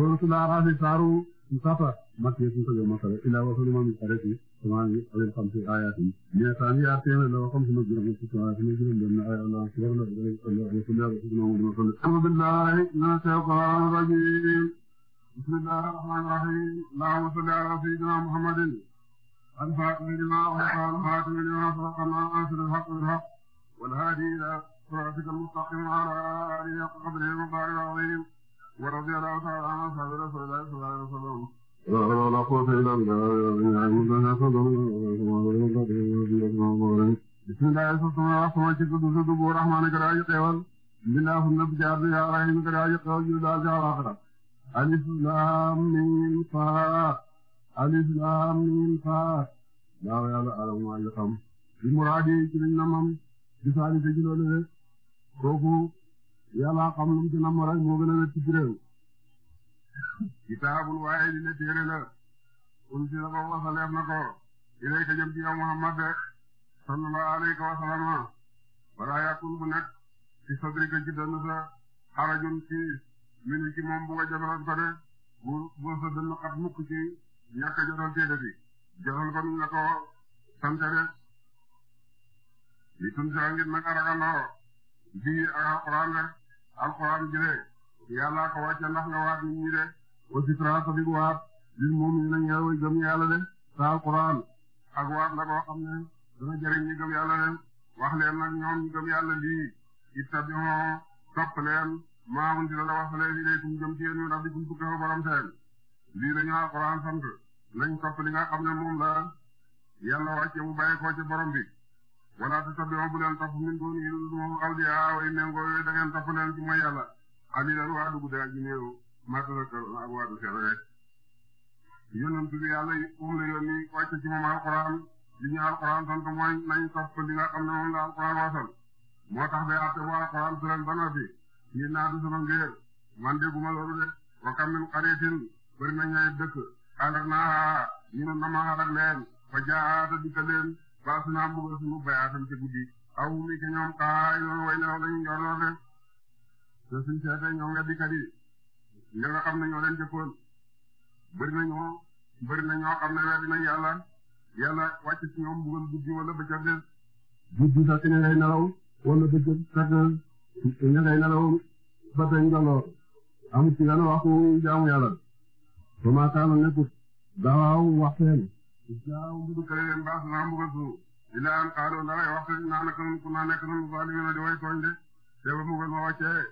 suratul Araf saaru Musafa Matia suñu ko jëm Masala illaa wa kullu man qara'ati samaani alil xamsi ayatin mais saa ñu yaar téeméer la waxam sama juróom ci sama sama juróom benn ay Allah ci war la gëlé Allah wa kullu wa kullu man dama sunu a'udhu billahi minash shaytanir rajim bismillahir rahmanir rahim allahumma salli ala sayyidina muhammadin al-fatih lima ughliqa al-khatim lima sabaqa nasir al-haqq bil haqq wal hadi ila siratikal mustaqim ala alihi wa qadrihi wa barik alayhim ورضي الله تعالى عن أصحاب رسول الله صلى الله عليه وسلم ولا قوة إلا بالله بسم الله الرحمن الرحيم وجهك دسد برحمن كراج قول بالله النبي جاب يا رحيم كراج قول جل جل آخر ألف لام ميم فا ألف لام ميم فا لا يلا على ما يقام المراد يجري نمام بسالي تجلوله كوكو yàlla xam lu mu ci namm rek moo gën a wér kitaabul waaye dina téere la un si la ko na ko ilayka jëm Muhammad sallallahu alayhi wa sallam wala yakun bu nekk ci sadrika ci dënn sa xarajun ci minu ci moom bu ko jabaral ko de bu bu sa dënn xat mukk ci ñàkk a jotal téere bi jotal nu la ko sante li tun sa ngir nag aragandoo bi ak alquran rek alxuraan jëlee yàllaa ko wàcce ndax nga waat nit ñi de aussi traçé bi waat lil mu'minina ñëw way gëm yàlla de sa alxuraan ak waat la boo ne dana jëriñ ñi gëm yàlla de wax leen nag ñoom ñi gëm yàlla lii ittabi'u topp leen maa undila la waxalee ilaykum jëm ci yéen rabbikum tukkee borom seen lii la ñu alxuraan sant nañ topp li nga xam ne moom la yàlla wàcce mu bàyyi ko ci borom bi. wala tattabi'u bu leen topp min duunihi lu dul moom awliyaa wa in leen gooyee da ngeen topp leen ci mooy yàlla qaliilan waa dugg daal ji néew maa tazakkaruun ak waa du seen rek yonent bi yàlla moom la ci moom alquran li ñu alquran sant mooy nañ topp li ne moom la alquran wasal moo tax ba àtte bu alquran su leen ba noppi ñu naa du sama ngéer man dégguma loolu de wa kam min qaryatin bari na ñay dëkk ahlaknaahaa ñu ne na maa rak leen fa baax naa mbugal sunu bayaatam ci guddi aw mi ci ñoom xaayoon way nelaw lañu njorloo de te suñ seete ñoo nga dikkat yi ña nga xam ne ñoo leen jëkkoon bëri na ñoo bëri na ñoo xam ne weddi nañ yàlla yàlla wàcc ci ñoom mbugal guddi wala bëccëg de guddi sax ña ngay nelaw wala bëccëg sax ña ngay nelaw ba tey njorloo amul ci gan waxtu jaamu yàlla ba maa kaanu nekkut daaw waxteen jaaw mbudu kay mbaas naa mbugal su ila an xaaloo ndaray waxte naa naka nun ku naa nekk nun zaalimiina di way tooñ de te ba mbugal ma wàccee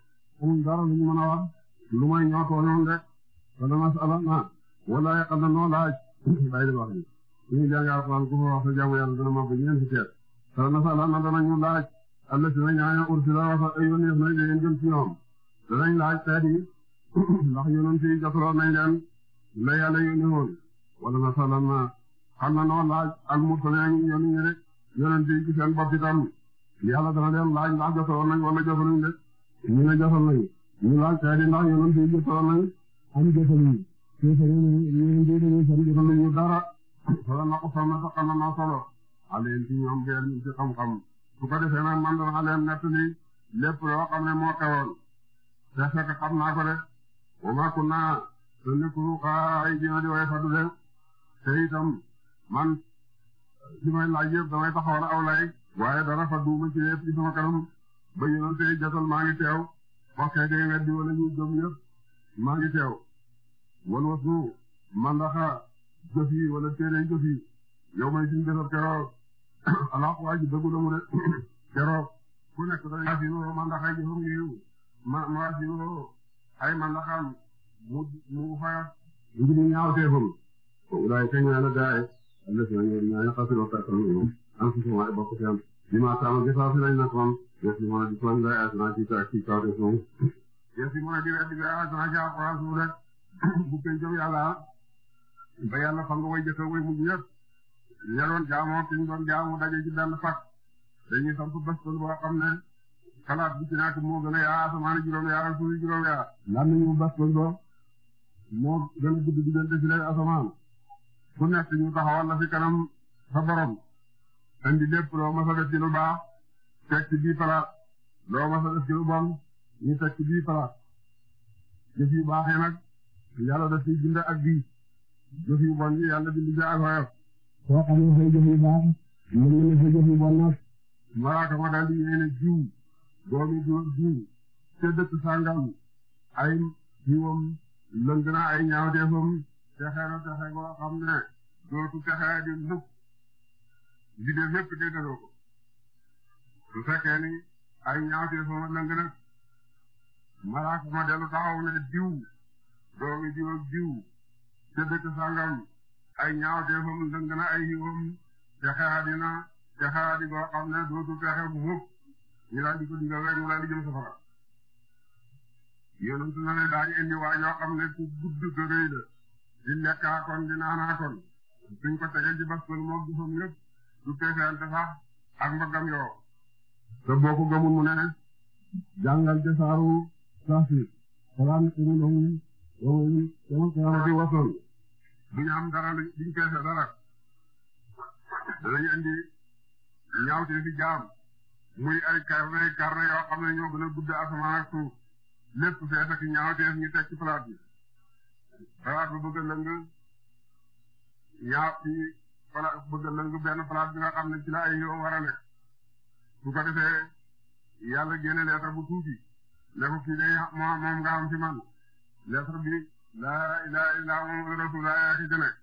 amul dara lu ñu mën a wax lu may ñoo tooñoon de wala masalana wala yaqal na noo laaj bàyyi di wax bi suñu jàngi alxuraan ku fa wax sa jaamu yàlla dana ma bu ñeen si teet wala masalana danañu laaj alla si na ñaaña ursila wasa yoneef na yéen jëm ci ñoom danañ laaj xeet yi ndax yonent yi jotaloon nañ leen la yàlla yónni woon wala masalana xam na noonu laaj al mursaleen yéen ñi rek yonent yi ci seen bopp itam yàlla dana leen laaj ndax jotoon nañ wala jotoon nañ de ñu ne jotoon nañ ñu laaj xeeti ndax yonent yi jotoon nañ am jotoon nañ képp yéen ñi dañuy seen jotoon nañu dara solo na ko soxna sax xam na ma solo aleen ci ñoom geer ñu ci xam-xam su ko defee nag man dana leen nett ni lépp loo xam ne moo xewoon te fekk xam naa ko de wa ma kunna te nekkul xaay dina di way fadu de te itam man li may laaj yëpp damay taxawal aw waaye dara fa duuma ci yëpp ci sama kanam ba yonante jotal maa ngi teew bokkee day weddi wala ñu gëm yëpp maa wasu mandaxa jëf wala téere jëf yi yow may suñu defar keroog alaaka waa ji dëggu la mu ne keroog ku nekk da nga fiinoo mandaxa jëfam yi ma ma ay mandaxam mu mu fayas ngi ñaaw teefam allah si wàññi dañoo yàq si waxtaan ak moom am si si am li ma sàmm jëfandikoo si lañ nag moom jëf si mën a di sonn lay asmaa si ak si kaw def moom. si mën a di weddi bu gën jëm yàlla ba yàlla fa nga way jëkk way mujj ñëpp ña doon jaamoo ki ñu daje ci benn fàq dañuy samp bés boo xam ne xalaat bi ci naat moo gën yaa asamaan juróom yaa suuf juróom yaa. lan la moo gën a gudd diggante ci lay asamaan. fu nekk ñu taxawal la fi kanam sa borom andi lépp loo mës a def ci lu baax teg ci bii palaat loo mës a def ci lu bon ñu teg bii palaat jëf yu baaxee nag yàlla daf ciy bind ak bii jëf yu bon yi yàlla bind ci ak xoyof. soo xamee say jëf yu baax mën nañu sa jëf yu bon nag. malaaka ma daal di yéene jiw doomi jiw jiw te dëkk sangam ay jiwam lëng na ay ñaawteefam texe na texe boo ne dootu texe di mukk li def yëpp déggaloo ko su fekkee ni ay ñaawtee foofa nang nag malaak ma dellu taxaw ne diw doomi diw ak diw te dëkk sangam ay ñaawtee foofa nang na ay yiwam texe dina texe di boo xam ne dootu texe mukk ñu daal di ko digal rek na ne daañu indi waa yoo ne ku gudd gëgëy la di lekk kon di naan kon suñ ko tegee ci bas kon moom gisam yëpp du peesante sax ak mbagam yoo te boo ko gëmul ne jàngal ca saaru saasi salaam ci ñun amuñ amuñ sama saara di wasoon duñu am dara duñ peese dara danañ andi ñaawte fi jaam muy ay carnet carnet yoo xam ne ñoo gën a gudd lépp fees ak ñaawteef ñu teg ci palaat bi xalaat bu yaa ci palaas bëgg benn palaas bi nga xam ne ci la ay yoon war a nekk su ko defee yàlla bu tuuti ne ko kii moom nga am ci man bi laa ilaaha illallaa Muhammadu rasuulullaah yaa ci nekk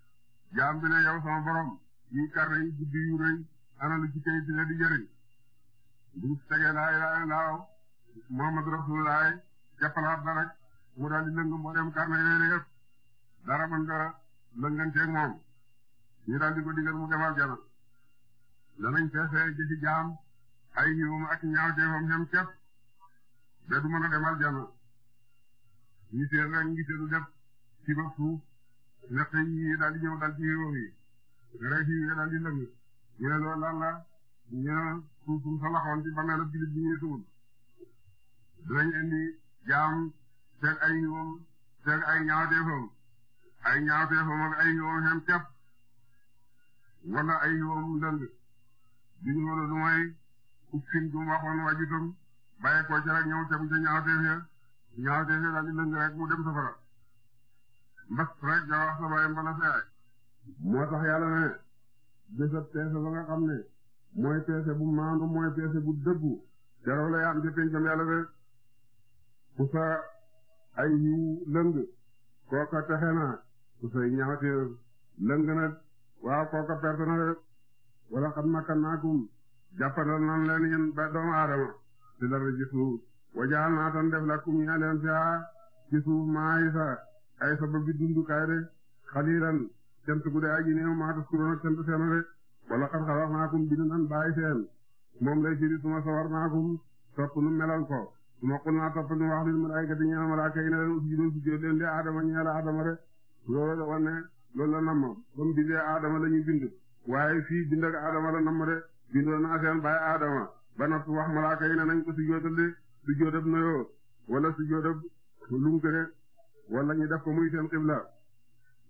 jaam bi yi karne yi guddi yu ana lu ci kay ci la di laa ilaaha illallaa Muhammadu rasuulullaah ca mu daal lëng moo dem karne yooyu yëpp dara mën nga lënganteeg moom ñu daal di ko digal mu defal jana danañ feesee jëfi jaam ay yiwum ak ñaawteefam xam képp ba du mën a demal jana yi daal di yi rek yi daal di ay yiwam seet ay ñaawteefam ak ay yoom xem tep wala ay yoom lëng duñu wala lu may uffin dum waxoon wajutam bàyyi ko ci rek ñëw tem ca ñaawteef ya ñaawteef ya daal di lëng rek mu dem safara mbas rek nga wax sa bàyyi mbala sa moo tax yàlla ne bésab peese ba nga xam ne mooy peese bu maandu mooy peese bu dëggu jaroo la yaam ca péncam yàlla de ku sa ay yiw lëng kooka texe na ku sooy ñaxati lëng nag waaw kooka perte na rek wala xam makkannaakum jàppandal nan leen yéen ba doomu aadama si la ji suuf wajaal naa tan def la kum ña leen fiaa ci suuf maa sa ay sababi dundukaay de xaliiran cant gu de aji néew maa tas kuroon ak cant seen de wala xam xalax naakum bind nan bàyyi seen moom lay firi suma sawar naakum topp nu melal ko suma xul naa topp nu wax lil malaayikati ñeel malaaka yi ne leen usjudu sujjóot leen di aadama ñeel aadama de loolu la wane loolu la namm ba mu bindee Adama la ñu waaye fii bind ak Adama la namm de bindoon naa seen baay Adama ba noppi wax malaaka yi ne nañ ko sujjóotale sujjóotab nuyoo wala sujjóotab lum gëne wala ñu def ko muy seen xibla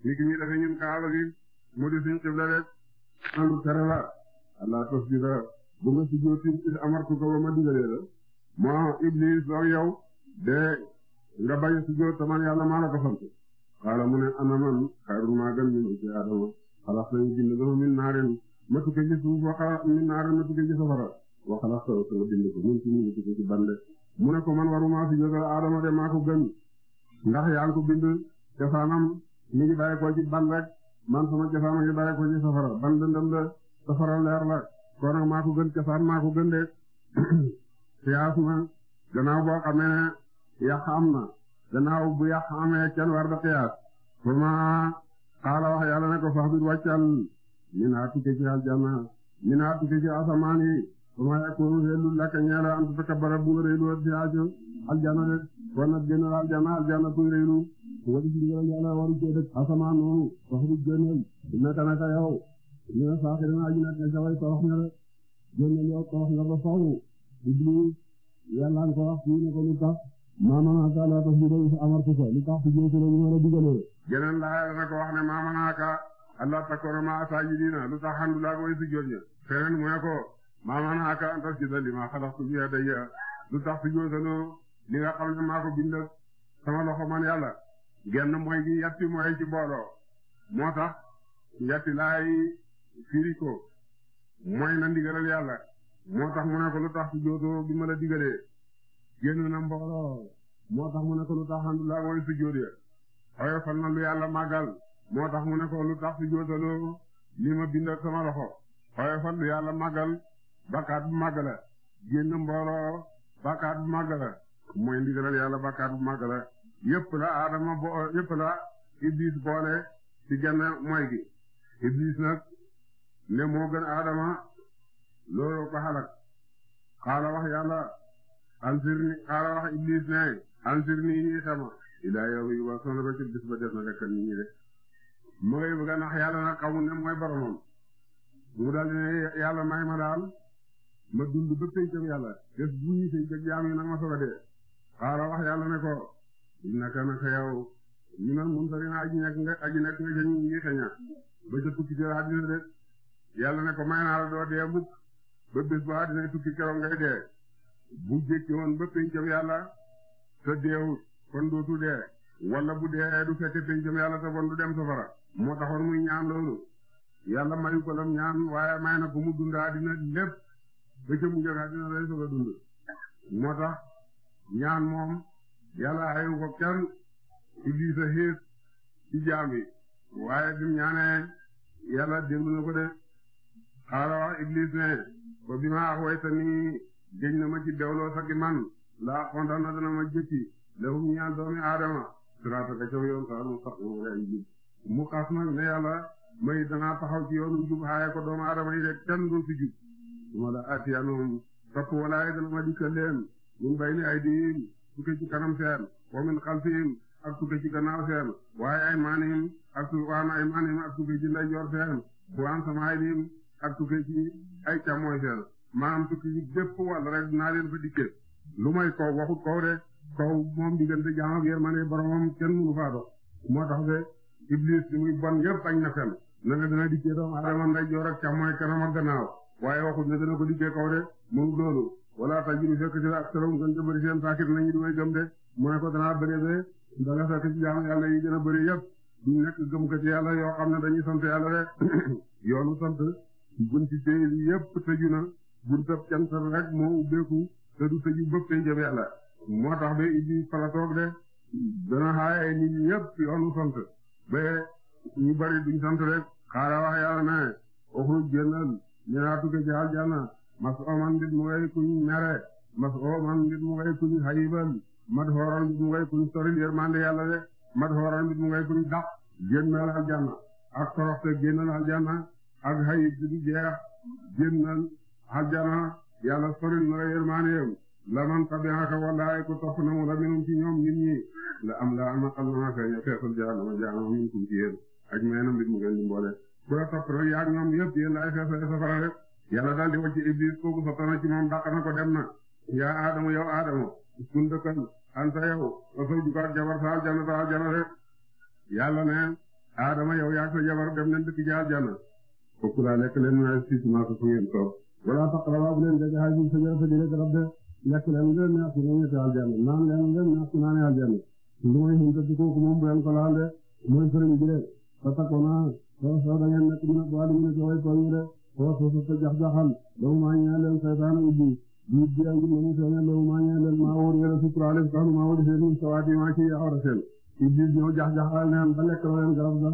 nit ñi dafa ñun kaaba gi mu di suñ xibla rek andu tere la allah tos bi la bu nga ko ba ma digalee la moo iblis yow de nga bañ sujjóot taman yàlla maa la ko xaala mu ne ana man xayrun maa gën min ci Aadama xalax lañu bind ko min naarin ma tukkee ci suuf wa xala min naarin ma tukkee ci safara wa xalax ko sama bind ko mun ci mun tukkee ci bande mu ne ko man waruma fi jógal Aadama de maa ko gën ndax yaa ngi ko bind cosaanam mi ngi bàyyi ko safara ban dëndëm la safara leer la kon nag maa ko gën cosaan maa de siyaas na gannaaw boo xamee ne yàq am na gannaaw bu yàq amee kenn war da xiyaat fuma xaala wax yàlla ne ko fax bir wàccal mi naa tukke ci aljanna mi naa tukke ci asamaan yi fuma yakunu hellu lakka ñeela am tutaka bara bu nga reylu fi aajo aljanna de kon nag génnal aljanna aljanna kuy reylu wadi ci ndigal yàlla waru cee dëkk asamaan noonu fax bir génnal naka naka yow ne saaxi dana aji nag nga saway torox nga de génnal yow torox nga ba faw iblis yàlla ko wax fii ne ko lu tax maamana ka laa tax ñu sa amartu ko li tax ci jëf la ñu war a digalee jeneen laa dana ko wax ne maamana ka allah takoona ma saajidiina lu tax xandu laa koy sujjóot ña feneen mu ne ko maamana ka antas jida li ma xalaqtu bi yadayya lu tax sujjóotaloo li nga xam ne maa ko bind sama loxo man yàlla genn mooy gi yatti mooy ci mbooloo moo tax yatti laay firi ko mooy na ndigalal yàlla moo tax mu ne ko lu tax sujjóotoo bi ma la digalee génn na mbooloo moo tax mu ne ko lu tax alhamdulilah mooy sujjóote waaye fan na lu yàlla màggal moo tax mu ne lu tax sujjóotaloo li ma bindal sama loxo waaye fan lu yàlla màggal bakkaat bu màgg la mbooloo bakkaat bu màgg la mooy ndigalal yàlla bakkaat bu màgg la Adama bo yëpp la boole ci genn mooy gi Iblis ne moo Adama loolu ko xalak xaala wax ansirni xaala wax iblis ne ansirni yi sama ilaa yow yi ba soxna ba ci bis ba def na rek nit de mu ngay bëgg a nax yàlla ne mooy boromam mu daal di ne yàlla may ma daal ma dund ba pencam yàlla des bu ñuy sëy ba jaam yi ma soog a dee xaala wax yàlla ne ko naka naka yow ñu ne mun sori na aji nekk nga aji nekk nga ca ñu ngi xeña ba ca tukki ca àddina de yàlla ne ko may naa doo dee mukk ba bés ba àddina tukki keroog ngay dee bu jékki woon ba pencam yàlla te deewut kon dootu dee bu dee du fekke pencam yàlla te bon dem safara moo taxoon muy ñaan loolu yàlla mayu ko lam ñaan waaye may na dund àddina lépp ba ca mu jóg àddina a dund moo tax ñaan moom yàlla ayu ko kenn ci lii sa xiis waaye bi ñaanee yàlla déglu na ko de xaaral wax iblis ne bi ma wax way gëñ na ma ci bewloo sa gi man laa kontaan na dana ma jëkki lewum ñaan doomi aadama siraata ka caw yoon sa al mustaqim ray jub mu xas nag ne yàlla may danaa taxaw ci yoonu jub xaaye ko doomu aadama yi rek kenn du fi jub suma la atiyanohum ma dikkal leen min bayni aydihim tukke ci kanam seen wa min xalfihim ak tukke ci gannaaw seen waaye ay maanihim ak tu waan ay maanihim ak tukke ci ndeyjoor seen waan ak tukke ci ay càmmooy seen maam tukki yi bépp wàll rek naa leen fa dikkee lu may kaw waxut kaw rek kaw moom diggante jaam ak yërmande boromam kenn mënu faa dox moo tax de iblis li muy bon yëpp bañ na fen na nga a dikkee doomu aadama ndeyjoor ak càmmooy kanam ak gannaaw waaye waxut ne dana ko dikkee kaw de mënu loolu wala tajidu fekk ci la aktarum gën te bëri seen saakir nañu di way gëm de mu ne ko danaa bëri de da nga fekk ci yi gën a bëri yëpp duñ nekk gëm ko ci yàlla yoo xam ne dañuy sant yàlla de yoonu sant buñ yëpp tëju na buntab cantal rek moo ubbeeku te du tëju ba pénjam yàlla moo tax ba iblis fa la toog de dana xaaye nit ñépp yoonu sant ba ñu bari duñ sant rek xaala wax yàlla ne oxruj génnal ñaatu ko jaal janna mas o man mu ngay kuñ mere mas o man mu ngay kuñ xayibal mad xooral mbit mu ngay kuñ soril yërmande yàlla de mad xooral mbit mu ngay kuñ daq génnal aljanna ak ak xayib bi di jeex génnal aljana yàlla soril na la yërmaaneem la man tabi'aka wallaay ku topp na mu la minum ci ñoom nit ñi la am la ama xam naa feeña feesal jahannama jahannama min kum ci yéen aj may mu ngeen di mboole ku la topp rek yaag ñoom yëpp yéen laay feesal safara rek yàlla daal di wacc iblis kooku sottana ci moom dàq na dem na yaa aadama yow aadama kun dëkkal anta yow wa sawjukaat jabar sa aljana sa aljana rek yàlla ne aadama yow yaag sa dem leen dëkk wala taqrabu bu leen jege hadihi shajarata di rek rabbe lekk leen lu leen neex su ngeen ñetti aljanna naan leen lu leen neex su naanee aljanna lu may xinta ci kooku moom bu leen ko laal de mooy sëriñ bi de ta takona so so da ngeen nekk mu ne waa mu ne ci way tooñ de so so so ta jax jaxal doomu maa ñee leen saytaan ubbi di di angi nañu seen doomu maa ñee leen maa wóor yéen suturaale tax maa wóor seen sawaati maa ci yaxor seen iblis ñëw jax jaxal neen ba lekk loo leen garab ga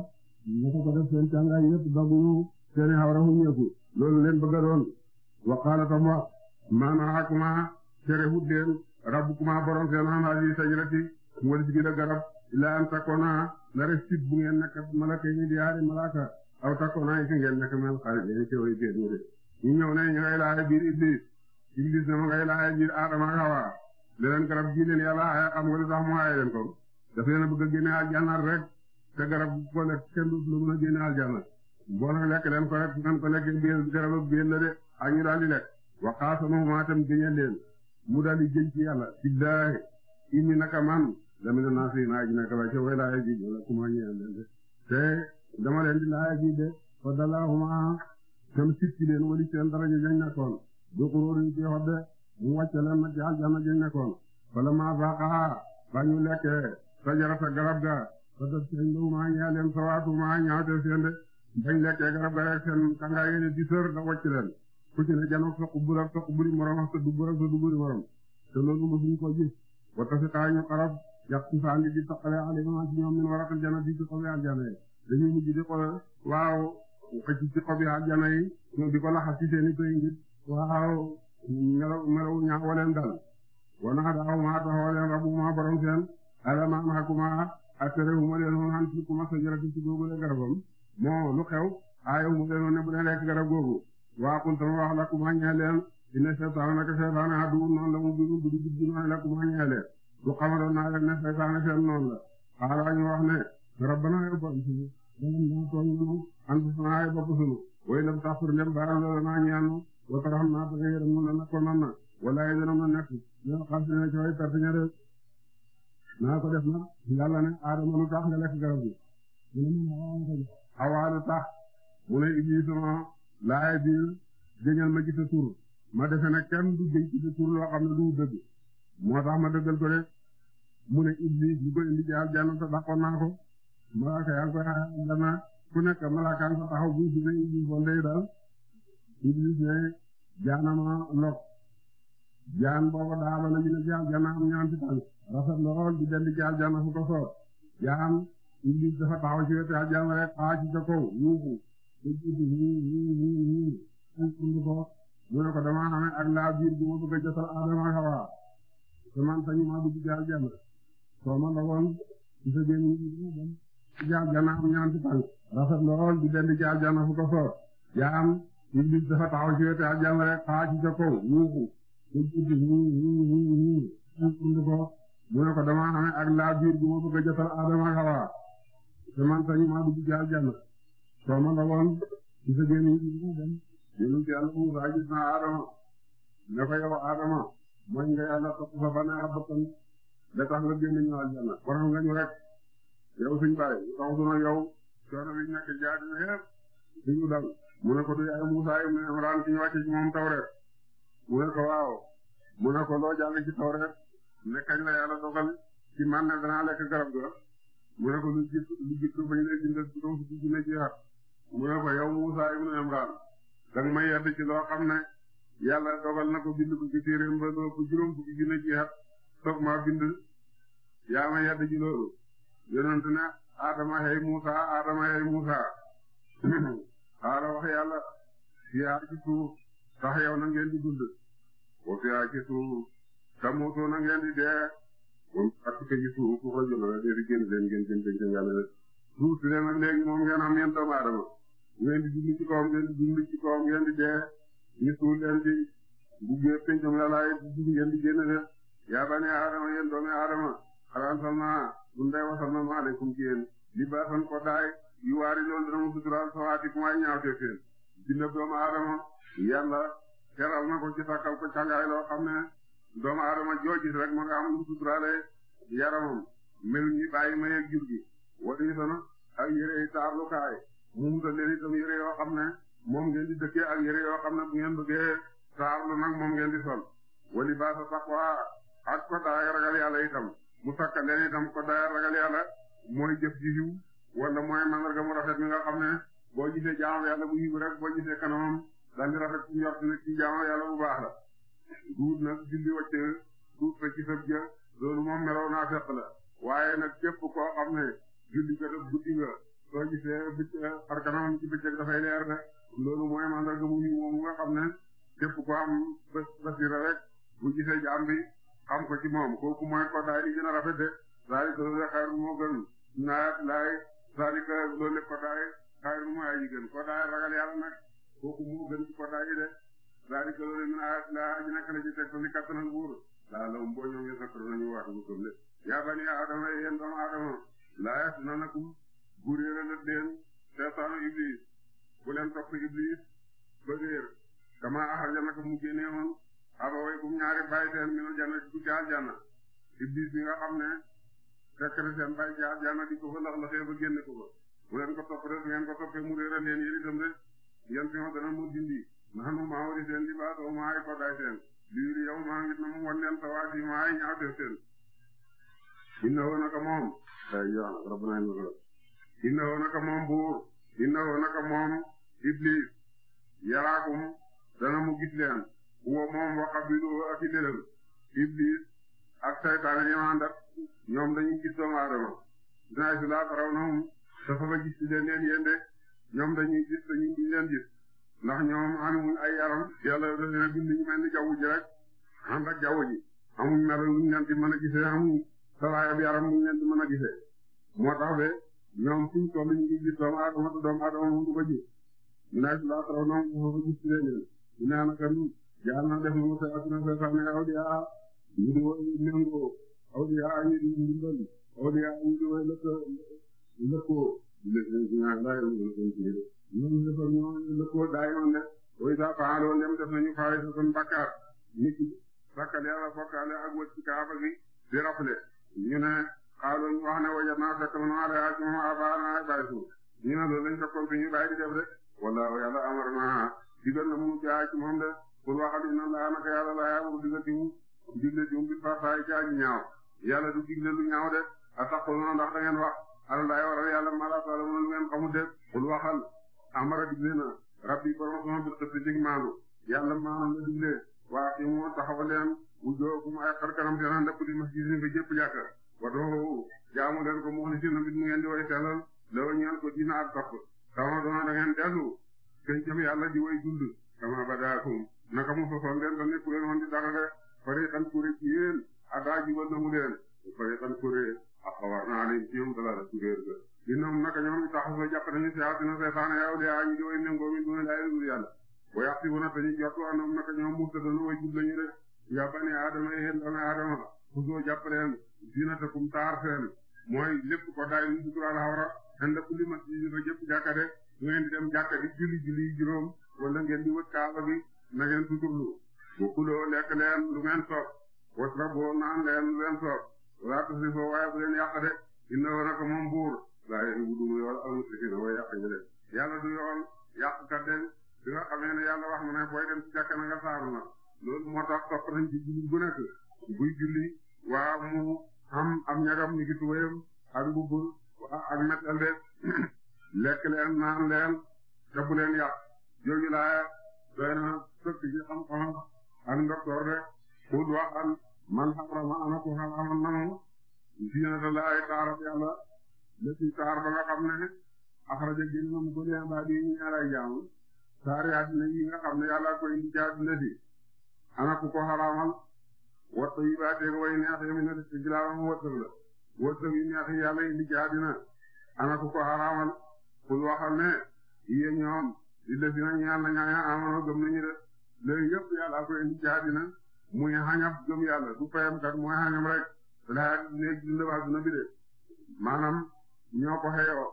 ñu ko def seen càngaay yëpp dog ñu seen xawra fu ñeeku loolu leen bëgg doon waqaala tam wax maanaa ak maa terewut leen rabbukuma borom seen an haazihi sajarati mu wal bi la garab illaa an takkoona la ref sib bu ngeen nekk malakayni di yaari malaaka aw takkoona ci ngeen nekk mel xarit yéen ci way génn de ñu ñëw ne ñu ngay biir iblis iblis ne ma ngay laaya biir aadama ak hawa leneen garab gi leen yàlla aaya xam nga lu tax mu aaye leen ko daf leen a bëgg a génne rek te garab bu ko kenn du la mën a génne aljanna boo nag lekk ak ñu daal di lekk waxaasanahuma tam jëñal mu daal di jëñ ci yàlla billaahi inni naka man dama leen naa si naa ji naka ba ci way laaya ji wala kuma ñëwee leen de te dama leen di laaya de fa dalaahuma tam sit ci daraja jañ nekkoon du xuróorin ci xodde mu wàcce leen nag ci aljanna jañ nekkoon fala ma faaxaa ba ñu lekkee sajarata garab ga fa daf seen lawuma ñaa leen sawaatuma ñaawte seen de bañ lekkee garab ga rek seen di sër da wàcc ku ci ne janoog sa xubbu ak sa xubburi morom ak sa dubbu ak sa dubburi morom te loolu mosuñu ko gis wa tafiqaa ñu xarab yàq si saan di di soqale alayhima ci ñoom min waraqal janna di ci xobi aljana yi dañuy mujj di xool waaw xëcc ci xobi aljana yi di ko laxas ci seen i koy ngir waaw melaw melaw ñaax waleen dal wana daaw maa taxoo leen rabu maa borom seen alamaan xakuma atterewuma leen woon xan ci kuma sa jarati ci googu le garabam moo lu xew aayewuma leen woon ne bu ne lekk garab googu waaxul sama wax la ku ma ñaaleen dina seytaane naka seytaane aduwul noonu la mu dugg dugg dugg noonu la ku ma ñaaleen du xamaloon naa leen ne seytaane seen noonu la xaalaa ñu wax ne rabbana yow bon suñu dalam daa tooñ nunu anfusana ay bopp suñu way lam taxfir ndem baal loola naa ñaanu wataram naa taga yërëm nu la na walaay dana ma nekk ñoo xam si ne ci way perte ña rek naa ko def na yàlla ne aadama lu tax nga lekk garab gi mu ne ma awaa lu mu ne iblis sama laay biir jëñal ma ci sa ma defe kenn du jëñ ci sa tur loo xam ne dëgg moo tax ma dëggal ko de mu ne iblis ñu ko indi jaar jànn sa dàqoon naa ko malaaka yaa ngi koy xaar naa ku nekk malaaka nga taxaw bu dina iblis bon day daal ne jaanama lok jaan boobu daaba la ñu ne jaar am ñaanti tànk rafet lool di dem di jaar fu ko jaan iblis dafa taxaw ci wetu jaar jànn rek xaa ci di jiitu ñii ñii ñii ñii ak indi ko ñu ne ko damaa amee ak laa biir bu ma bëgg a jotal Adama ak Hawa te man sañu maa dugg jaar jàmm soo ma la woon ci sa génn ñi jaar jàmm am ñaanti tànk rafet lool di benn jaar jàmm fu ko soor yaa am Iblis dafa taxaw ci wetu ak jàmm rek xaa ci jokkoo ñuuxu di jiitu ñii ñii ñii ñii ak indi ko ñu ne ko damaa amee ak laa biir bu ma bëgg a jotal Adama ak Hawa te man sañu maa dugg jaar jàmm sooma nga woon ci sa génn ci mu dem yonent yàlla Muusaa gis na Adama ne ko yow Adama mooy nga topp sa banaa bakkan da tax nga génn ñu aljanna borom nga ñu rek yow suñ bàyyi lu tax suna yow coono bi na yépp suñu dal mu ne ko du yaay Muusaa ibn Imraan moom Tawreet mu ko waaw mu ko loo jàng ci Tawreet ne kañ la yàlla dogal man ne danaa lekk garab ga ko lu jiitu lu jiitu bañ lay bindal ci kaw suuf si mu ne ko yow Musaa ibnu Imraan danga may yedd ci xam ne yàlla dogal na ko bind ko ci ba doo ko juróom fukki junne ci at soog maa bind yaa ma yedd ci loolu ne Adama hey Musaa Adama hey Musaa xaala wax yàlla fiyaa ci suuf tax yow na ngeen di dund wa fiyaa ci suuf tamuutoo na ngeen di dee moom atike ci suuf ku fa jëloon déedéet génn leen ngeen jëm jëm jëm yàlla si leen ak léegi moom ngeen am yéen doomu aadama ngeen di julli ci kawam ngeen di julli ci kawam ngeen dee ñu suul leen di buggee pencum lalaay ngeen di génn leen yaa bani aadama yéen doomi aadama xalaan salma bunday wasal na ma aleykum ci li baasan ko daay yu waari loolu dana mu sutural sawaati ku may ñaaw te seen bindab doomu aadama yàlla teral na ko ci takkal ko càngaay loo xam ne doomu aadama joojis rek ma nga am lu yaramam mel ni bàyyi ma yeeg jur gi wala ñu ak yére taalukaay mu musal leen itam yére yoo xam ne moom ngeen di dëkkee ak yére yoo xam ne bu ngeen bëggee saarlu nag moom ngeen di sol wali baasa taqwa ak ko daay ragal yàlla itam mu sakk leen tam ko daay ragal yàlla mooy jëf ji yiw wala mooy mandarga mu rafet mi nga xam ne boo gisee jaamu yàlla bu yiw rek boo gisee kanamam dandi rafet ci njort ne ci yàlla bu baax la duut nag julli wacc duut fa ci sab loolu moom meloo naa fekk la waaye nag képp koo soo gisee bëcc xar kanam ci bëccëg dafay leer de loolu mooy mandarga bu ñu moom nga xam ne képp ko am bés basira rek bu gisee jaam bi ko ci moom kooku mooy ko daay di a rafet de daay ko loolu moo gën naat laay saalika loolu lépp ko daay xayru moo aji ko daay ragal yàlla nag kooku moo gën ko daay yi de daay ko loolu min aayat laa aji la ci teg ko li kattanal buur laa lawum boo ñoom yasakkaru nañu waat bu gëm de yaa bani aadama yéen doomu aadama gu réera la leen iblis bu topp iblis ba réer dama axar jana ko mu génnee woon abaway kum ñaari bàyyi teen minal janna dugg ci aljanna iblis bi nga xam ne fekk na seen bàyyi ci aljanna di ko fa ba génne ko ko bu ko topp rek ngeen ko toppee mu réera leen yéen itam rek ngeen fi ma mu dindi naxa nu seen li baa soo maa ay kodaay seen lii di yow maa mu wan leen tawaat yi maa ñaaw seen seen inna woon naka moom ay yoon rabbana inna naka moom buur inna naka moom iblis yaraakum dana mu gis leen huwa moom wa qabilu ak i lëlëm iblis ak saytaane ñoo àndat ñoom dañu gis doomu aadama dinaa si laa faraw na dafa ba gis leen leen yéen de ñoom dañuy gis dañuy gis leen ndax ñoom amuñ ay yaram yàlla dafa leen bind ñu mel ni jaww ji rek ànd ak jaww ji amuñ mel luñ leen di mën a gisee a gisee moo tax de ñoom fu ñu toll ñu ngi gis doomu aadama te doomu aadama moom du ko ji ñu naan laa xaroon na moom foofu gis ci leen leen ñu naan kan jaar na def moom sa asina sa sànni awliya ñu di woy méngoo awliya ñu di ndimbal awliya ñu di woy lëkk lëkkoo ñoom lëkkal ñoom lëkkoo daay woon ne woy saa faaloon dem def nañu faay sa seen bakkaar nit ki sakkal yàlla bokkaale ak wëcc kaaba gi di rafle ñu ne xaaral wax ne wajat naa fekk na maa lay àgg moom abaana ay bàyyi suuf ñu ne loolu lañ fekkoon fi ñu bàyyi di def rek wallaahu yàlla amar naa digal na mu jaay moom de pour waxal inna laa naka yàlla laa yàlla digal jiwu digle jiwu bi farfaay ci aji ñaaw yàlla du digle lu ñaaw de ataquluna ndax da ngeen wax a waral yàlla mala taalamu lu ngeen xamul de pour waxal a digle na rabbi borom sama bi xëpp ci maandu yàlla maandu la digle waa fi wato jaamu leen ko muxlisiina bi mu ngeen di way sellal loolu ñaan ko dina ak topp tawa doona da dellu kenn jëm yàlla di way dund kama badaakum naka mu sosoon leen ba nekku leen di dara de fariqan kuré ci yéen addaa jibal na mu leen fariqan kuré axawar naa leen ci ñoom dala da kuréer ga innahum naka ñoom i taxasoo jàpp nañu seyaatina seytaane yaw de yaa di way méngoo mi duna laay dul yàlla wa yaxsibuna tañu jortu annahum naka ñoom muhtadun way jub lañu de ya zinatakum taar seen mooy lépp ko daay lu sutural awra anda kulli masjid ba jëpp jàkka de su ngeen di dem jàkka di julli julli juróom wala ngeen di wët kaaba bi na ngeen suturlu wakuloo lekk leen lu ngeen soob wasraboo naan leen lu leen soob walaa tusrifoo waaye bu leen yàq de inna woo naka moom buur laa yuhibbu yool al-musrifiina way yàq ñu de yàlla du yool yàq de bi nga xamee ne yàlla wax na ne booy dem ci na nga saaru na loolu moo tax sopp am am ñagam ni ki tuwéyam ak mbubb ak metal de lekk leen naan leen te leen yàq jooju laaya doy na sëkk ji xam-xam ak ndoktoor de xul waxal man xarama ana ko xaramal namu ziinata laahi taarab yàlla leti taar ba nga xam ne axraja génn mu ko leen baa di jaamu taar yi àddina yi nga xam ne yàlla koy indi ci àddina ko xaramal waxtu yi baatee ko way neex yi mu ne ci gilaawam wërsëg la wërsëg yu neex yi yàlla indi ci àddina ana ku ko xaraamal kul waxal ne yéen ñoom di def dina ñaan la ñaan amoon gëm nañu de léegi yëpp yàlla ko indi ci muy xañab gëm yàlla du payam kat mooy xañam rek balaa nekk dund ba àddina bi de maanaam ñoo ko xeeyoo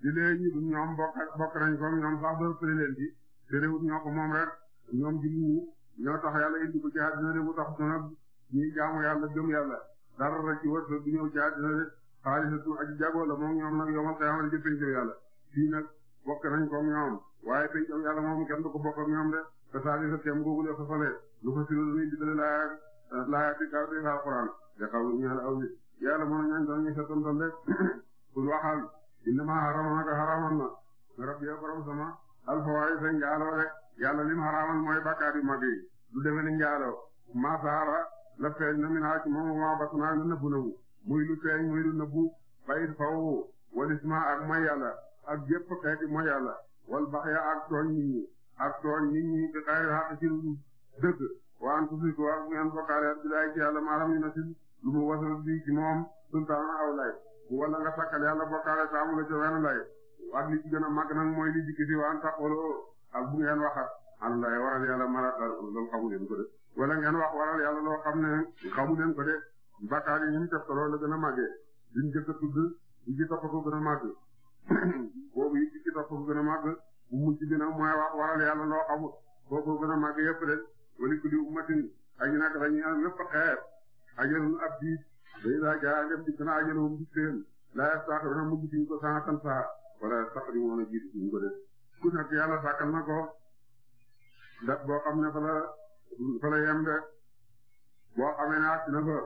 di léegi ñoom bokk bokk nañ ñoom sax ba fële leen ci te réewut ñoo moom rek ñoom jullit ñi ñoo tax yàlla indi ko ci àddina de bu ñi jaamu yàlla gëm yàlla dara rek ci wër du ñëw caa dina la moom ñoom nag yomal ko ñoom waaye penc yàlla moom kenn du ko bokk ak ñoom de te saalisa teem googu la fasalee lu fasilu lu ñuy digle laa laayaati kaw te alquran de xaw lu ñaar aw nit yàlla mën a ñaan doon ñu sa tontal de kul waxal innama harama naka haraman na rabbi ya borom sama alfawaay sa njaaloo rek yàlla lim haraman mooy bàkkaar yu mag du demee ni njaaloo maasaara la feeñ na min haa ci moom ma a naa na nëbbu nawu muy lu feeñ muy lu nëbbu bayit faw walis ma ak mooy yàlla ak jépp xeeti mooy yàlla wal bax ya ak tooñ nit ñi ak tooñ nit ñi bi xayri xaq ci lu dëgg waan tusi ko ak ngeen bokkaale bi laay ci yàlla maa yu na sin lu mu wasal bi ci moom sultaan aw lay bu nga sakkal yàlla bokkaale taamu la ci wenn lay ak li ci gën a màgg nag mooy li dikki si waan ak bu ngeen waxat an lay waral wala ngeen wax waral yàlla loo xam ne xamu leen ko de bakkaar yi ñu def ko loolu la gën a màggee duñ jëkk a tudd yi ci topp ko gën a màgg boobu yi ci topp ko gën a màgg bu mujj bi nag mooy wax waral yàlla loo xamut boobu gën a màgg yëpp de wali kulli ummatin ay nag dañuy am lépp xeer ajalun ab diit day daa jaa dem di kana ajalum di seen laa yastaaxiruna mujj diñ ko saa ko def ku nekk yàlla na ko dat boo xam ne fa fa la boo xamee ne àgg na fa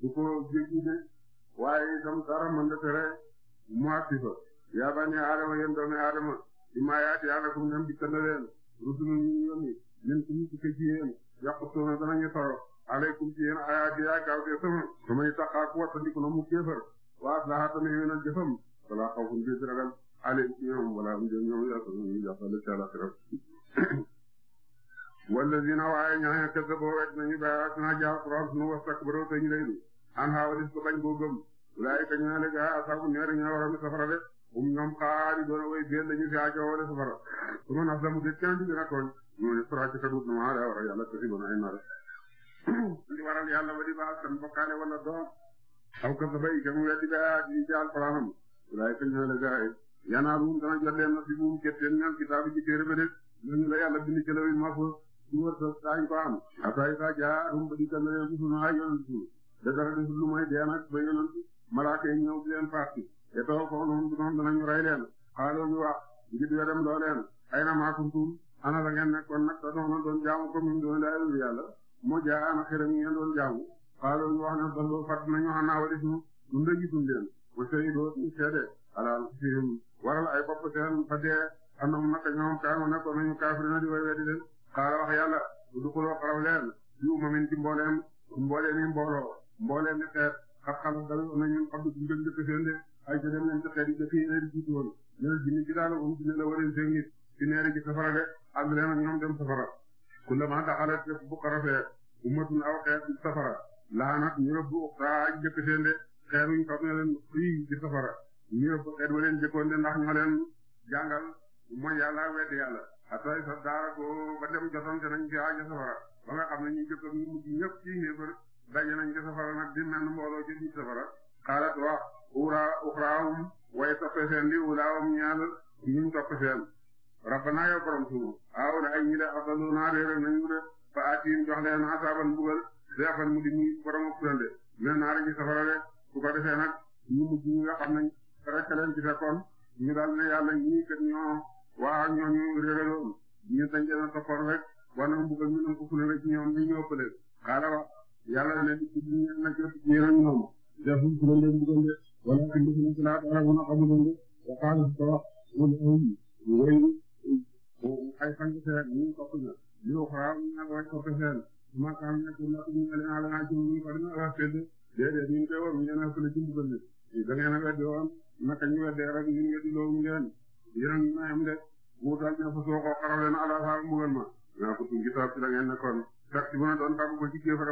du ko jéggi de waaye itam dara mën na tere mu àgg fa yaa bani aadama yéen doomi aadama di maa yaati yàlla kum dem dikkal na leen rusulu ñu yónni min kum ci ci yéen yaqutuna danañu toro alaykum ci yéen ayaati yaa gaaw de sama sama yi taxaak wattandiku na mu kéefar waa aslaha tamit weenal jëfam wala xawfun dee ragal alaykum ci ñoom wala um dee ñoom yàlla wala dina waaye ñooñu ak boo wegg nañu bàyyiwaat naa jàpp rafet nu wastakbaru te ñu lay dul an xaaw des ko bañ koo gëm walaay la gaa asaabu ñëwee ñu ne war a safara de um fi aajo wala safara su ma naaf la mu gëj kenn du gën a tooñ mu daa war a yàlla kese ba na ay nar. li waral yàlla ba di baal seen bokkaale wala doom aw kese bay ka mu weddi ba di jaal faranam walaay ka la gaa yi yanaarum dana jot leen na si buum képp seen ñoom kitaabu ci téere ba de ñu la yàlla suñu wërsëg daañu ko am après ça jaarum ba dikkal na leen ci suñu ay yonent yi da dara desul lu mooy dee nag ba yonent malaaka yi ñëw di leen parti te taw foofu noonu du noonu danañu rey leen xaaloo ñu wax ngir dem loo leen ay na maakuntum ana la ngeen nekkoon nag da doon doon jaamu comme ni doon laayul yàlla moo jaa ana xëram ngeen doon jaamu xaaloo ñu wax ne baloo fat nañu xam naa wala suñu dund a gisul leen wa shahidoo ñu seede a fihim waral na di xaala wax yàlla dukuloo xaraf leen ci umamin ci mbooleem mbooleem yi mbooloo mbooleem di xeet xat xalas dara na ñun xabdu duñ jël dëkk seen de ay ca dem nañ ci xeet yi dëkk yi leen safara de ànd leen ak dem safara ku la bu xarafee umatun aw xeet di safara laanat ñu rëbb uxtaa aj dëkk seen de xeeruñ xam ne leen fii safara ñu rëbb xeet wa jëkkoon de ndax ñoo leen jàngal mooy yàlla weddi yàlla atooy sa daara ko ba dem jotoon te nañ fi aajo safara ba nga xam ne ñu jëkk ñu mujj ñëpp ci xéefar daje nañ ko safara nag di mel mbooloo ci biir safara xaalat wax way toppe seen di ulaawum ñaal ñuñ toppe seen rabbana yow borom suñu aw na ay ñi de abdalu naa réeral nañu de fa atim jox leen asaaban bugal seefan di muy borom kurande mel naa rek ci safara de su ko defee nag ñu mujj ñi nga xam ne rek leen ci ñu daal ne yàlla ñii kat ñoo waaw ñooñu rëgaloon ñu dañ leen toppoon rek wane mu bëgg ñu ne ko rek ñoom ñu ñëw fële xaaral wax yàlla ñoom defum ko leen bëggoon de wala wax ñu ñu ay fan rek ñu topp na ñu xaaral ñu na wax ko a weddi rek Moussa ñu ne ko soo ko xaral leen alaafaa ma naa ko suñu gisaab ci la ngeen nekkoon ndax ci bu na doon tàggu ko ci kéefar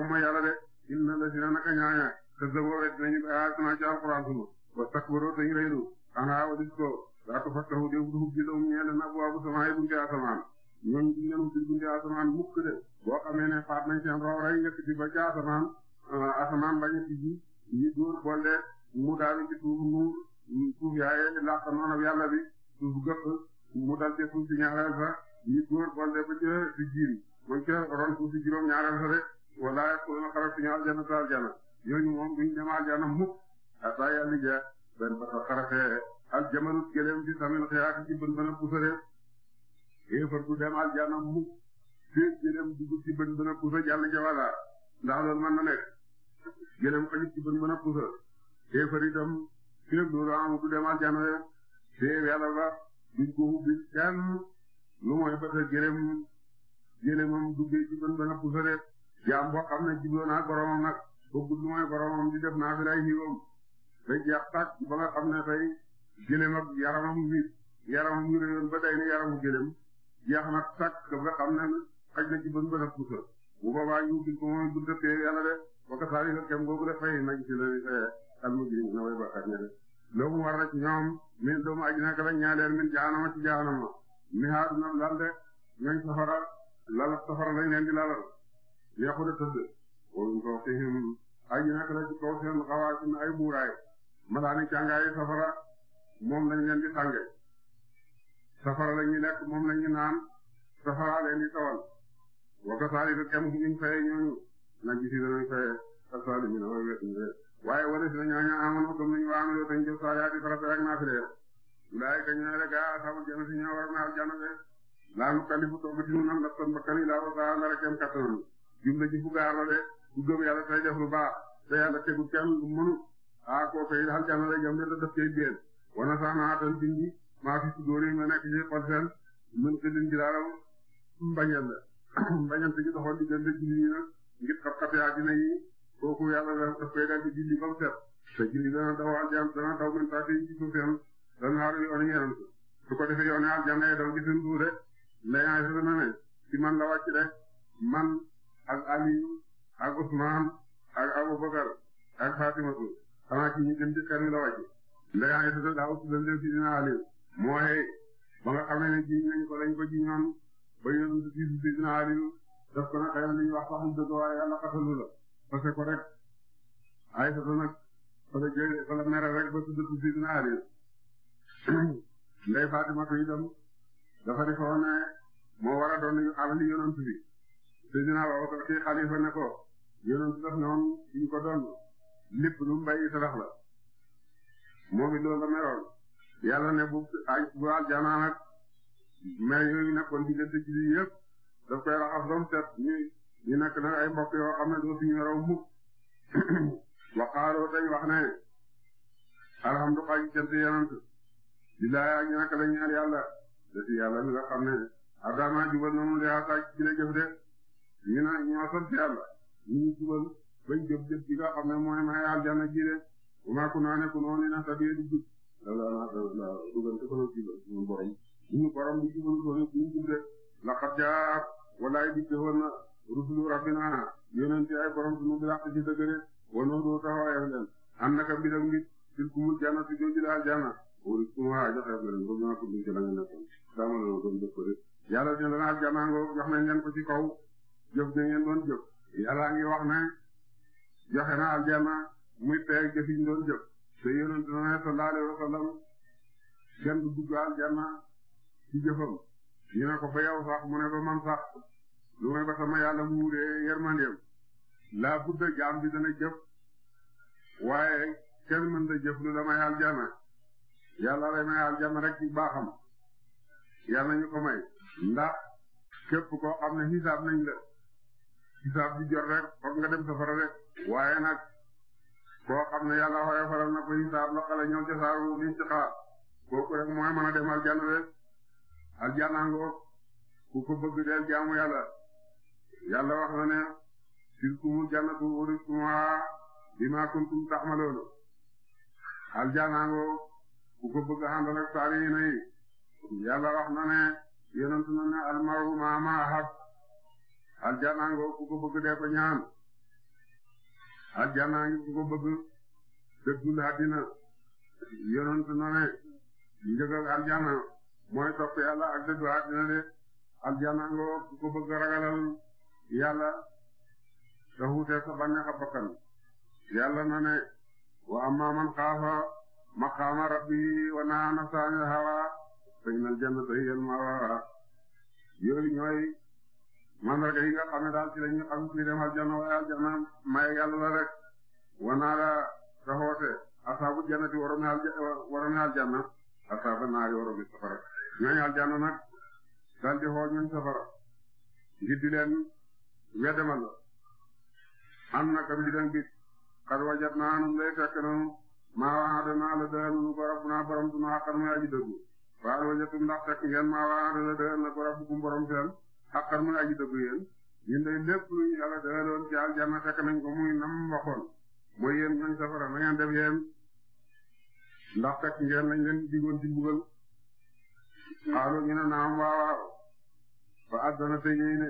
de il na la si na naka ñaaña te dëggoo rek dinañu ah sama ci alxuraan sunu ba takbaru dañu reylu ana wadis ko daa ko fastahu dee wutu hubbi doom na bu waabu sama ay bunte asamaan mukk de boo xamee ne faat nañ seen raw rey ba ca asamaan ah, asamaan bañ a tijji yi dóor boole mu daanu ci mu suuf yaaye mu dal te suuf si ñaareel fa nit góor boole ba ca si jiir ba ca ron suuf si juróom ñaareel fa de walaay ak kuréel xarab si ñaar jana taal jana ñooñu moom duñ dem aljana mukk ataa yàlla ja benn bata xarafee ak jamanut gëléem bi samin xiyaati ci bën bën a pusare yéefar du dem aljana mukk féeg gëléem dugub ci bën bën a pusa jàll ca wala ndax loolu mën na nekk gëléem xajut ci bën bën a pusa yéefar itam féeg loolu am du dem aljana féeg yàlla ba duñ ko ubbi kenn lu mooy ba sa gëlëm gëlëmam duggee ci bën bën a pusare jaam boo xam ne jubloo naa boromam nag bëggul lu mooy boromam di def naa fi lay ba jeex tàkk ba nga xam ne tey gëlëm ak yaramam nit yaramam yu réyoon ba day ne yaramu gëlëm jeex na tàkk ba nga xam ne xaj na ci bën bën a pusar bu boobaa ñu ubbi ko mooy bunta pee yàlla de wakka saari ka kem googu de fay nag ci la almujrim na way bakkat ña de loolu war rek ñoom min doomu aji nekk rek ñaaleel min jaanama ci jaanama mi haat ñoom lal de ñooñ safara lal safara lañ leen di lalal yeexu tëdd woon ko fihim aji nekk rek ci kaw seen xawaasin ay buuraay malaani càngaayi safara moom lañ leen di sànge safara lañuy lekk moom lañuy naan safara leen di tawal wakka saali du kem ñu faye ñooñu na gisi danañ faye ka saali mi na wet waaye wane si ne ñooñu amoon gëm nañu waa amuloo dañu jëf sooy yaati farata ak naafile ndaay ka ñëwee rek ah sama jëm si ñëw war naa jàmm de laa nu kalifu toog ci ñun na seen bakkan yi laa ko saa ndara kem kattanam jumla ji fu gaar la de ku gëm yàlla tey def lu baax te yàlla tegu kenn du mënu ah kooku yi daal jàmm lay jëm de daf koy génn wana sax naa tan bindi maa fi sudóor yi nekk ci xol seen mën ko leen ci daalaw kooku yàlla daf koy daal di julli ba mu set te julli dana daw aljana dana daw mën taa ci suufam dana aar yoon yeneen su ko defee yoon aljana daw ci seen duur rek sa dana ne man la wàcc rek man ak Aliou ak Ousmane ak Aboubacar ak Fatimatu xanaa ci ñi dem ci kan la wàcc sa dana aw si dana si dina Aliou moo xëy ba nga xam ne jiñ nañ ko lañ ko jiñoon ba ñu doon si si dina Aliou daf ko nag xëy na wax sax mu dëgg fase ko rek ay nag fa la jëlee ah, fa la mere rek ba tudd tudd dina Ali ndey Fatimatu itam dafa ne ko moo war a doon alali yonent bi te dina kii xalifa ne ko yonent daf ne woon suñ ko doon lépp lu mbay sarax la moom it loolu la meroon yàlla ne bu ay bu aljanaa nag mer yooyu nekkoon diggante ci lii yëpp daf koy raxas ba mu set ñu nekk nag ay mbokk yoo doo suñu raw mukk waxaaloo dañ wax ne alhamdu xaaj cant yenant billaay ak ñu nekk la ñaar yàlla da ci yàlla mi nga ne adama jubal noonu lia saaj ci la jëf de ñu ne ñoo sant yàlla ñu jubal bañ jëf-jëf ci xam ne mooy may aljanna ji de bu maaku naa ne ku noonu li jub la la dugal te kono jubal suñu borom suñu borom di jubal soone suñu jub de laqad jaa wallaay di jëfoon na rusulu rabbina yonent ay borom sunu bilaq ci dëgg de wano do taxawaayal leen annaka mbidam ngi til ku mul jannatu jooju daal janna wuri suma joxeef na leen ko ñoo ko duñ ci la la doon ko de yàlla dina na ab jàmmaangoo jox nañ leen ko ci na ngeen doon jëf yàlla wax ne joxe na aljanna muy peeg jëf yiñ jëf te yonent na sallallahu alayhi wasallam kenn du dugg aljanna ci jëfam ñu ko fa sax mu ne ba sax lu may ba sama yàlla mu wuree yermandeem laa budda jaam bi dana jëf waaye kenn mën da jëf lu la may aljana yàlla lay may aljana rek ci baaxam yàlla ñu ko may ndax képp koo xam ne xisaab nañ la xisaab bi jot rek foog nga dem safara rek waaye nag koo xam ne yàlla xoolee faral na ko xisaab la ñëw ca saaru liñ ci xaar kooku rek mooy mën a dem aljana rek aljana ngoo ku ko bëgg del jaamu yàlla yàlla wax na ne tilkumu jannatu uristumuha bima kuntum ta'maluna aljanaango ku ko bëgg àndal ak saalihiina yi wax na ne yonent na ne almaru ma ma ahab aljanaango ku ko bëgg dee ko ñaan aljanaangi ku ko bëgg dëddul àddina yonent na ne njëgal aljana mooy topp yàlla ak dëddu àddina de aljanaango ku ko bëgg ragalal yàlla te xuutee sa bànneexa bakkan wa amma rek wa naara te xoote asaabu jannati waroon na aljanna asaaba naari waroon safara ñooñu aljanna nag daal di xool ñooñu safara ngir leen weddemal la am na kam li doon gis xar wajat naa anum lay fekk nanu maa waxaate naa la dëxal nu ko rab naa borom sunu xaqan muy aji dëggu waal wajatum ndax fekk ngeen maa waxaate la dëxal na ko rab kum borom seen xaqan muy aji dëggu yéen yéen day lépp lu ñu yàlla dëxaloon ci aljanna fekk nañ ko muy nam waxoon mooy yéen nañ safara na ngeen def yéen ndax fekk ngeen lañ leen digoon ci mbugal xaaloo ñu ne naam waaw waaw fa addana te yéy ne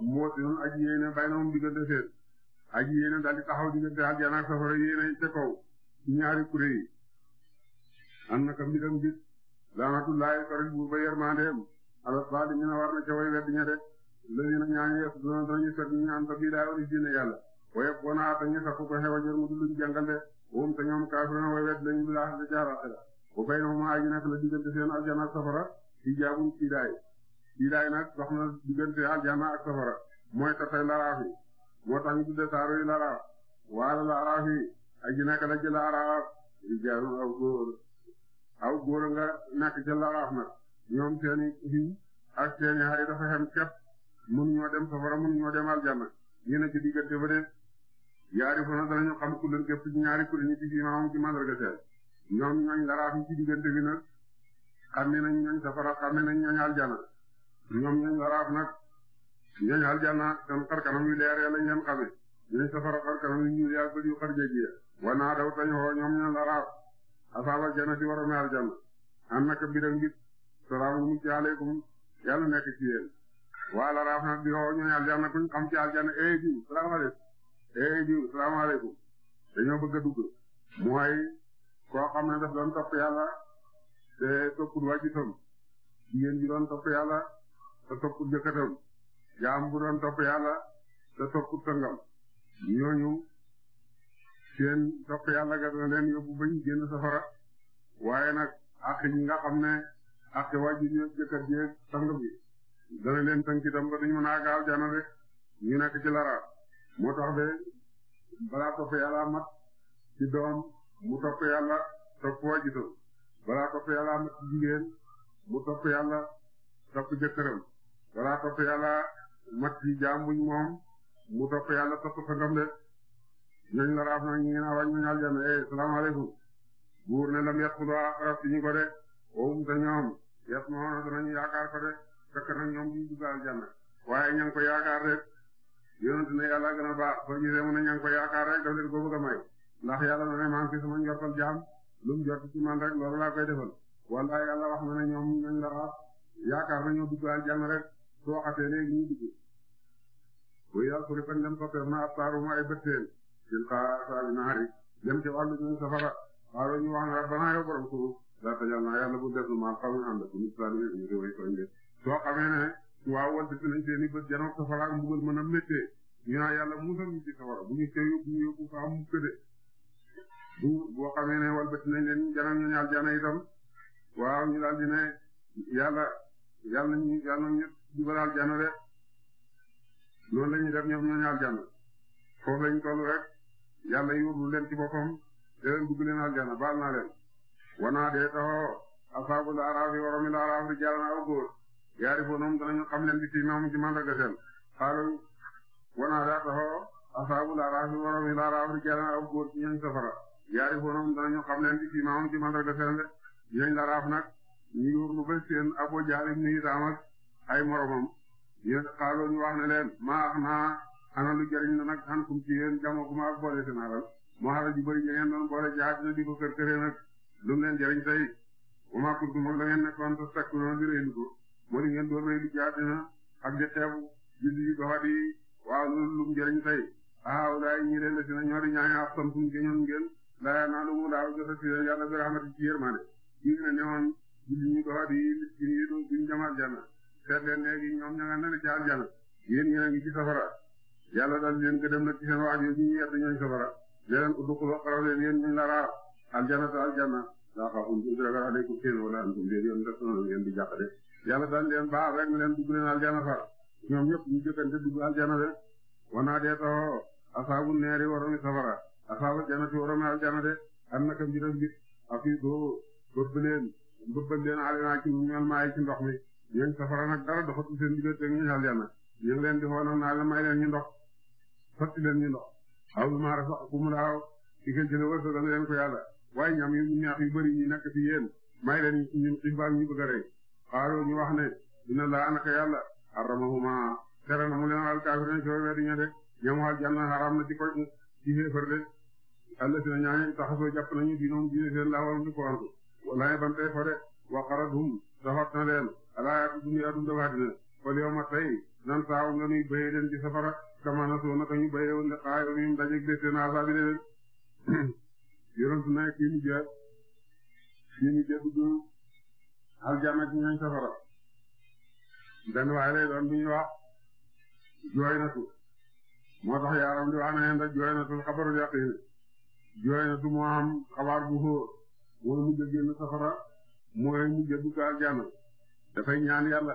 moo si noonu aji yéene bay na moom diggante seen aji yéene daal di taxaw diggante aljana safara yéene ca kaw ci ñaari kuré yi am na kam digam gis laanatullaahi karit bu ba yermandeem ala saalimiina war na ca way weddi ña de lëwiina ñaañu yes doona dañu set ñu am sabiila wari diine yàlla waye bona atañu sakku ko xewa jër mu du luñ jàngal de woom te ñoom kaafirina way weddi lañu bilaax da jaaraxela bu bay na moom aji nekk la diggante Ilaay nag dox na diggante aljanna ak safara mooy tatay laraaf yi moo tax ñu tudde saaru laraaf waala laraaf yi aji nekk la ci laraaf rijaalun aw góor aw nga nekk laraaf nag ñoom seeni xiw ak seeni xay dafa xem képp mënuñoo dem safara mënuñoo dem aljanna ñu ne diggante ba de yaari fana danañu xam kullun képp ci ñaari kuréel ñi ci fii maamam ci mandarga seen ñoom ñooñ laraaf yi ci diggante bi nag xam ne nañ ñooñ safara ñoom ñooñu waraaf nag ñooñu aljanna seen xarkanam yu leer lañ leen xame ñooñu safara xarkanam yu ñuul yaa bët yu xar jéggi wanaa daw tañ xoo ñoom ñooñu waraaf asaaba janna di warome aljanna an naka biram bit salaamu mucc aleykum yàlla nekk ci yéen waa laraaf nag di xoo ñooñu aljanna kuñ xam ci aljanna ee eh diw salaamaaleykum ee eh diw salaamaaleykum dañoo bëgg a dugg mooy koo xam ne daf doon topp yàlla te toppul wàcc itam jigéen bi doon topp yàlla te topp jëkkatam jaam bu doon topp yàlla te topp tëngam ñooñu seen topp yàlla ga dana leen yóbbu bañ génn safara waaye nag ak ñi xam ne ak waajur jëkkër jeeg sang bi dana leen tënk itam ba duñu mën a gaaw jana de ñu nekk ci lara moo tax de balaa topp yàlla mat ci doom mu topp yàlla topp waajur balaa topp yàlla mat ci jigéen mu topp yàlla topp jëkkëram wala topp yàlla mat ci jaam buñ moom mu topp yàlla topp sa ngam de ñooñ la na ñu ngi naa wañ mu buur ne lam yat xulaa raf ci ko de wowum ta ñoom yat moona danañu yaakaar ñoom duñ ko yaakaar rek yonent a baax na ne maa ngi fi sama njortal jaam ñoom ñooñu la raaf yaakaar na ñoo dugal janna rek soo xasee léegi ñu dugg bu yàlla su rafet dem soppeeku ma absaaruhum ay bët seen tilqaa asaabi naari dem ci wàllu ñu safara xaaral ñu wax ne rabbanaa yow borom suuf laa tajalnaa yàlla bu def lu maal xaw ma ànd ak ñu saalim ñu réewee koñ de soo xamee ne waaw wante fi nañ seen i bët janoog safara mbugal mën a méttee ñu naan yàlla muusal ñu ci safara bu ñu cee yóbbu ñu yóbbu faa mu këde bu boo xamee wal bët nañ ñu ñaal jana itam waaw ñu ñu yàlla dugal aljanna rek loolu la ñuy def ñoom ñooñu aljanna foofu la ñu rek yàlla yóbbu leen ci boppam te leen dugg leen aljanna baal naa leen. wanaa dee taxoo ashaabul araafi wa romil araafi rijaalan aw góor aw góor ci ñooñ safara yaarifoonahum danañu xam leen bi siimaahum ci mandarga seen de ñooñ laraaf nag ñu yóor lu ba seen Abu Jahl ibn Hisham ay moromam yéen xaaloo ñu wax ne leen maax naa ana lu jëriñ la nag kum ci yéen kuma boole seen alal moo xaaral ju bëri ngeen doon boole jaat na kër këree nag lu mu leen jëriñ tey wama kuntum la ngeen nekkoon te sakku na di rëylu ko moo di ngeen doon rëylu ja na ak di xeebu julli yi ba fa di waaw lu mu jëriñ tey aaw daay ñi la si na ñoo di ñaaña ak samtum ke laya naa lu mu daaw jota si yàlla bi rahmati ci yërmande ñi ne newoon julli ñi ba fa di seet leen léegi ñoom ña nga ne ci aljana yéen ña ngi ci safara yàlla daal gëdëm nag ci seen wax yooyu safara leen udxulu aljana ta aljana laa xaafun na ngeen di jàq de yàlla daal leen baax rek leen dugg leen aljana fa ñoom ñëpp ñu jëkkante dugg aljana de wanaa dee tawoo asaabu neeri waromi safara asaabu janati waromi aljana de am na kam bi afi doo bëbb leen bëbbal leen alenaa ci ñoom maay ci ndox mi ñooñ safara nag dara doxatu seen diggante ñu aljana ñu ngi leen di xoonoon naa la may leen ñu ndox sotti leen ñu ndox aw bi maa razaqakum laahu ci gën ci la wërsëgal leen ko yàlla waaye ñam yu neex yu bëri ñi nekk fi yéen may leen ñu xibaar ñu bëgg a rey xaaroo ñu wax ne dina laa naka yàlla arramahuma tere na mu leen al kaafiriin ci wér de ñam wal janna haram na ci ko ci xéefar de àll si na ñaañu taxasoo jàpp nañu diinoom diine di alaa dunya dundal àddina wal yawma tey nan saaw nga nuy bayee leen safara kama na soo naka ñu bayee woon nga xaay ñu dajeeg bés seen asabi leen yonent na kii mujj kii mujj dugg aljanna ci safara benn lay doon bu ñuy wax moo tax yaaram di wax ne ndax jooynatul xabarul yaqiin jooynatu moo am xabaar bu xóor mooy mujj génn safara mooy mujj dugg aljanna dafay ñaan yàlla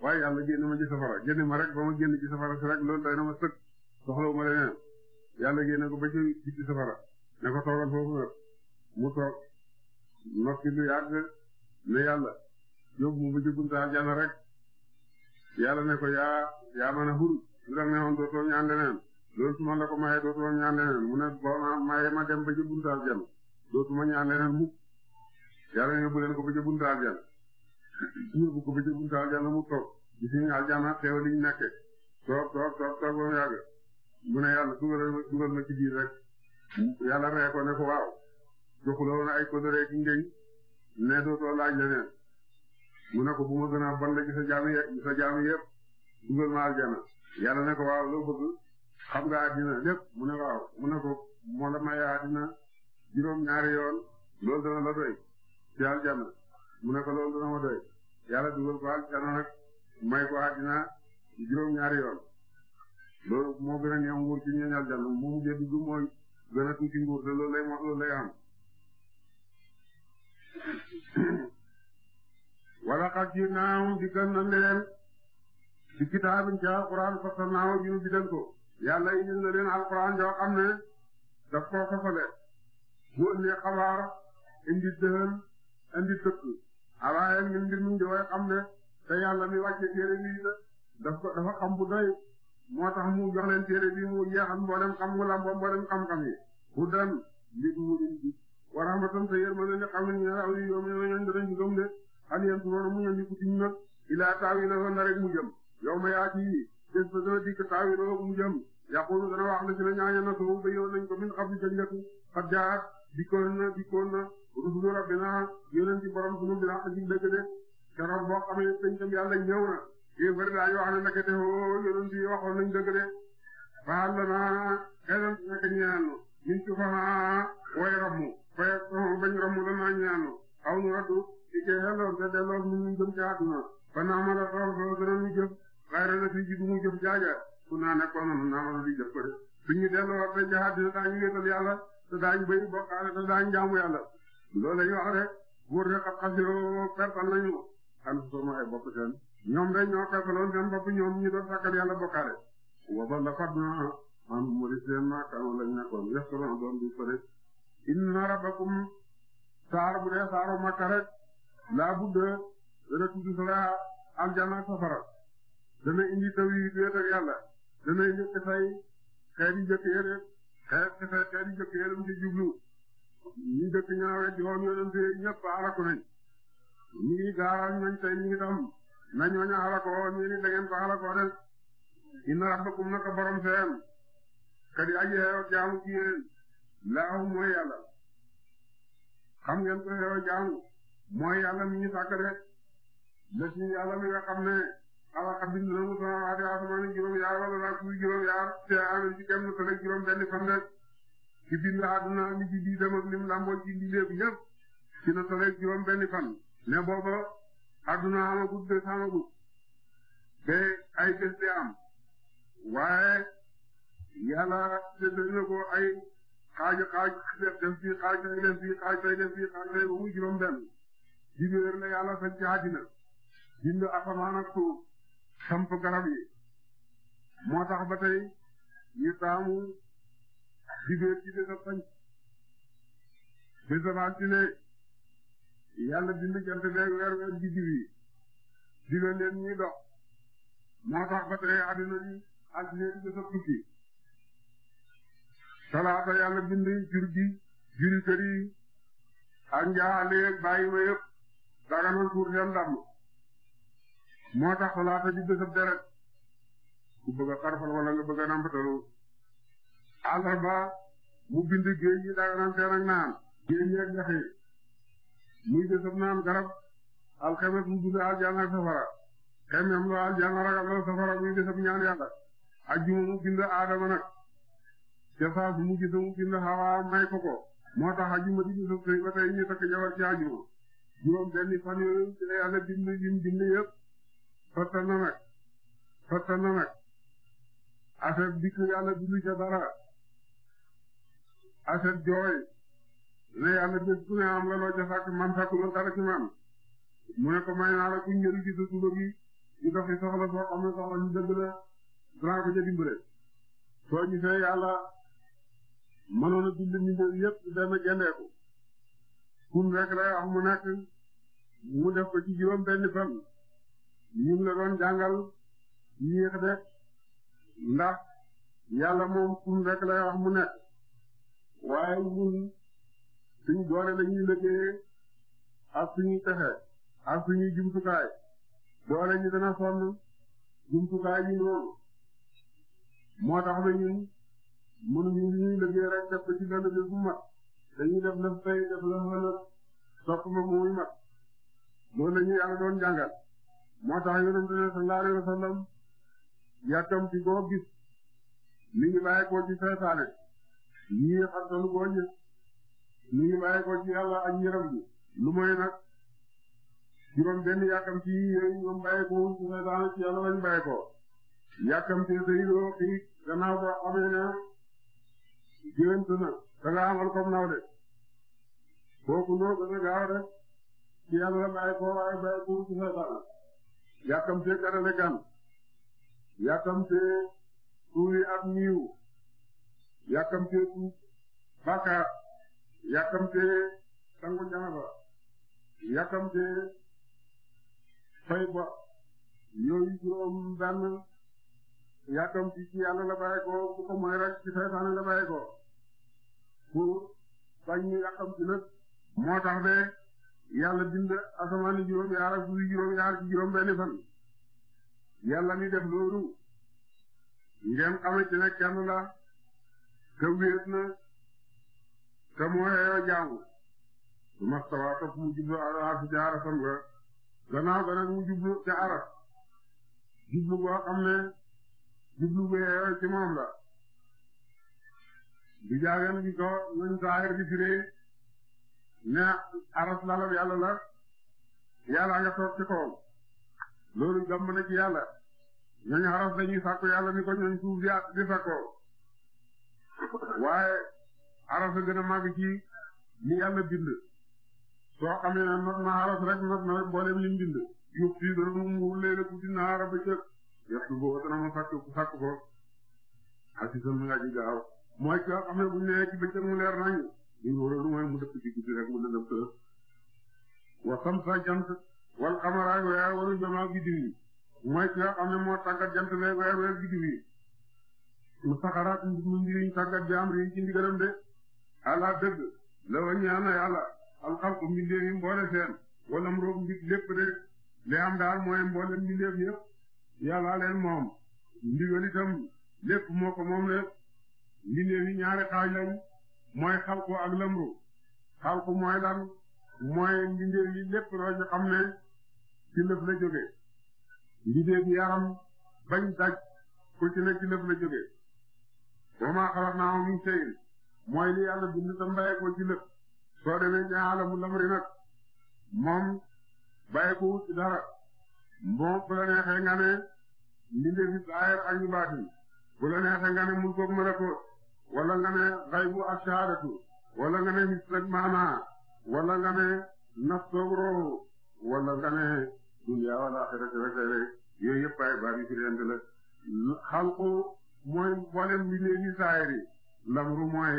waaye yàlla génn ma ci safara génn ma rek ba ma génn si rek loolu day na ma sëkk soxlawu leneen yàlla génne ko ba ci ci safara ne ko toogal mu toog noppi lu yàgg ne yàlla yóbbu mu ba rek yàlla ne yaa yaa mën a hur su la ñaan leneen loolu su ko mayee dootoo ñaan leneen mu ne boo ma dem ba ci buntu aljanna ñaan leneen mukk yàlla yóbbu leen ko ba ci yóbbu ko ba ci buntu aljana mu toog gis aljana xew liñ nekke toog toog toog ba mu yàgg mu ne yàlla dugal dugal ma ci rek yàlla ree ko ne ko waaw joxula woon ay kodoree ki ngéñ ne dootoo leneen mu ne bu ma gën bon la ci sa jaami yë dugal ma aljana yàlla ne ko waaw loo bëgg xam nga àddina mu ne waaw mu ne ko may àddina juróom ñaari yoon loolu dana la doy aljana mu ne ko loolu dina ma doy yàlla dugal ko aljana may ko àddina juróom-ñaari yoon loolu moo gën a neex nguur ci ñooñu aljana mu mujjee dugg mooy gën a tuuti nguur te loolu lay moo loolu lay am wala xat ji naam dikkal na leen ci kitaabin ci alquran fasal naaw bi ñu bidal ko yàlla indil na leen alquran joo xam ne daf koo fasale bu ëndee xabaar indi dëhël indi tëkk alaaye min mbir mi di way xam ne te yàlla mi wàcce téere bi la daf dafa xam bu doy moo tax mu jox leen téere bi mu jeexal mboolem xam mu lamboo mboolem xam-xam yi hudan li duulin bi wa rahmatan te yërmande xam ne ñu aw yi yoom ñooñu danañ ci gëm de xal yéen su noonu na rek mu jëm yow ma yaa ci bés ba dana dikk taawiloo mu jëm yaqulu dana wax la ci la ñaaña na soowu ba yow nañ ko min xam ni ca njëkk xat jaar dikkoon na dikkoon na bu dul rabbina yonent ci borom sunu bi ak ci dëgg de keroog boo xamee pencam yàlla ñëw na yéefar daañu wax ne ndekete oo yonent yi waxoon nañ dëgg de baal na xelal nak ñaanu min ci fa way ramu fay ko bañ ramu la na ñaanu aw ñu raddu ci xelal da delloo ñu jëm ci àdduna fa na ma la xaw do dara ñu jëf xayra la ci jibu mu jëf jaaja ku na nekkoon na na ma di jëf ko de suñu delloo ba jaxat te daañu bay bokkaale te daañu loolu la ñuy wax rek buur ne xas yoo pertal nañu am soo ay bopp seen ñoom dañ ñoo pertaloon seen bopp ñoom ñu doon sàkkal yàlla bokkaale wabal la fat na am muri seen maakano lañ nekkoon yestorona doon du fëre inna rabbakum saar bu dee saaru makka rek laa budda dana tudd sala aljana safara dana indi taw yi wéet yàlla dana indi xisay xeeti jëkk yére xeeti xisay xeeti jëkk yére mu ci ñi dëkk ñaa weddi woon yonent yi ñëpp alaku nañ ñi ngi gaaral ñooñ tey ñi tam na ñooña alako ñu ni da ngeen ko alako def inna rabbakum naka borom seen kadi aji jaamu ci yéen laahu mooy yàlla xam ngeen ko xeew jaamu mooy yàlla mi ñu sàkk de les ñi yàlla mi nga xam ne alaka bind na mu sama waate asamaani juróom yaar wala naa kuy juróom yaar te amin ci kem na tëlëg juróom benn fan rek ci biir àdduna li ci biir dem ak lim lamboo ci biir lépp yëpp ci la tollee juróom benn fan mais booba àdduna amagut bés amagut ba ay bés di am waaye yàlla séddale na ko ay xaaju xaaj def fii xaaj fay def fii xaaj fay def fii xaaj fay ba mu juróom benn dibéer la yàlla sañ ci àddina bind asamaan ak suuf samp garab yi moo tax ba tey ñu taamu digéer ci bésab fañ bésab altine yàlla bind jant beeg weer weer digg bi digal leen ñuy dox moo tax ba tey adduna bi altine di bésab tukki talaata yàlla bind jur gi juri kër yi ak njaaxaleeg bàyyi ma yëpp daganal pour seen damm moo tax talaata di bésab deret ku bëgg a xarfal wala nga bëgg a nampatalu àllarba mu bind géej gi daganal seen ak naan gi ak ñax muy de naan garab alxames mu bind aljanna ak safara xemem lu aljanna ragal la safara muy de ñaan yàlla ajjuma mu bind aadama nag ca mu gisa mu bind xawaa may ko moo tax ajjuma di ñu saf tey ba tey ñu takk jabar ci ajjuma juróom benni fan yooyu ci la bind lim bind yëpp fattana nag fattana nag affaire dikk yàlla bindu ca dara aset jooy ne yàlla bés bu ne am la loo sàkk man sàkkuma dara ci man mu ne may naa la kuñ njëriñ ci sa suba gi ñu dox ci soxla soo xam ne soxla ñu dëgg la dinaa ko ca dimbale soo gisee yàlla mënoon a dimbali ñu yëpp dana gendeeku kun rek la wax mu nekk mu def ko ci juróom benn fan ñu ngi la doon jàngal yéex de ndax yàlla moom kun rek la wax mu nekk waaye ñun suñu doole la ñuy liggéeyee ak suñuy jumtukaay doole ñu dana sonn jumtukaay yi noonu moo tax na ñun mënuñu ñuy liggéey rek def ko ci benn bés bu def lëf tey def lëf ëllëg topp ma muy mat loolu ñuy yàlla doon moo tax yonent ne sallallahu alayhi wa sallam yàkkam ci koo gis mi ngi bàyyi koo ci seetaane ñii xattalu koo gis ñu ngi bàyyi ci yàlla ak njëram lu mooy nag juróom benn yàkkamti yooyu ñoom bàyyi ko ci seytaane ci yàlla lañ bàyyi ko yàkkamti sayidoo xiig gannaaw ko xamee ne gént na da nga amal comme naw de kooku loo gaaw rek ci yàlla la bàyyi ko waaye bàyyi ko ci seytaane yàkkamti gadale tuuri ak niiw yàkkamtee tuub bàkkaar yàkkamtee sangu janaba yàkkamtee fay ba yooyu juróom benn yàkkamti ci yàlla la bàyyi bu ko mooy rek ci saytaane la bàyyi ko pour bañ yàkkamti nag moo tax de yàlla bind asamaani juróom yaar ak juróom yaar ci juróom benn fan yàlla mi def loolu ngeen xamante ne kenn la te wéet na te moo yeyoo jaamu su mastawa topp mu jublu arafi ca arafam nga gannaaw ga nag mu jublu ca jublu boo xam ne jublu bu yeyoo ci moom la du jaagen gi ko nañ saahir di firee ne araf lalab yàlla la yàlla nga ci kawam loolu gàmm na ci yàlla ñooñ araf dañuy sàkku ni ko ñooñ suuf di sàkkoo waaye aras a gën a màgg ci li yàlla bind soo xamee ne not rek not na rek mboolem lim bind yux fii dana mu mu leela guddi naara ba cëg yextu boobu mu sàkk ku sàkk ko asisal nga ji mooy ko xam ne bu ñu nee ci bëccëg mu leer nañ li ñu wara lu mooy mu sakaraat mu mbiriñ tàggat jaam riñ ci ndigalam de ala dëgg la wa ñaana yàlla alxalqu mbindeef seen wala mu roog ndig lépp de li am daal mooy mboole mbindeef yëpp leen moom ndigal lépp moo moom le mbindeef ñaari xaaj lañ mooy xalqu ak lëmru xalqu mooy lan mooy mbindeef lépp loo xam ne ci lëf la jóge mbindeef yaram bañ daj ku ci ne ci lëf la jóge wa maa xalaqnaa min shay'in mooy li yàlla bind tam bàyyi ci lépp soo demee ñaalamu lamri nag moom bàyyi ko dara moom bu la neexee nga ne mbindee fi saahir ak ñu baatin bu la neexee nga ne mulkook malakoot wala nga ne xaybu ak shahaadatu wala nga ne hiss ak maanaa wala nga ne nafsoog roohu wala nga ne duniyaa wala axirati rek yooyu yëpp ay baabi fi rend la xalqu mooy mboolem mbindeef yi saayiri lamru mooy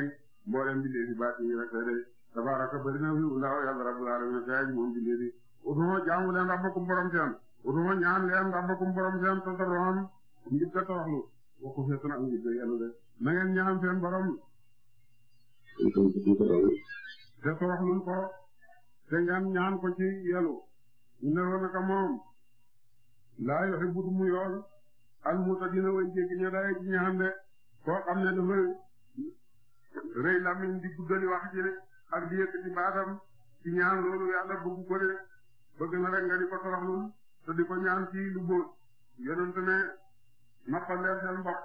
mboolem mbindeef yi baati yi rek de tabaraka bari na wi laaw yàlla rabbul alamin fi ay moom mbindeef yi udoo jaamu leen rabbakum borom seen udoo ñaan leen rabbakum borom seen tasaroon ngir ta toroxlu waxu fees na am ngir de yàlla de na ngeen ñaan seen ko te ngeen ñaan ko ci yàlla inna naka moom laa yuhibbu mu yool al muuta dina way jéggi ñu day ji ñu xam ne koo ne dafa rëy lamiñ di guddali wax ji ak di yëkkati baatam ci ñaan loolu yàlla bëgg ko de bëgg na rek nga di ko toroxlu te ko ñaan ci lu bóot ne noppal leen seen mbokk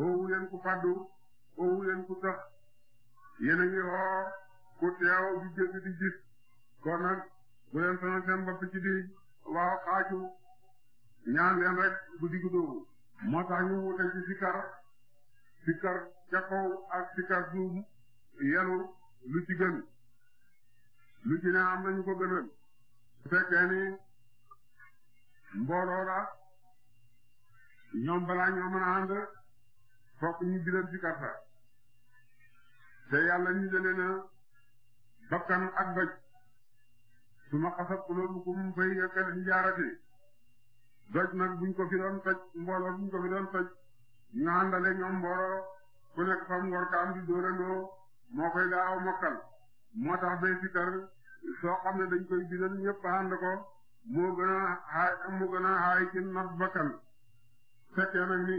oowu leen ku faddu oowu leen ku tax a ngi woo ku teew di jéggi di gis kon nag bu leen sonal seen di waaw xaaju ñaan leen rek guddi gu doobu moo tax ñu wute ci sikar sikar ca kaw ak sikar suuf yelu lu ci gën lu ci ne am nañu ko gënal su ni mbooloo ñoom balaa ñoo mën a ànd fokk ñu biral sa te yàlla ñu dële na ak bëj su ma xasab kuloobukum fay yakkat hijaarati doj nag buñ ko fi doon toj mbooloo buñ ko fi doon toj ñu àndale ñoom mbooloo ku nekk fam war ka am di moo koy gaaw mokkal moo tax bay sikar soo xam ne dañ koy bidal ñëpp ànd ko moo gën a moo gën a xaay ci not bakkan nag ni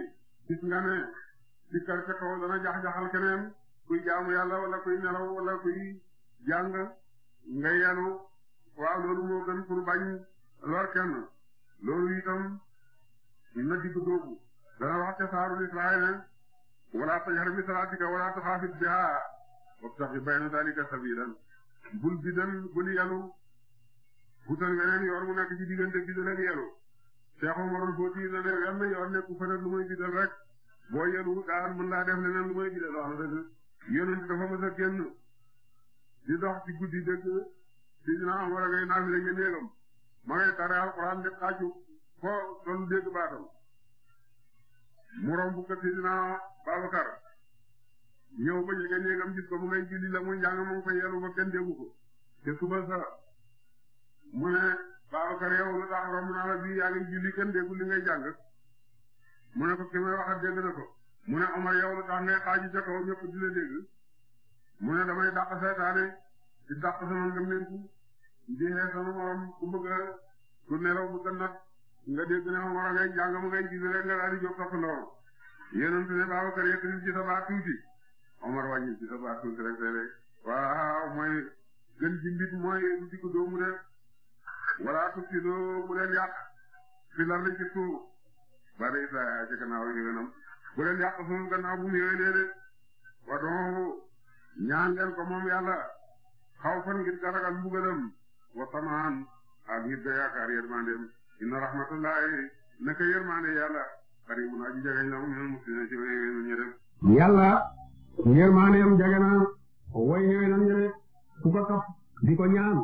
gis nga ne sikar ca dana jax-jaxal keneen kuy jaamu yàlla wala kuy nelaw wala kuy jàng nga yanu waaw loolu moo gën pour bañ lor kenn loolu itam dina digg doogu dana wax ca saaru Israel ne wala tajhar bi salaatika wala tuxaafit biha wabtaxi bayna dalika sabilan bul bidan bul yalu wutal weneen yoon mu nekk ci diggante bidan ak yalu Cheikh Omarul Fouti na ne wenn yoon nekku fa lu muy bidal rek boo yalu daan mën laa def leneen lu muy bidal wax na dëgg yonent dafa mës guddi dëgg si dina am war a ngay naafile ca néegam mooy tara alquran bi xaaju foo doon dégg baatam mu romb ko Sidina Babacar ñëw ba jege néegam gis ko mu ngay julli la muy njàng mu ngi koy kenn déggu li ngay jàng mu ne ko ki may wax dégg na ko mu ne Omar yow tax ngay xaaju ca kaw ñëpp di dégg mu ne damay dàq seytaane di dàq sama ngëm leen di xeexal moom ku bëgg a ku nelaw bëgg a nag nga dégg ne moom war a ngay jàng mu ngay gis rek nga daal di jóg topp lool yonent ne Babacar yëkkati ci sa baat tuuti Omar wàññi ci sa baat tuuti rek léeg-léeg waaw mooy gën ci mbit mooy di ko doomu de wala suuf si doo bu leen yàq fi lar ci suuf ba de Isaa ci gannaaw yéenam bu leen yàq suuf gannaaw bu mu yéenee de wa doo ñaan leen ko moom yàlla xaw fan ngir garagal mbugalam wa tamaan ak nit da yaakaar yërmandeem inna rahmatullahi naka yërmande yàlla qariibun aji jegeñ la minal muslimiin ci way xewe nan ñe def yàlla yërmandeem jege way xewe nan ñe ku ko topp di ko ñaan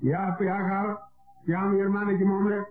yaa yaakaar ci am yërmande moom rek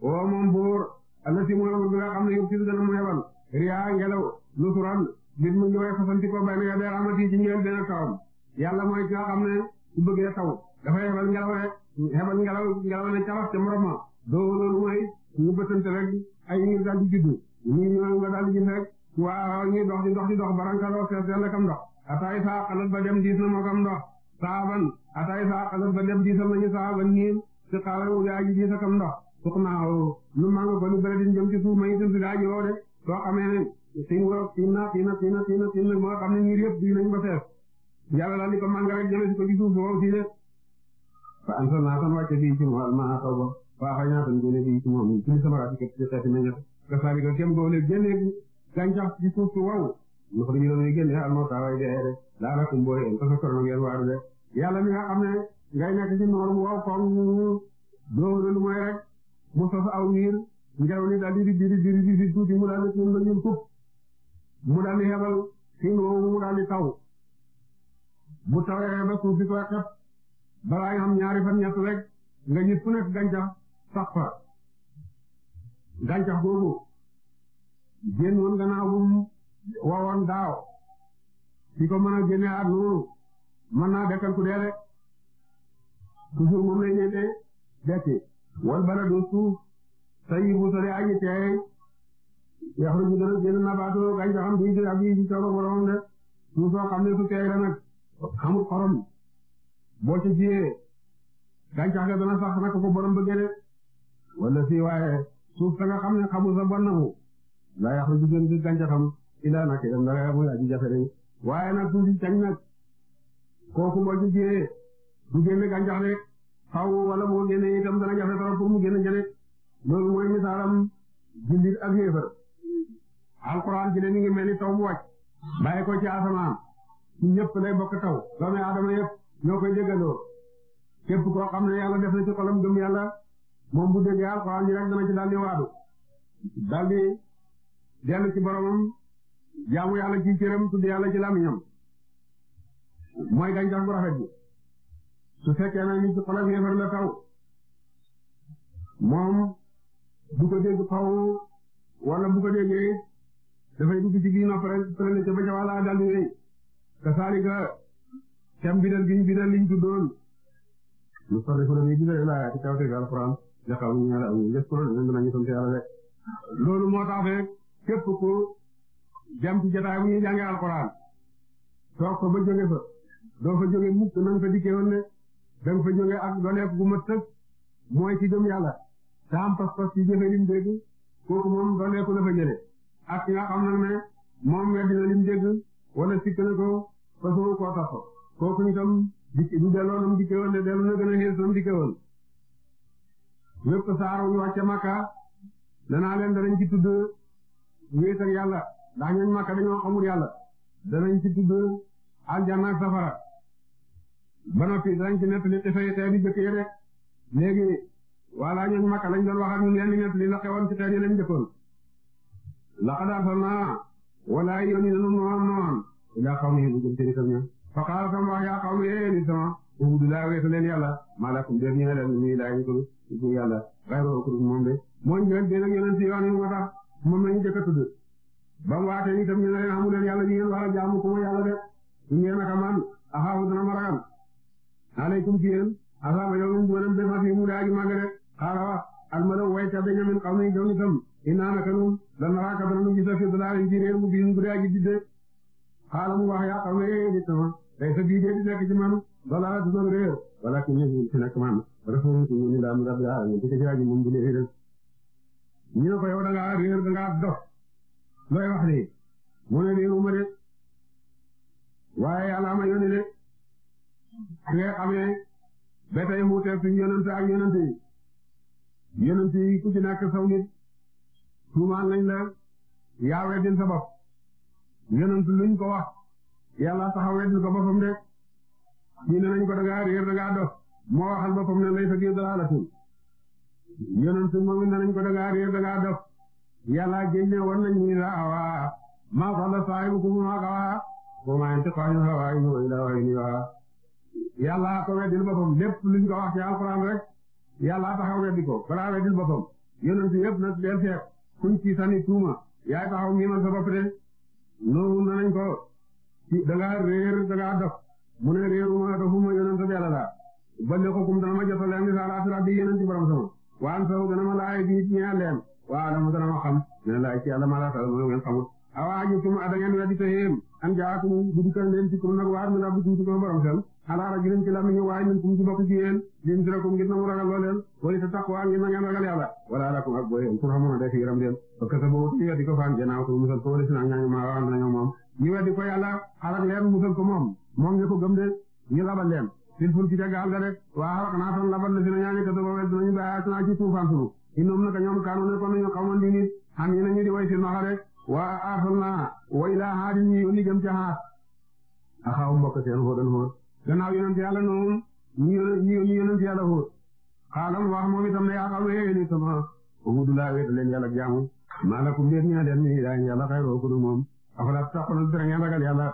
o moom buur alla si mooy bi nga xam ne yëpp si dana mu yebal riyaa ngelaw lu turan mbir mu ñëwee fasanti ko bay na ya dee ramati ci ñeel benn tawam yàlla mooy ki nga xam ne su bëggee taw dafa yebal ngelaw rek yebal ngelaw ngelaw na carof te morom ma doo loolu mooy ñu bëtante rek ay ngir daal di juddu ñu ñëw nga daal di gis rek waaw ñuy dox di dox di dox barankaloo fees dell kam ndox ataay saa xalat ba dem diis na moo kam ndox saaban ataay saa xalat ba dem diisal nañu saaban niin si xaaral wu gaa ji diis a kam ndox suq naa woo lu mango ko lu bëretin jëm ci suuf may si gaa ji woo de soo xamee ne siin woo siin na siin na siin na siin na siin na moo xam ne ñi yëpp di nañ ba fees yàlla daal di ko manga rek jëme si ko ci suuf boobu si de fa an naa kon wàcce fii ci moom maa xaw ba waaxoy naa tan génne fii ci moom ci samaraati képp ci xeeti meññet ka saali ko kem doole génne gàncax ci suuf su waw ndax li ñu doon génne almota way dee de daala kum booy en tasa korona ngeen waaru de yàlla mi nga xam ne ngay nekk noor bu waw koom doo lu mooy rek mu sos aw niir ngelaw li daal di di di di tuuti mu daal di mu daal di yebal si mu daal taw bu balaa nga xam ñaari fan ñett rek nga gis fu nekk gàncax sax fa gàncax googu génn woon gannaaw bu daaw ki ko mën a génne at noonu naa dekkal ku dee rek toujours moom lañ leen di dekki wal baladu suuf tayyibu sori aji teey yaxruju dana génn nabaatu gàncaxam bi ci ak yi ci coono boromam de suuf soo xam ne su teey la nag xamul xorom boo ca jiyee gàncax ga dana sax naka ko borom bëggee de si waaye suuf sa nga xam ne xamul sa na mu laa yàq lu jëm ci gàncaxam ila nak dem dara muy aji jafe de waaye nag tuuti cañ nag kooku boo ca jiyee du génne gàncax de xaw wala boo génne itam dana jafe trop pour mu génne jëlee loolu mooy misaalam jullit ak yéefar alquran ci ne mi ngi mel ni taw bu wàcc bàyyi ko ci asamaan ñëpp lay bokk taw doomi aadama yëpp. ñoo koy déggandoo képp koo xam ne yàlla def na ci xolam gëm yàlla moom bu déggee alxuraan ji rek dana ci daal di waadu daal di dellu ci boromam jaamu yàlla ci cëram tudd yàlla ci làmmiñam bu rafet bi su fekkee na ci xolam yéefar bu ko déggee dafay dugg ci biir noppare pare na ca ba ca wàll daal di wéy cam bidal giñ bidal liñ tuddoon mu sole fu na mi bidal laa ci kaw teg alxuraan nga xam ñu la ñu def ko ñu dana ñu sant yàlla rek loolu moo tax rek képp ku jam ci jotaay bu ñuy jànge alxuraan ko ba jóge doo fa jóge mukk nañ fa dikkee ne da nga fa ak doleef gu ma tëg mooy ci gëm yàlla te am pas-pas ci jëfe lim dégg kooku moom doleeku ak ki nga xam ne moom weddi na lim dégg wala sikk na ko façon koo tax kooku itam di di delloo na mu dikkee de delloo na gën a xees na mu dikkee woon lépp ñu wàcce Makka danaa leen danañ ci tudd wéet ak yàlla ndax ñooñ Makka dañoo xamul yàlla danañ ci tudd aljanna ak safara ba noppi ci nettali xisay tey di jëkk rek léegi walla ñooñ Makka lañ doon wax ak ñun leen la xewoon ci xeet yi lañ jëkkoon la xadaar sa naa walla yoon nanu noon noon ilaa xaw mi bu jëm seen itam ña Faqaal sama wax yaa xaw ma yéen it sama ubudulaa weesu leen maa lakum def ñu ne leen ñu laay ñu ko ñu yàlla waaye loolu kuréel moom de mooy ñoom dina ñëw si yoon yi moo tax moom la ñu jëkk a tudd ba mu waatee itam ñu ne leen xamu leen yàlla ñu ngeen war a jaamu ku ma yàlla de ñu ngeen a xamaan axaafu dana ma ragal aleykum ci yéen asaaba yow mu gën a def mu daal di màgg de xaaral wax almalaw way ca Benyamin xaw nañ gaw itam innaa naka dana a fi tey sa bii di nekk ci man balaa dina réer balaa ku ñëw ñu ñu daal mu daal yaa ñu ci ci aji moom bi ko yow da réer da dof looy wax nii mu ne réeruma de waaye yàlla yónni de su ngeen xamee ba tey wuuteeg suñu yonent ak yonent yi ku ci nekk saw lañ la yaa weddin sa bopp yonent luñ ko wax. yàlla taxawee ñu ko boppam de ñu ne ko da ngaa réer da ngaa dof moo waxal boppam ne lay fekk dalalatun a moom ne nañ ko da ngaa réer da ngaa dof yàlla géej ne war nañ ñu la awa maa dalla saahibukum wa maa wamaa yantiqu anil hawaa in huwa illaa wahyun yuuhaa yàlla ko weddil boppam lépp luñ ko wax ci alxuraan rek yàlla taxaw weddi ko balaa weddil boppam yonent yëpp nag del seet kuñ ci sani tuuma yaay taxaw ngimal sa bopp de ko da ngaa réer da ngaa dof mu ne réeruma dofuma yonent bi Yàlla la ba ne ko kum dana ma jotal leen misaal asiraat di yonent borom sama waan saw dana ma laay di ci ñaan leen waaw dama dana ma xam ne laay ci Yàlla ma la tal mooy ngeen awaa ji tum ada ngeen weddi te yéem an jaakum bu dikkal leen ci kum nag waar mi la bu ci borom seen alaara jëleen ci lamiñu waaye min kum ci bokk ci yéen lim sirakum ngir na mu ragal loo leen way ta taqwa ngir na ngeen ragal yàlla wala lakum ak boy pour xamuna def yaram leen parce que bo ti weddi ko faan gannaaw ko musal ko wala sina ñaangi ma wax na ñoom moom ñu weddi ko yàlla xalak leen musal ko moom moom ñu ko gëm de ñu labal leen fil ful ci gaal ga rek wa xalak naa tan labal na sina ñaangi ko do wal nañu baax na ci tuufaan sunu inum naka ñoom kaanu ne ko ñu ci noxa rek wa arsalna wa ila haadin gannaaw yonent yàlla noonu ñu ñu yonent yàlla wóor xaaral wax moom itam ne yaa xam ne yéen itam ah Oudoula laa wéet leen yàlla jaamu maalakum déet ñaa dem ni daañu yàlla xayroo ku moom afala taqul dara ngeen ragal yàlla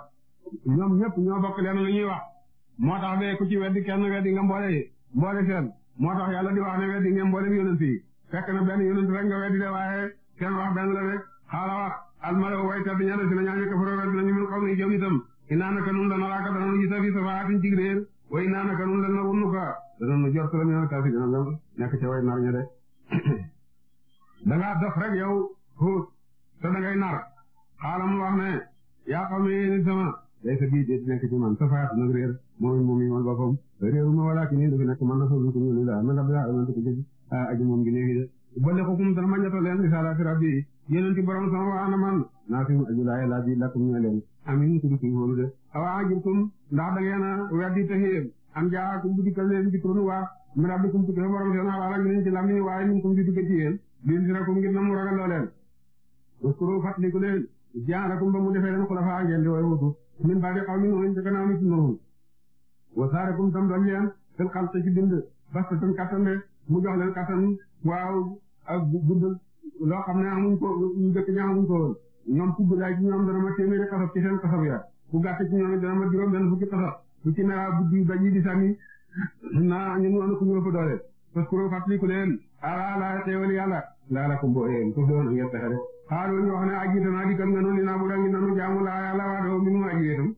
ñoom ñëpp ñoo bokk leen lu ñuy wax moo tax bee ku ci weddi kenn weddi nga mboole mboole seen moo tax yàlla di wax ne weddi ngeen mboolem yonent yi fekk na benn yonent rek nga weddi de waaye seen wax benn la rek xaaral wax almaloo inaa naka nun lanaraaka dana nu gisa fi safaatin cig réer wa inaa naka nun lan nazunnuka dana nu jort la minal kaafiriina nga nekk ca way nar ña de danga dof rek yow huut te dangay nar xaala wax ne yaa qawmi yéen sama day sa nekk ci man safaatin nag réer moom moom yi man boppam réeru ma walaaki nii dafi nekk man rasulukum ilayhi min rabbil aalamiin ma ñettoo leen risaalaati rabbi yéen ci borom sama wa ana man naa fi mu aju laay laaj yi amin ci ci wolu de awa ajirtum ndax da ngeen a weddi te xéen am jaakum bu dikkal leen dikrun waa mi rabbikum tukkee borom seen xabaar ñu ci lammi waaye min kum ci dugg ci yéen liin si rakum ngir na mu ragal loo leen uskuru fàttaliku leen jaarakum ba mu defee leen xulafaa ngeen di way wutu min baadi qawmin woon ca gannaaw ni sunnahum wasaarakum tam dam leen seen xal ci bind basta seen kattan de mu jox leen ne amuñ ko ñu dëkk ña amuñ ko ñoom ku guddaay ci ñoom dana ma téeméeri xasab ci seen xasab ku gàtt ci ñoom dana ma juróom benn fukki xasab su ci naa buddi ba di sànni na ñu noonu ku ñu ëpp doole parce que loolu fàttaliku leen ala la xéewal yàlla laa la ko booyee ko doon ngeen pexe de xaaral ñu wax ne aji danaa dikkal nga noonu li naa bu dangi nanu jaamu laa yàlla waa doo mi mu aji weetam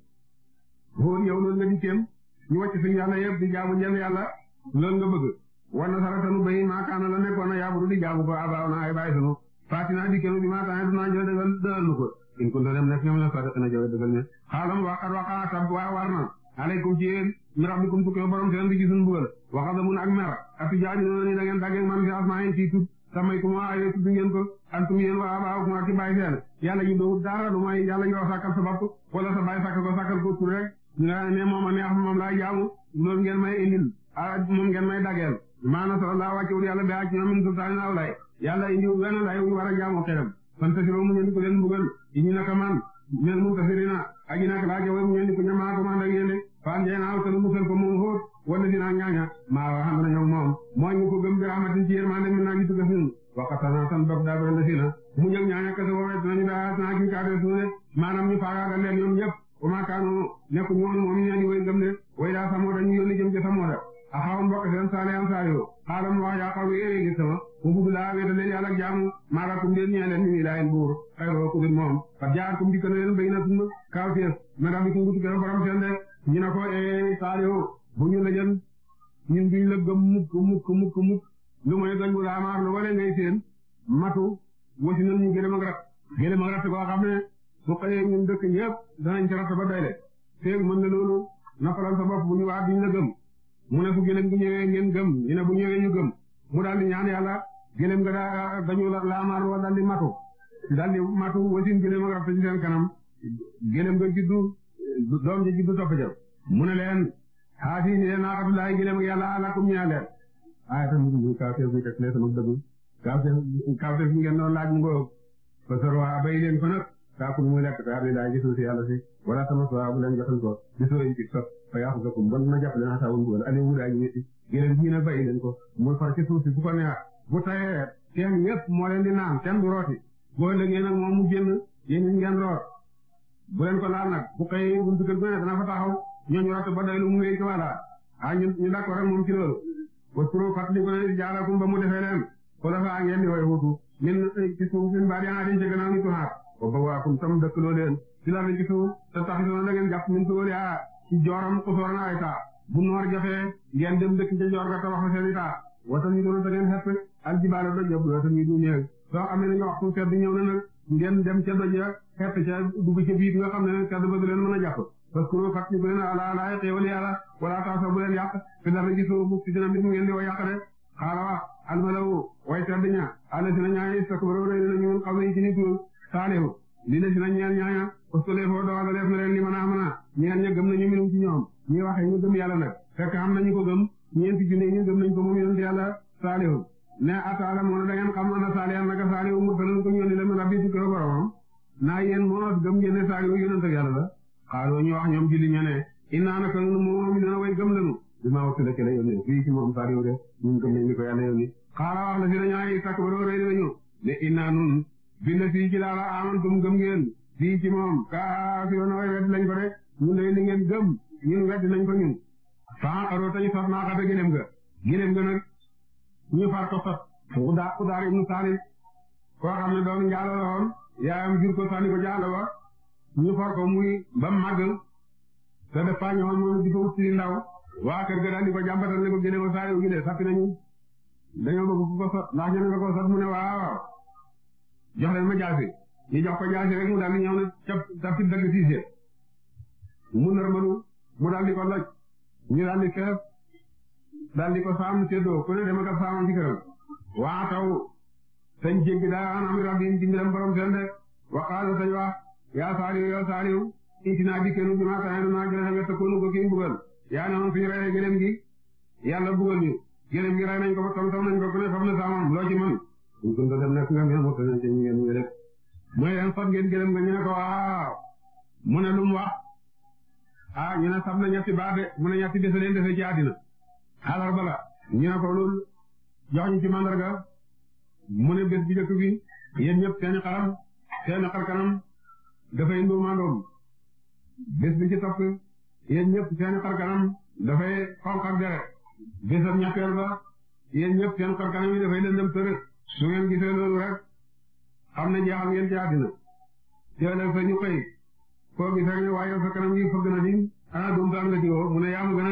hóor yow noonu nga dikkeem ñu wàcc suñu yàlla yëpp di jaamu njël yàlla loolu nga bëgg war na saratanu bayi la nekkoon na Fatina di kenn bi maa tax a dinaa jël dëgal nu ko. in kunta dem nekk ñoom ñoo fàtte dana jël dëgal ne xaalam waxat waxa sab waa war na aleykum ci yéen mi rabbikum tukkee borom seen bi ci suñu bugal waxa da mun ak mer atu jaaji noonu da ngeen daggeeg man fi asmaa yéen ci tut samay kuma aye tudd ngeen ko antum yéen waa baawukum ak ci bàyyi seen yàlla ñu doowu dara lu may yàlla yoo sàkkal sa bopp wala sa bàyyi sàkkal ko sàkkal ko tur rek ñu a ah, a yàlla indiw benn lay wu war a jaamu xelam kon te si mu ñënd ko leen mbugal indi naka man mel mu tasirina aji nak laa jawee mu ñënd ko ñamaa ko man ak yéen de Fane Ndiaye naaw te nu musal ko moom xóot wala dinaa ñaaña maa wax xam na ñoom moom mooy ñu ko gëm bi amatin ci yërmande mi naa gisu ko suñu waxatana tan daa bëri na mu ñëw ñaaña kese woowee dinañu daa naa kaatee suñu de maanaam ñu faagaagal leen ñoom ñëpp ba maakaanu nekk axaw mbokk seen saalihan saayo xaalam wax yaa xaw yi éwéegi sama mu bugg laa wéetal leen yàlla ak jaamu maalakum deen ñee leen ñu ngi laayen buur xayroo kubit moom jaar kum dikkal leen bay na suma kaw fies ma dax bi kum gutukee borom seen de ñu ne ko e eh, saaliyo bu ñu lëjën ñun duñ la gëm mukk mukk lu moy dañ bu laa maar lu wala ngay seen matu wasi ñu gëlëm ak rat gëlëm ak rat koo ne bu xëyee ñun dëkk ñëpp danañ ci rat ba na loolu mu ne fu gëlëm gi ñëwee ngeen gëm ñu bu ñëwee ñu gëm mu daal di ñaan yàlla gëlëm nga daa dañu laamaar wa daal di matu daal di matu wasin gëlëm nga ci seen kanam gëlëm nga juddu doom ji juddu topp mu ne leen xaati ni leen naaxatulaay gëlëm ak yàlla alakum ñaa leen ah itam ñu kaafeef bi teg lee sama dëgg kaafeef kaafeef ngeen doon laaj mu ngoog parce que waa bay leen fa saako muy lekk te abdoulaye gisul si yàlla si wala sama soxlaa bu leen jëfandikoo gisoo yi ci sos fa yàqu gëpp bon dina jàpp leen asaabu mbugal Aliou Moussa ñu ngi ci gërëm ñii na bàyyi leen ko mu far ci suuf si bu ko neex bu tawee seen yëpp moo leen di naan kenn du rooti boo lëggee nag moom mu génn yéen ñu ngeen roor bu leen ko laal nag bu xëyee buntu kër bu ne ah ba mu wéy ko ne jaalakum ba mu di way wutu min baa di aatin ci gannaaw ni tuhaat ba bawaakum tam dëkk loo leen si la mel te taxitoon da ngeen jàpp min fi wala ah ci jooram usoor na ay taa bu noor jafee ngeen dem dëkk ca joor ga tabax fa seen i taa watan yi doon da ngeen xepp aljibaale doj yëpp watan yi du ñëw soo amee nañu waxtu sedd ñëw na nag ngeen dem ca doj a xepp ca dugg ca biir nga xam ne sedd ba du leen mën a jàpp parce que loolu kat ñu ko leen ala ala xéewal yàlla wala taaso bu leen yàq fi la gi soo mu si wa yàq de xaala wax almalawu way sedd ña si na ñaaye istakbaru saalihu li la si nañ ñeel ñaaña postule foo na leen li mën a mën a ña gëm nañu minum ci ñoom ñi waxee ñu gëm yàlla nag fekk am nañu ko gëm ñeenti junne ñu gëm nañ ko moom yonent yàlla saalihu ne ataala moo na da xam ana saalihan naka saalihu mursalun ko ñooni la min rabbi tukkee boromam naa yéen moo gëm ngeen ne saalihu yonent yàlla la xaaloo ñu wax ñoom julli ne innaa naka lanu moomoom dina way gëm lanu bi maa wax si la la yónnee fii ci moom saalihu de ñun gëm nañ ni ko yàlla yónni xaala wax la fi nañu ay sàkk ba doo rëy nañu ne bind fii ci laala amantum gëm ngeen fii ci moom kaafiroona way wedd lañ ko rek ñun day li ngeen gëm ñun wedd nañ ko ñun faa ñu far ko sot udaa udaar ibnu saani koo xam ne doon njaalo la yaayam jur ko saani ko jaalo wa ñu far ko muy ba màgg te def faa ñëwoon moom di ko wut ci ndaw waa kër ga daal di ko jàmbatal ne ko gëléem a saani wu gi de sappi nañu dañoo bëgg ko sot ndax ñu ne ko sot mu ne waaw jox leen ma jaasi ñu jox ko jaasi rek mu daal di ñëw cap cappi dëgg siise mu nar mënu mu daal di ko loj ñu daal di fees ko saam séddoo ku ne dem saamam ci këram waa taw sañ jéggi daa an am rabbi ci mbiram borom seen de waqaala sañ wax yaa saaliw yaa saaliw itinaa di kenu bi maa taxe nu maa gëlëm wetta ko kii mbugal yaa ne woon suñu reyee gëlëm gi yàlla bugal ñu gëlëm gi rey nañ ko ba tom tom nañ ko ku ne fam na saamam bu tunta dem nekk nga mu tane ci ngeen ñu mu ne leen fat ngeen nga ñu ne ko waaw mu ne lu wax ah ñu ah, ne sab na ñetti baat de mu ne ñetti defe leen defe ci àddina alarba la ñu ne ko loolu jox ñu ci mandarga mu ne bés bi jëkk bi yéen ñëpp seeni xaram seeni xar dafay nduumandoom bés bi ci topp yéen ñëpp seeni xar kanam dafay xonq ak dere bésam ñetteel ba yéen ñëpp seen xar dafay lëndëm tërëx su ngeen gisee loolu rek xam ne jaaxal ngeen ci àddina jëlal sa ñu xëy koo gis rek ne waaye sa kanam gi fëgg na ni ana ah, doom sa nga ci mu ne yaa ma gën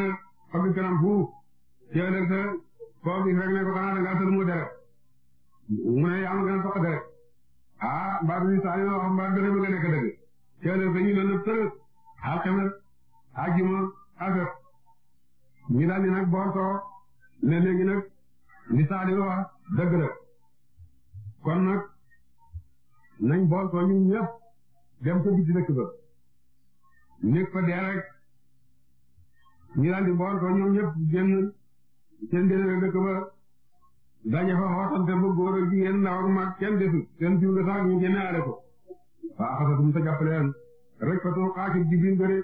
a fëgg kanam fuuf jëlal sa gis rek ne ko xanaa ah, da ngaa sël mu deret mu ma gën a soq deret ah mbaa bi saa yoo xam mbaa deret ma nga nekk dëgg jëlal sa ñu la nëb tërëg alxames ajjuma asaf ñu daal di nag boor soo ne léegi nag li saa di wax dëgg la kon nag nañ bool soo ñun ñëpp dem ko guddi dëkk ba nekk fa dee rek di bool soo ñoom ñëpp génn seen dëkk ba daje fa xootante ba góor ak jigéen ndaw ak mag kenn desu seen jiw la sax ñu génne aale ko waa xasatum sa jàppale leen rek fa too xaaci jibril bëri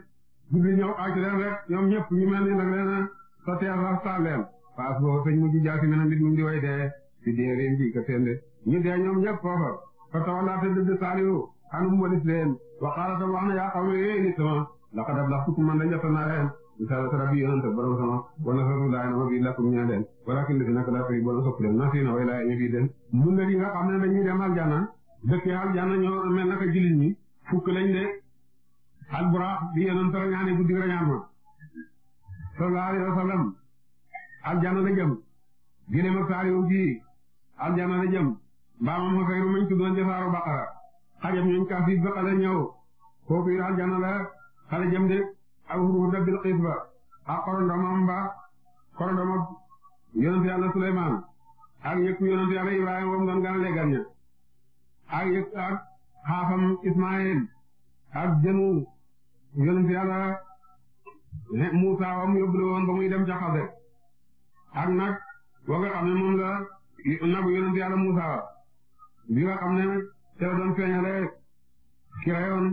jibril ñëw xaaci leen rek ñoom ñëpp ñu mel ni nag leen sa teer sax taal leen boo sëñ mujj jaasi menam bit mu di way dee ci déeréen ji ka seen ñu dee ñoom ñëpp foofa fa tawallaa te dëdd saalihu anum leen wa qaala tam wax na yaa qawmi yee nit sama laqad ablaghtukum man da jot naa leen risalata rabbi yonante borom sama wa nasartu laay na ma bii lakum ñaa leen walakin la fi naka laa fi borom sopp leen na fi na way laay den mun na di nga xam ne dem aljana dëkk aljana ñoo mel naka jullit ñi fukk lañ de alburaax bi yonante rañaane guddi rañaan ma sallallahu alayhi la jëm gine ma saalihu mbaamam xafeyru mañ tuddoon jafaaru baqara xajam ñuñ ka fiif ba xale ñëw foofu yi aljana la xale jëm de ak huruda bil xiif ak korondomam ba korondoma yonent yàlla Suleymaan ak yëkku yonent yàlla Ibrahima wam doon gana legal ña ak yëkk ak xaafam Ismaayil ak jënu yonent yàlla Muusaa wam yóbbule woon ba muy dem ca xase nag wa nga xam ne moom la nagu yonent yàlla bi nga xam ne teew doon feeñale ki rayoon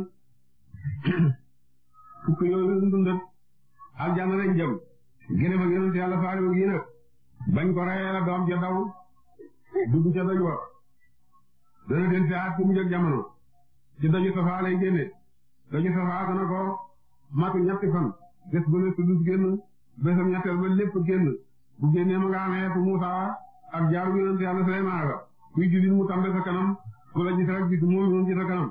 fukk yooyu dundut aljanna lañ jëm gëlëm ak yonent yàlla faariwu gi nag bañ ko rayee la doom ja daw dugg ca doj wa dana del fi aat kum jëg jamono ci doju safaa lay génne doju safaa dana ko matu ñetti fan bés bu ne génn bésam ñetteel ba lépp génn bu génnee ma nga amee fu Muusaa ak jaaru yonent yàlla Suleymaan kuy jullit mu tàmbe sa kanam ku la gis rek gis mu moom ci sa kanam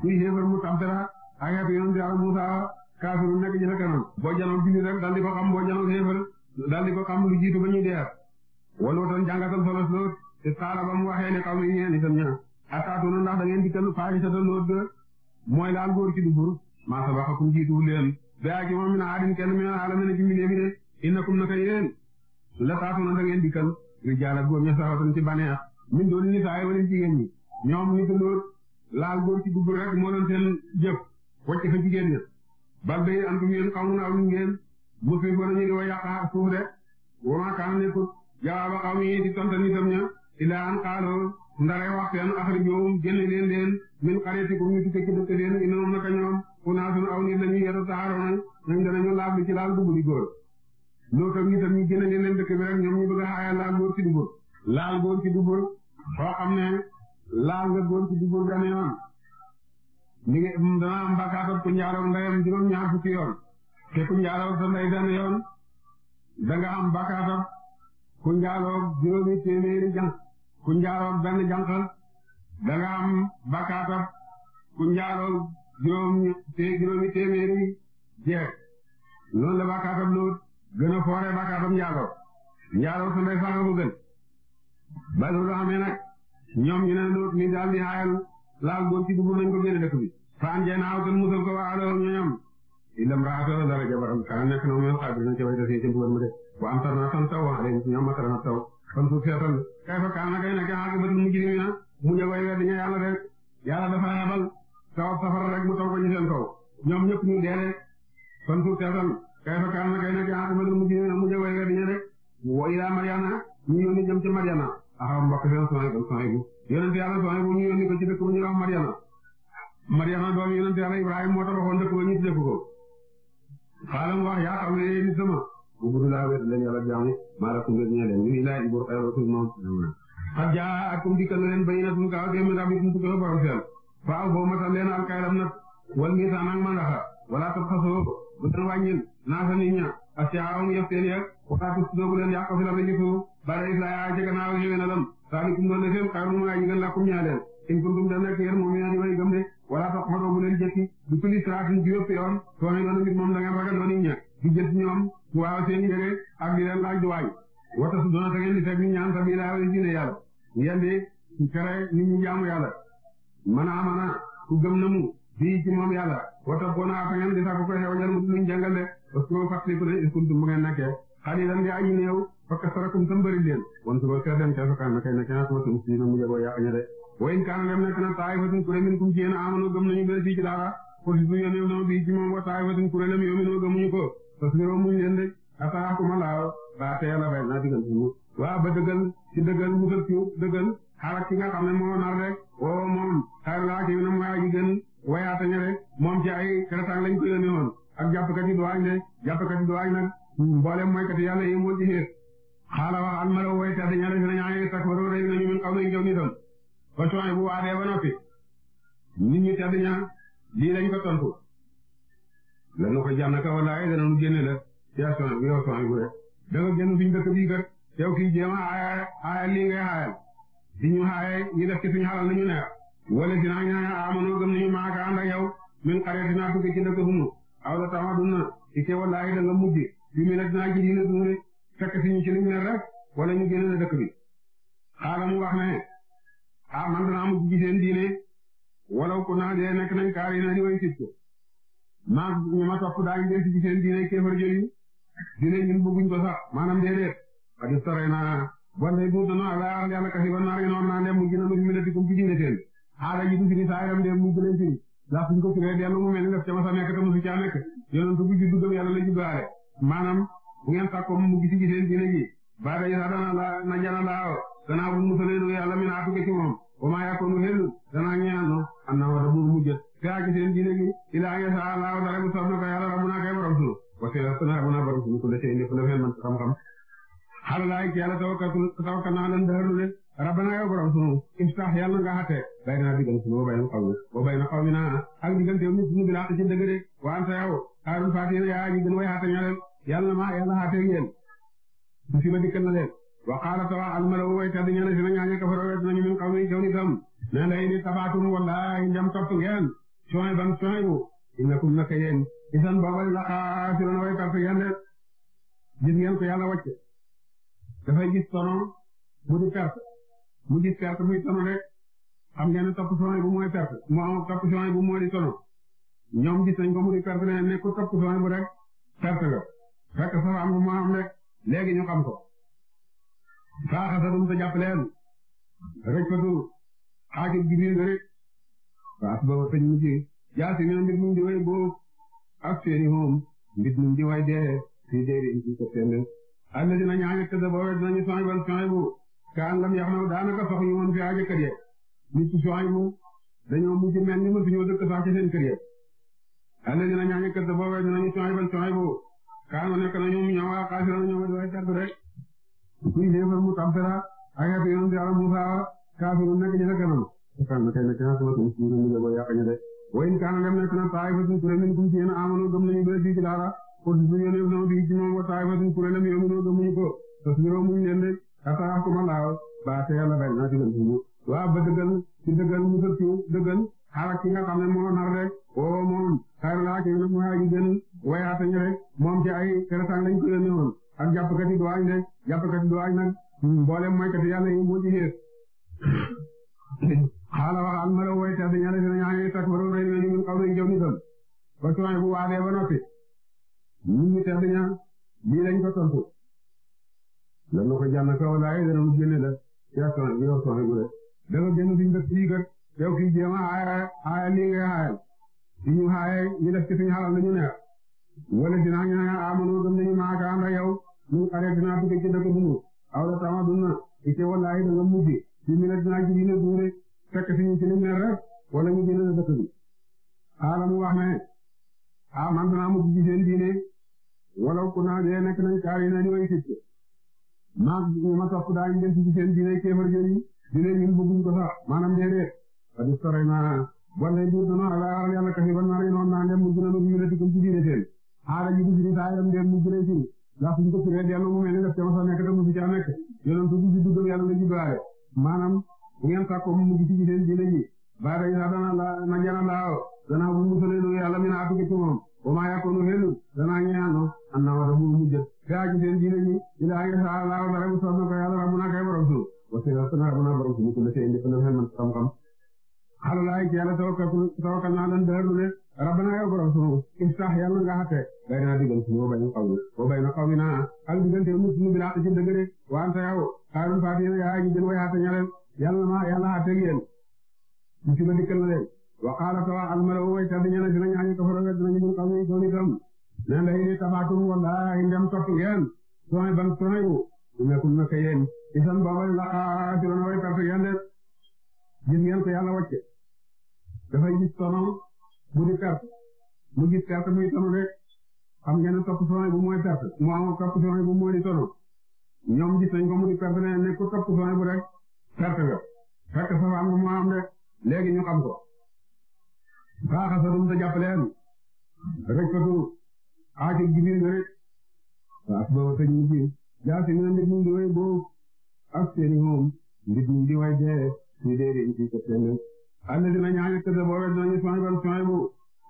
kuy xéefar mu tàmbe la ak yoon yàlla Musaa kaafiru nekk ci sa kanam boo janoog jullit rek daal di ko xam boo janoog xéefar daal ko xam lu jiitu ba ñuy dee wala wotoon jàngatal solos lool te xaala ba mu waxee ne xaw ma ñeen itam ña ataatuna ndax da ngeen dikkal fahisata lool de mooy laal góor ci dubur maa sabaxakum jiitu leen ba ci moom min aadin kenn min aalamina ci mbindeef de innakum naka yéen la taatuna da ngeen dikkal rijaala góor ña min doon nisaay wala jigéen ñi ñoom nit lool laal góor ci gubbu rek moo doon seen jëf wacc fa jigéen ña bal day antum yéen xaw mun aw ñu ngeen mu fi ko nañu di wa yàqa suuf de wama kaan nekkut jawaaba xaw mi di tonta nitam ña ilaa an xaaloo ndare wax seen axrijoom génne leen leen min xareetikum ñu tukke ci dëkk leen innoom naka ñoom unaasun aw nit lañuy yeta taxaroona nañ danañu laab li ci laal dugg di góor loo tam nitam ñu génne leen leen dëkk bi rek ñoom ñu bëgg a xaaya laal góor foo xam ne laal nga góor ci dugub benn yoon ni nga dana am bàkkaatam ku njaaloo ndeyam juróom-ñaar fukki yoon ku njaaloo sa ndey benn yoon am bàkkaatam ku njaaloo juróomi téeméeri jànq ku njaaloo benn jànq da am bàkkaatam ku njaaloo juróomi té jeex loolu la bàkkaatam lool gën a fooree bàkkaatam njaaloo njaaloo sa ndey ba loolu amee nag ñoom ñu ne Luut mi daal di xaayal laal góor ci dugub nañ ko génne dëkk bi. Fane Dieng naaw te musal ko waa Aliou ñoom ilam raatoo dara jabaram kaan nekk na moom xaar bi nañ ca way def ci mbugal mu a wa am tar na tan taw wax leen ñoom matar na taw kay fa kaan na kay nekk xaar bëtul mujj ni na mu ñëw weddi ña yàlla rek yàlla dafa xebal taw safara rek mu taw ko ñu seen kaw ñoom ñëpp ñu dee rek kon suuf see tan kay fa kaan na kay nekk xaar mu ñëw wa ila Mariana ñu yónni jëm axam mbokk seen Suhayb Suhayb yonent yàlla Suhayb ñu yónni ko ci dëkk bu ñuy wax doom yonent yàlla Ibrahima moo tabaxoon dëkk ba ñu tudde ko xaaral mu wax yaa xam ne sama mu laa wéet leen yàlla jaamu maa la kumbe ñee leen ñu ilaay ibor xayma suuf moom xat jaa ak kum dikkal na leen bayi na suñu gaaw téeméer am ikum tukkee borom seen faaw boo matal leen alkaylam nag wal miisaan ak mandaxa wala tab xasoo bu leen wàññil naasa bari laa yaa ci gannaaw xéwénalam saalikum doon na seen xarnu maa ji gën làkkum ñaareel in kuntum dem rek yéen moom yaa di way gëm de wala toq ma doogu leen jëkki du kulli siraatin ci yëpp yoon soo ñu doon nit moom da ngeen doon ña di jëf ñoom waaw seen yére ak di leen du waay wata su doona ta di fekk ñu ñaan sabi laa way diine yàlla ngeen di kere nit ñi jaamu yàlla mana mana ku gëm na mu bii moom yàlla wata boona ta di fakka sarakum tam bëri leen wan suba kër dem ca sokaan na kay na kenn asuma tum si na mu jagoo yàq ña de wayin kaan dem nekk na taayifatun kuré min kum ci yéen amanu gëm nañu bee fii ci dara posisu yéenéew na bii ci moom wa taayifatun kuré lam yoominoo gëmuñu ko tasiroo muñ leen de ataakuma laaw baa teel a fay naa digal suñu waa ba mu dëkk dëggal xaaral ki nga xam ne moo nar rek woo moom xaaral laa ki na mooy aji gën wayaata ña rek moom ci ay keretaan lañ ko yónnee woon ak jàppkat de jàppkat yi duwaañ nag mboolem xaala wax almalo way tedd ña def nañu takbaru rëy nañu min xaw nañ jëw nitam ba cooy bu waatee ba noppi ñu tedd ña lii lañ ko tontu lanu ko jàmm ka walaay dana nu génne la yaa sooy bu yow sooy bu rek da génn suñ dëkk bii kat yow kii jéem a aaya aaya lii ngay aayal di ñu aaya ñu def ci suñu xalal lu neex wala si naa ñaane amanoo ah, gëm nañu maaka ànd ak yow min xareetinaa tukki ci dëkk bu aw la taxaw dund na ci walaay da fekk fi ñu ci liñ mel rek wala ñu génn dëkk bi xaaral mu wax ne ah man danaa mu ji seen diine wala ku naa dee nekk nañ kaar yi na di way sib ko ma topp daañu dee ci seen diine kéefar jëli diine ñun bëgguñ ko sax maanaam déedéet adi sore na bonde buuta no ala ar yàlla kasi ba naar noon naa ndem mu gëna nu fi mu neti comme ci diine seen aada ji du fini ni def ca ma mu fi caa nekk yonentu bu juddu gëm la juddu aare maanaam bu ngeen sàkkoo mu gisi giseen diine gi baaga yi sax dana najana laaw danaa bu musaleen yàlla mi naa tukke ci moom wama yakonu xellu danaa ñaanu an na wata mu mujjët gaa giseen diine gi ilaa nge sa laaw dara bu soob na ko yàlla rabu naa kay borom sunu wasila suna rabu naa borom sunu ku la seen feen man xam-xam xalalaay ci yàlla tawakkal naa leen daxalu de rabbana sunu iftax yàlla nga xatte bay bay na xaw mi sunu bi yàlla ma yàlla xaateeg yéen musiba dikkal na leen wa qaala tawa almalaw way tedd ñene si na ñaaña kafaro wet nañu min xaw ni caw na lay ni tabaatum wallaahi njam topp ngeen coy ban coy bu innakum naka yéen isan boobal la xaasirona way tartu ngeen de gis ngeen ko yàlla wacce dafay gis tonoon mu di mu gis perte muy tono rek xam ngeen topp coy bu mooy perte moo topp coy bu moo di tono ñoom gis nañ ko mu di ne fekk sara am moo am rek léegi ñu xam ko faaxasadum te jàpp leen rek fatu xaakib gi nii rek waas ba teñ mu ci jaasi ñoo mbir mu di way boof ak seeni moom mbir mu di way dee si déeri ci ko seen alla dina ñaaña këdda ba way dinañu sony ban sony bu kaan lam yax naw daanaka sox yi woon fi aja kër ya ci sony bu dañoo mujj mel ni ma suñoo dëkk ci seen kër ya alla dina ñaaña këdda ba way dinañu sony ban sony bu kaanu nekk na ñoom ñoom waa kaafira na ñoom dafay tedd rek kuy xéefal mu tampera ak ak yoon di ala Musa kaafiru nekk ñu kanam kan la kay nekk naa sama suñu suñu liggéey booy yàq ñu de wayin kaanu dem nekk na taayifatun kuréel min kum ci yéen amanu gëm nañu ba fii ci dara pour di suñu yónnee sama bii ci moom wa taayifatun kuréelam yoominoo gëm nañu ko te suñu ko ma laaw ba te yàlla bañ naa ci dem suñu waa ba dëggal ci dëggal mu sëccu dëggal xaaral ki ki nga wayaata ñu rek moom ci ay keretaan lañ ko yónnee woon ak jàppkati duwaañ rek jàppkati duwaañ nag mboolem moykati yàlla yi moo ci xees xaala wax al mala way tedd ñaare dina ñaañu takbaru rëy nañu min qawli jawni tam ba Suhaybu waadee ba noppi ñun ñu tedd ña lii lañ ko tontu loolu ko jàmm ka wala ay dana mu génne la ya Suhaybu ya Suhaybu rek da nga génn suñu dëkk fii kat yow kii jéema aaya aaya lii nga aaya ñu aaya ñu def ci suñu xalal la ñu neex wala dinaa ñu naan amaloo gëm nañu maa ka ànd ak yow ñu xare dinaa ci dëkk bu la tama dund na i ce wallaahi da nga mujj ñu mi ne ci diine duure fekk fi ñu ci lim ne rek wala ñu génne bi xaala mu wax ne ah man danaa mujj seen diine wala ku naa dee nekk nañ kaar yi nañu way sib maa ñu ma topp daañu dem ci seen diine kéefar jëriñ diine ñun ko sax maanaam déedéet adi soray na wala duur dana ala yàlla kasi ban nar xaaral ñu gis ne saa yam dem mu jëlee fii ndax suñ ko firee dellu mu mel ni daf ca mos a nekk mu fi caa nekk yonent bi ci duggal yàlla la jubbaale maanaam bu ngeen sàkkoo mu ngi ci seen diine ji baada yi sax dana la na jana laaw danaa bu musalee nu yàlla ko ci moom ba maa yàkkoonu xelu a mu mujj daa ci seen diine ji ilaa ngi saa laaw dara bu soxla ko yàlla rabu naa koy borom suuf wasi sana rabu naa borom suuf ko defee rabbana yow borom sunu iftah yàlla nga xatte bay sunu bay na xaw mi boo na xaw mi naa xal sunu bina ci dëgg de wante yow xaarun faati yéen ñu gën way xatte ña leen yàlla ma yàlla xatte yéen musiba dikkal na leen wa qaala tawa almala way tabi ñana dina ñaañu ko foro dina ñu xaw mi soni tam na la yi wallahi ndem topp yéen soni ban sonayu nekkul na ko isan booba la xaati way perte yéen de bu di perte mu gis perte muy tonu rek xam ngeen topp sooy bu mooy perte mu amoon topp sooy bu moo di tonu ñoom gis nañ ko mu di perte ne ne topp sooy bu rek perte nga fekk safaan bu rek léegi ñu xam ko baaxa sa dum ta jàpp leen rek fatu aaki gibir nga rek waa boobu sëñ mu jaasi ne mbir mu di way boobu ak seeni moom mbir mu di way dee si dee di ci ko àll dina ñaañu kër boo wet nañu sooy ban sooy bu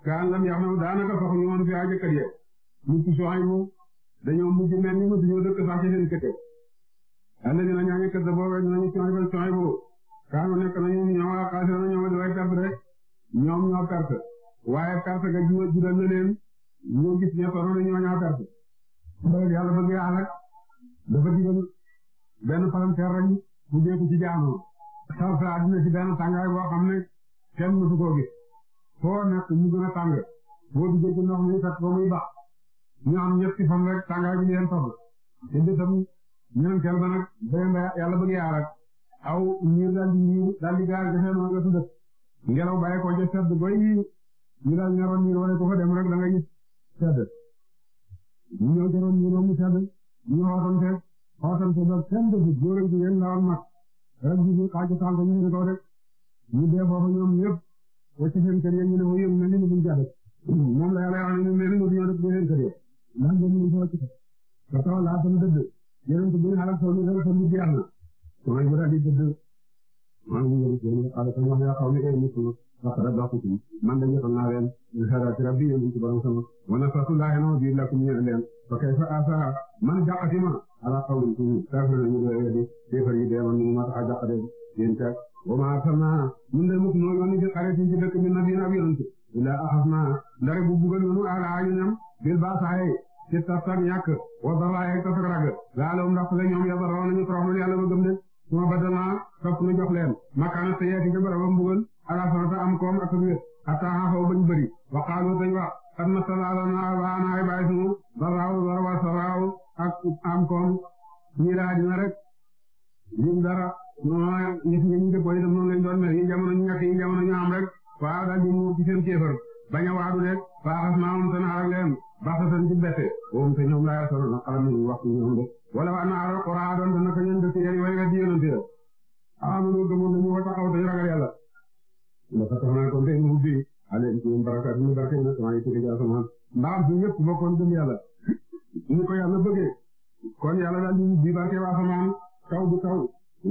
gaa ngam yax na daanaka sax ñu fi a jëkkër ya ñu ci sooy bu dañoo mujj mel ni mujj ñoo dëkk sax ci seen kër àll dina ñaañu kër boo wet nañu sooy ban bu gaa nu nekk nañu ñoo waa xaasee na ñoo di way perte rek ñoom ñoo perte waaye perte ga ñu jural benn palanteer rek mu dee ko ci jaanoo taw sa àddina ci benn tàngaay xam ne kenn mësu koo gis foo nekk mu gën a tàng boo duggee ci ndox mi am ñetti fan rek tàngaay bi leen topp te bisam ñeenteel ba nag beneen ba yàlla aw ñiir daal di ñiir gaar joxe noonu nga ngelaw bàyyi ko ca sedd goy yi ñu nga gis sedd ñu ñëw jaroon ñiir ba mu sedd ñu xootante kenn dëgg góor ak jigéen ndaw ren jii ñu xaaju sànq ñu ngi doon rek ñu dee foofu ñoom ñëpp ba ci seen kër ya ñu ne mooy yëngu mel ni ñu jafe moom la yàlla yoo xam ne mel ni ñu ñëw rek ñu seen kër ya ndax ñu ngi doon ci parce que laa sama dëgg yeneen bi ñu xaaral soo ñu doon soo ñu jeex na mooy bu daal di dëgg maa ngi leen di gën a xaaral sama wax yaa xaw ma ay nit ñu wax dëgg baaxul ci man de jotoon naa leen ñu xaaral ci rabbi yéen ci borom sama wa nasratullahi billakum ñu leen ok fa asa man jàqati ma ala qawlin tuuti saafara ñu ngi lay def defar yi deeman ñu ma tax a jàqate yéen ca wa ma arsalna ñun de mukk noo yónni ci xare ci dëkk bi na dina bi yonent illa axasna ndare bu bugal ñu ala ñu ñam bil baasaay ci taftar ñàkk wa daraay tafar rag laalum ndax la ñoom yabaraw nañu toroxlu yàlla ba gëm de suma badana topp nu jox leen makaana sayati ca barabam bugal ala sanata am koom ak wér hatta xaxaw bañ bëri wa qaalu tañ wax am na solo naa ba naay baay suuf ba baaw ba baaw ak am koom ñii laaj na rek ñun dara non ñëpp ñi dëppoo itam noonu lañ doon mel yi jamono ñu ñàkk yi jamono ñu am rek waaw daal ñu mu ci seen kéefar bañ a waadu de faaxas maa woon seen xaral leen baax na seen ci bette boobu te ñoom laa solo na wax ñoom de wala waa naa rek di yonante la amanu gëmoon nañu wa ah, taxaw dañu ragal yàlla alayhi salaam barakaat ñu barke na sama yi ci asamaan ndax bu ñëpp bokkoon gëm yàlla ñu ko yàlla bëggee kon yàlla daal di di barke asamaan taw bu taw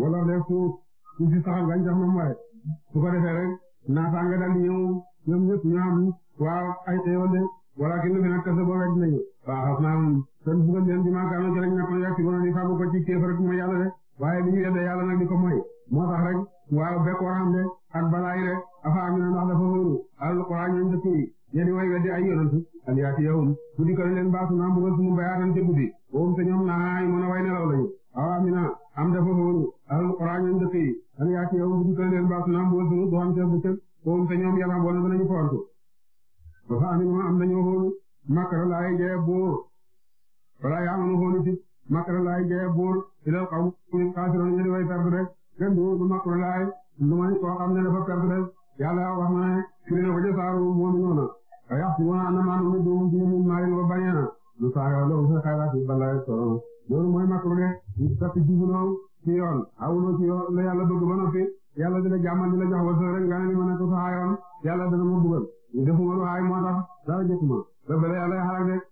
wala les suuf su si saxal gàncax defee rek naataanga daal di ñëw ñoom ñëpp ñu am waaw ay xéewal de wala kenn fi nag kese boo wedd nañu waaw xam naa seen bugal leen maa kaano ci lañ nekkoon yàgg si ba ni faabu ko ci kéef rek mooy yàlla de waaye li ñu yedde yàlla nag di ko mooy moo tax rek waaw bekk waram de ak balaa afa amina ndax dafa wóoru alquran ñoom dëkk yi ñeni way weddi ay yonantu yaati yawum guddi ko leen baasu naa mbugal suñu mbayaatan ca guddi woom te ñoom naay mën a way nelaw lañu awa amina am dafa wóoru alquran ñoom dëkk yi yaati yawum guddi ko leen baasu naa mbugal suñu doon ca bëccëg te ñoom yàlla boona danañu fontu afa amina am dañoo wóoru makara laay jaya boor wala yaamanu xoonu tit makara laay jaya boor ilal xaw xaasiroon ñeni way perte rek yàlla wax na ne firi na ko ca saaru moom noona a yax si wona ana maana mu doomu jii mu maayin wa bañeena nu saayoo la mu sa xayraat yi balaay solo loolu mooy makru de ñu takk jubuloo ci yoon awuloo yoon la yàlla bëgg ba noppi yàlla di la jàmmal di la jox rek nga ni ma nekk sa xaayoon yàlla dana ma bëggal ñu defuma lu moo tax dara jëkk ma da bala yàlla ya xalak rek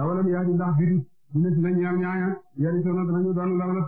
awalam yaa di ndax firi dina dina ñaar ñaaya yari soona danañu doon la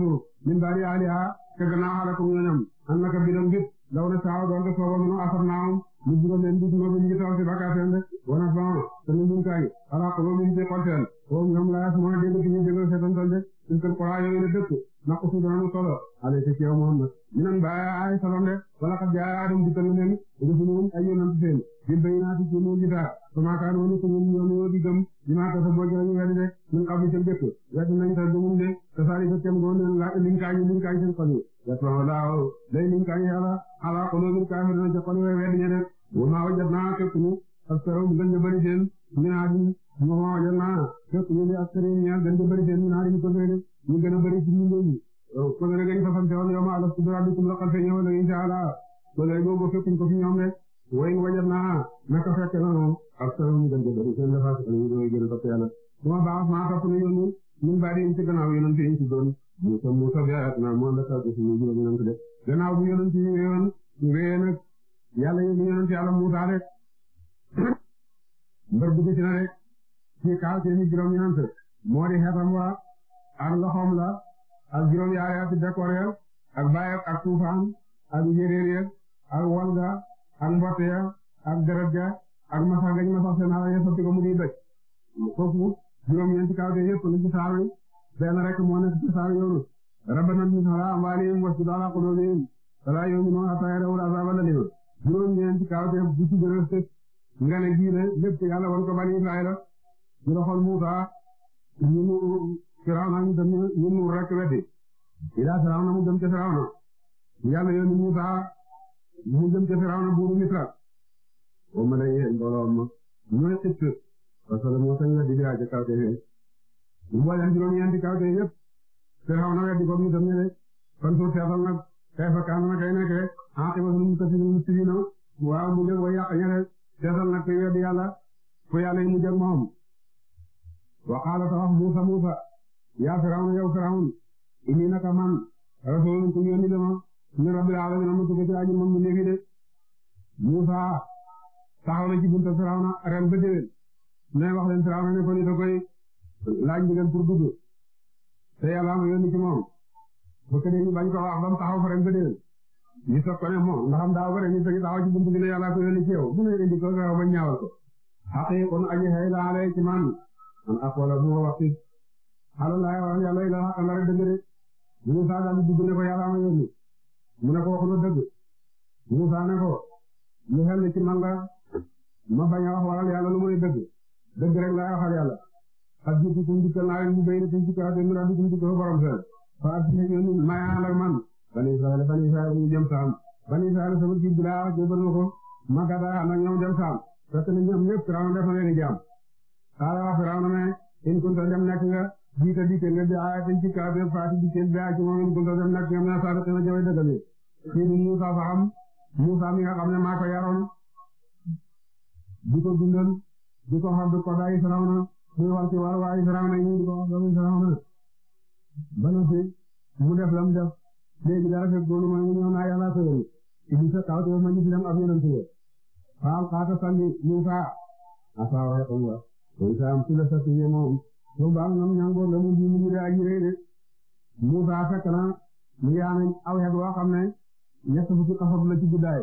tuur law na saawa doon te sooba nu asar naawam nu juróom leen di juróom ñu taw ci bakaateen de wana baan te nu junkaay ala ko boobu ñu ci xol seen boobu ñoom laas moo dégg ci ñu dégg seetantal de ñu ko ko yooyu ne dëkk na ko suudu naanu solo ale te ci yow Muhammad ñu nan baa ay salam de wala xat jaa adam dikkal na leen ega fu ñoom ay yonant seen bil bay naa ci suñu gitaa samaakaan woonu ko yoo di gëm di maa ko sa boo jëlañu weddi de min xam ni seen dëkk weddi ta gëmum de te saali ko tem goon yasoo laaw day liñ kañ yàlla ala qulubil kaafiriin jàppal way wedd ñe de wa maa wajadnaa képp ñu astarahum gën ñu bëri seen min aadin wa maa wajadnaa képp ñu li astarahum ñeel gën ñu bëri seen min aadin kofeeri ñu gën a bëri ci ñu léegi kofeeri gañ fa famte woon yow ma alastu bi rabbikum laqad fe ñëwoon nag insha allah kofeeri ko fi ñoom rek way wajadnaa naka fekk na moom astarahum gën ñu bëri seen lafaas ñu gën a topp yàlla suma baax maa topp na yoonu min baadi ci yoonu mu ko mu soobee ak ma mu ànd ak suñu jiw bi bu yonent yi yoon wéyee nag yàlla yéen yonent yàlla Muusaa rek mbër dugg ci na rek waa ak loxoom la ak juróom-ñaari at décoré ak bàyyi ak tuufaan ak njéeréer ak walga ak mbote ak deret ja ak masax gañ masax seen xale ya sotti ko mu di doj foofu juróom-ñeent kaal te yëpp lu benn rek moo nekk ci saaru yoonu rabbana min hala amwalihim wa sidala qulubihim fala yu'minuna hatta yarawul azabal alim juróom ñeenti kawteef bu ci gën a sëkk nga ne gii ne lépp yàlla wan ko bani israila ñu doxal muusa ñu nu firawna ñu dem ñu nu rek weddi ila firawna mu ca firawna yàlla yooni muusa mu ca firawna buuru misra o ma dañu mbooloo ma ñooy xëcc parce que moo sañ weddi bi ca kawteef mboolem juróom-ñeenti kaw te yëpp Firawna weddi ko mu dem ne kon suuf seetal nag kayfa kaana na kay nekke aqibatu lil muttaqina waaw mu jëg way yàq ñere seetal nag kuy weddi yàlla fu yàlla yi mu jëg moom wa qaala ta wax Muusa Muusa yaa Firawna yow Firawna inni naka man rasulun ku yónni dama min rabbil alamin mu tukkee ci aji moom mu nefi de Muusa taxaw na ci bunta Firawna ren ba déwén ne wax leen Firawna ne ko ni ta koy laaj ndigal pour dugg te yàlla ma yónni ci moom bu bañ ko wax ba mu fa ren ba déwén ñu soog moom nga xam daaw ba ren ñu soog taxaw ci buntu bi ne yàlla ko ci yow bu ne indi ko nga ba ñaawal ko xaqi on aji xëy la ale ci man an aqwala bu waxti xala laa wax yàlla ila xaqan la rek dëgg de ñu saa daal dugg ne ko yàlla ma mu ne ko waxuloo dëgg ñu saa ne ko lu xel ci man la ma bañ a wax waral yàlla lu muy dëgg dëgg yàlla ak jëf yi tamit dikkal naa leen ñu béy rek ñu dikkal ak yéen ñu daal di ñu dikkal borom seen faat bi ñu may ànd ak man bani Israël bani Israël ñu jëm saam bani Israël sama kii bi laa jébal ma ko Magada ànd ak ñoom dem saam fekk na ñoom ñëpp Firawna def na leen jaam xaaral wax Firawna ne in kunta dem nekk nga jiite dikke nga bi ayatin ci kaw bi faati dikke bi ayatin moom in kunta dem nekk nga mais saa dina jawee dëgg bi fii di Musa fa xam Musa mi nga xam ne maa ko yaroon di muy wax war waa Firawna ñu di ko wax doomu Firawna ba na fi mu def lam def léegi dara fekk doolu mooy mu ñëw naa yàlla sori iblis a taw te ma ñu fi dem ab yonent yi faal xaata sànni Musaa asaa waxe ko wa Musaa am su la sa tiye moom so baal nam ñangoor la mu di mu de aji rey de Musaa fekk na mu yaane aw xet woo xam ne ñett fukki xafab la ci guddaay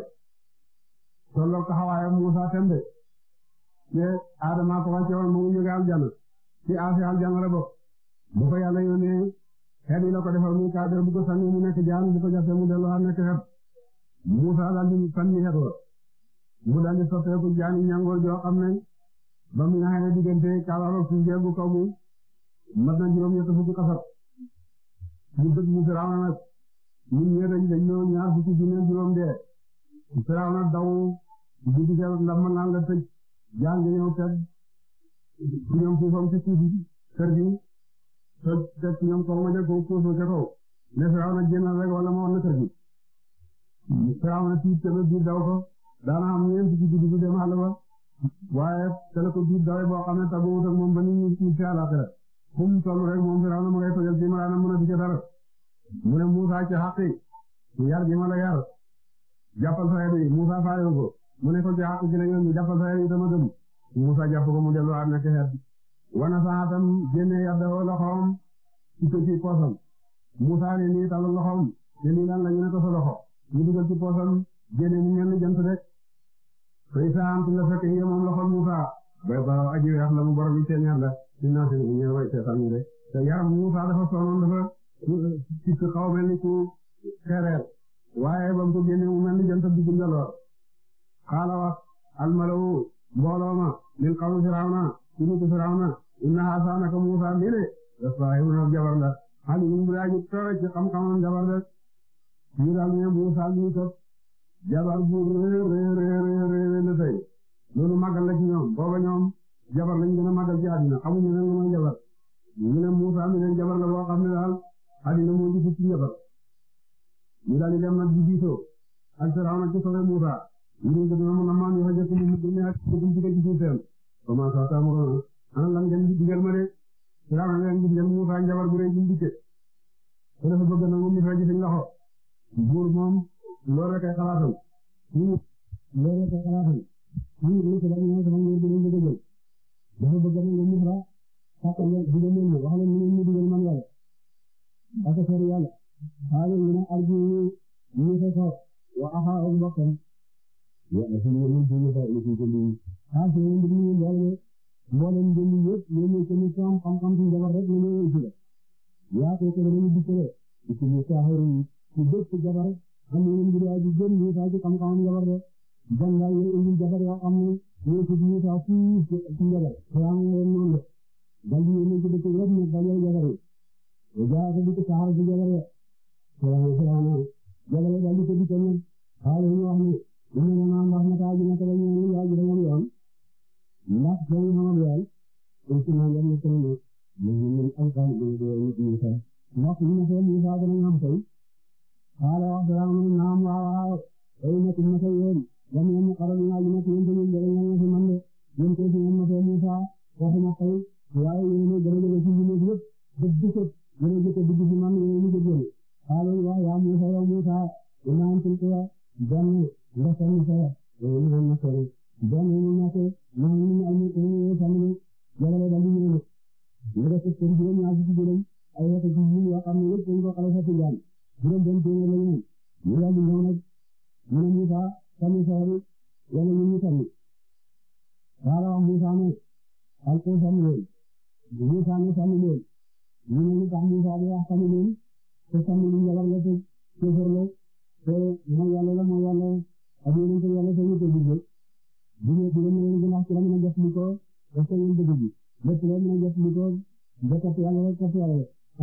tolloog taxawaayam Musaa tembe te Adama ko wàcce woon mu ngi jóge aljana ci afi aljana la bokk bu ko yàlla yónnee xeet yi ko defal muy cadre bu ko sànni mu nekk jaan bu ko jafe mu delloo nekk xeet Musa daal di sànni xeet wa mu daal di soppeeku jaan ñangoor joo xam ne ba mu ñaxee diggante kaabaroog suuf jéeg bu kaw bi mat na juróom-ñett fukki xasar mu dëgg mu Firawna nag ñun ñëpp dañ dañ ñëw ñaar dee Firawna daw di ndax mën naa la tëj jàng ñëw fekk ci ñoom suufam ci suuf kër gi te fekk ci ñoom kaw ma def ko suuf ca kaw ne feraw na génn rek wala ma na kër gi na tiit ca daw ko daana am ñeent ci guddi gi dem àll waaye ca la ko dawee ba nit ñi ci mu toll rek moom feraw na a dica dara mu ne Musa ci xaqi yar gi yar jàppal sa yar Musa faayoo ko mu ne ko bi àq ji la ñoom ñu jàpp sa yi dama gëm Musa jàpp ko mu delluwaat nekk xeet wana saatam génne yàddawoo loxoom ci ci poosam Musa ne nii talal loxoom te nii lan la ñu ne ko sa loxo ñu dugal ci poosam mel jant rek fay saam tu nga fekk yi moom loxoom Musa ba aji weex la mu borom yi seen yàlla ci naa seen ñu ñëw way seetaan de te yaram Musa dafa sonoon dafa ci xaw mel ni ku xereer waaye ba mu ko génne mu mel ni jant bi qaala wax almalaw mbooloo ma min qawmi firawna ci nitu firawna inna haasa naka muusa mene la saahibun ab jabar la xali um bu daaji toore ci xam-xamam jabar la ñu daal ne muusa mi sopp jabar bu réeréeréeréeré la tey loolu màggal la ci ñoom booba ñoom jabar lañ gën a màggal ci àddina xamuñu ne lu may jabar ñu ne muusa mi leen jabar la boo xam ne daal àddina moo jiitu ci jabar ñu daal di dem nag di diisoo ak firawna ci sofe muusa ñu ngi doon mën a mën a jëfandikoo ñu ngi ak ñu ngi ci seen comment ça ça mu an lan ngeen di digal ma de lan ngeen di digal mu fa njabar bu rëy bi mu dikkee te dafa bëgg na mu fa gis loxo buur moom loolu rek ay xalaatam di ñu dëggal dafa bëgg na digal ñu wax la ñu digal man yàlla ak sori yàlla xaalis ñu arju ñu ñu fa ko wa ahaa yàlla suñu yëngu suñu yëngu daal di suñu yëngu ah suñu yëngu ñu ngi leen di leen leen di leen yëpp ñu ngi leen di xam xam-xam suñu jabar rek ñu ngi leen di leen yaa ko ko dañuy dikkee suñu saaxiru yi su bépp jabar am na yëngu daal di gën ñu daal di xam-xam jabar rek jàngal yi ñu jabar yoo xam ne ñu ci ñu ta fu ci jabar xaram ñu ñu la dal ñu ñu ci dëkk rek ñu dal ñu jabar yi yaa ko dëkk saaxiru jabar yi xaram xaram jabar yi dal di ko dikkel xaram ñu wax ni inna lana wax na taa ji na kala ñëw yaa ji dañu yoon ndax dañu xamal yaay aussi na ngeen ñu seen ñu ñu ñu alqan ñu do ñu ñu ta ndax ñu na seen ñu fa gën ñu am tay xala wax dara mu naam wa wa ay na ci ñay yoon dañ ñu xaral ñu ñu ci ñu ñu ñu ñu man de ñu ko ci ñu fa ñu fa wax na tay waaye ñu ñu gëna gëna ci ñu ñu dëgg ko ñu ñu ko dëgg ci man ñu ñu ko gëna xala wax ya ñu fa ñu fa ñu naan ci ko ben ndax tamit xeex yooyu yëpp na sori benn yu ñu ñàkk maa ngi ñu amee ñu ngi famille jagale ba mu ñëw ñu def ci seen juróom ñaar fukki juróom ay waxtu ci ñun yoo xam ne yëpp dañu ko xale sa tijaan juróom benn téeméer la ñu ñu daal di ñëw nag ñu ne Moussa tamit sori wala ñu ñu tamit daal wax Moussa ne alko famille Moussa ne famille ñu ne ñu tax Moussa di wax famille te famille jabar la te kéefar la te mooy yàlla la mooy yàlla ak yeneen kër yàlla sa yëpp a liggéey bu ñu bu ñu leen gënaax ci la mën a jëfandikoo def ko yéen dëgg a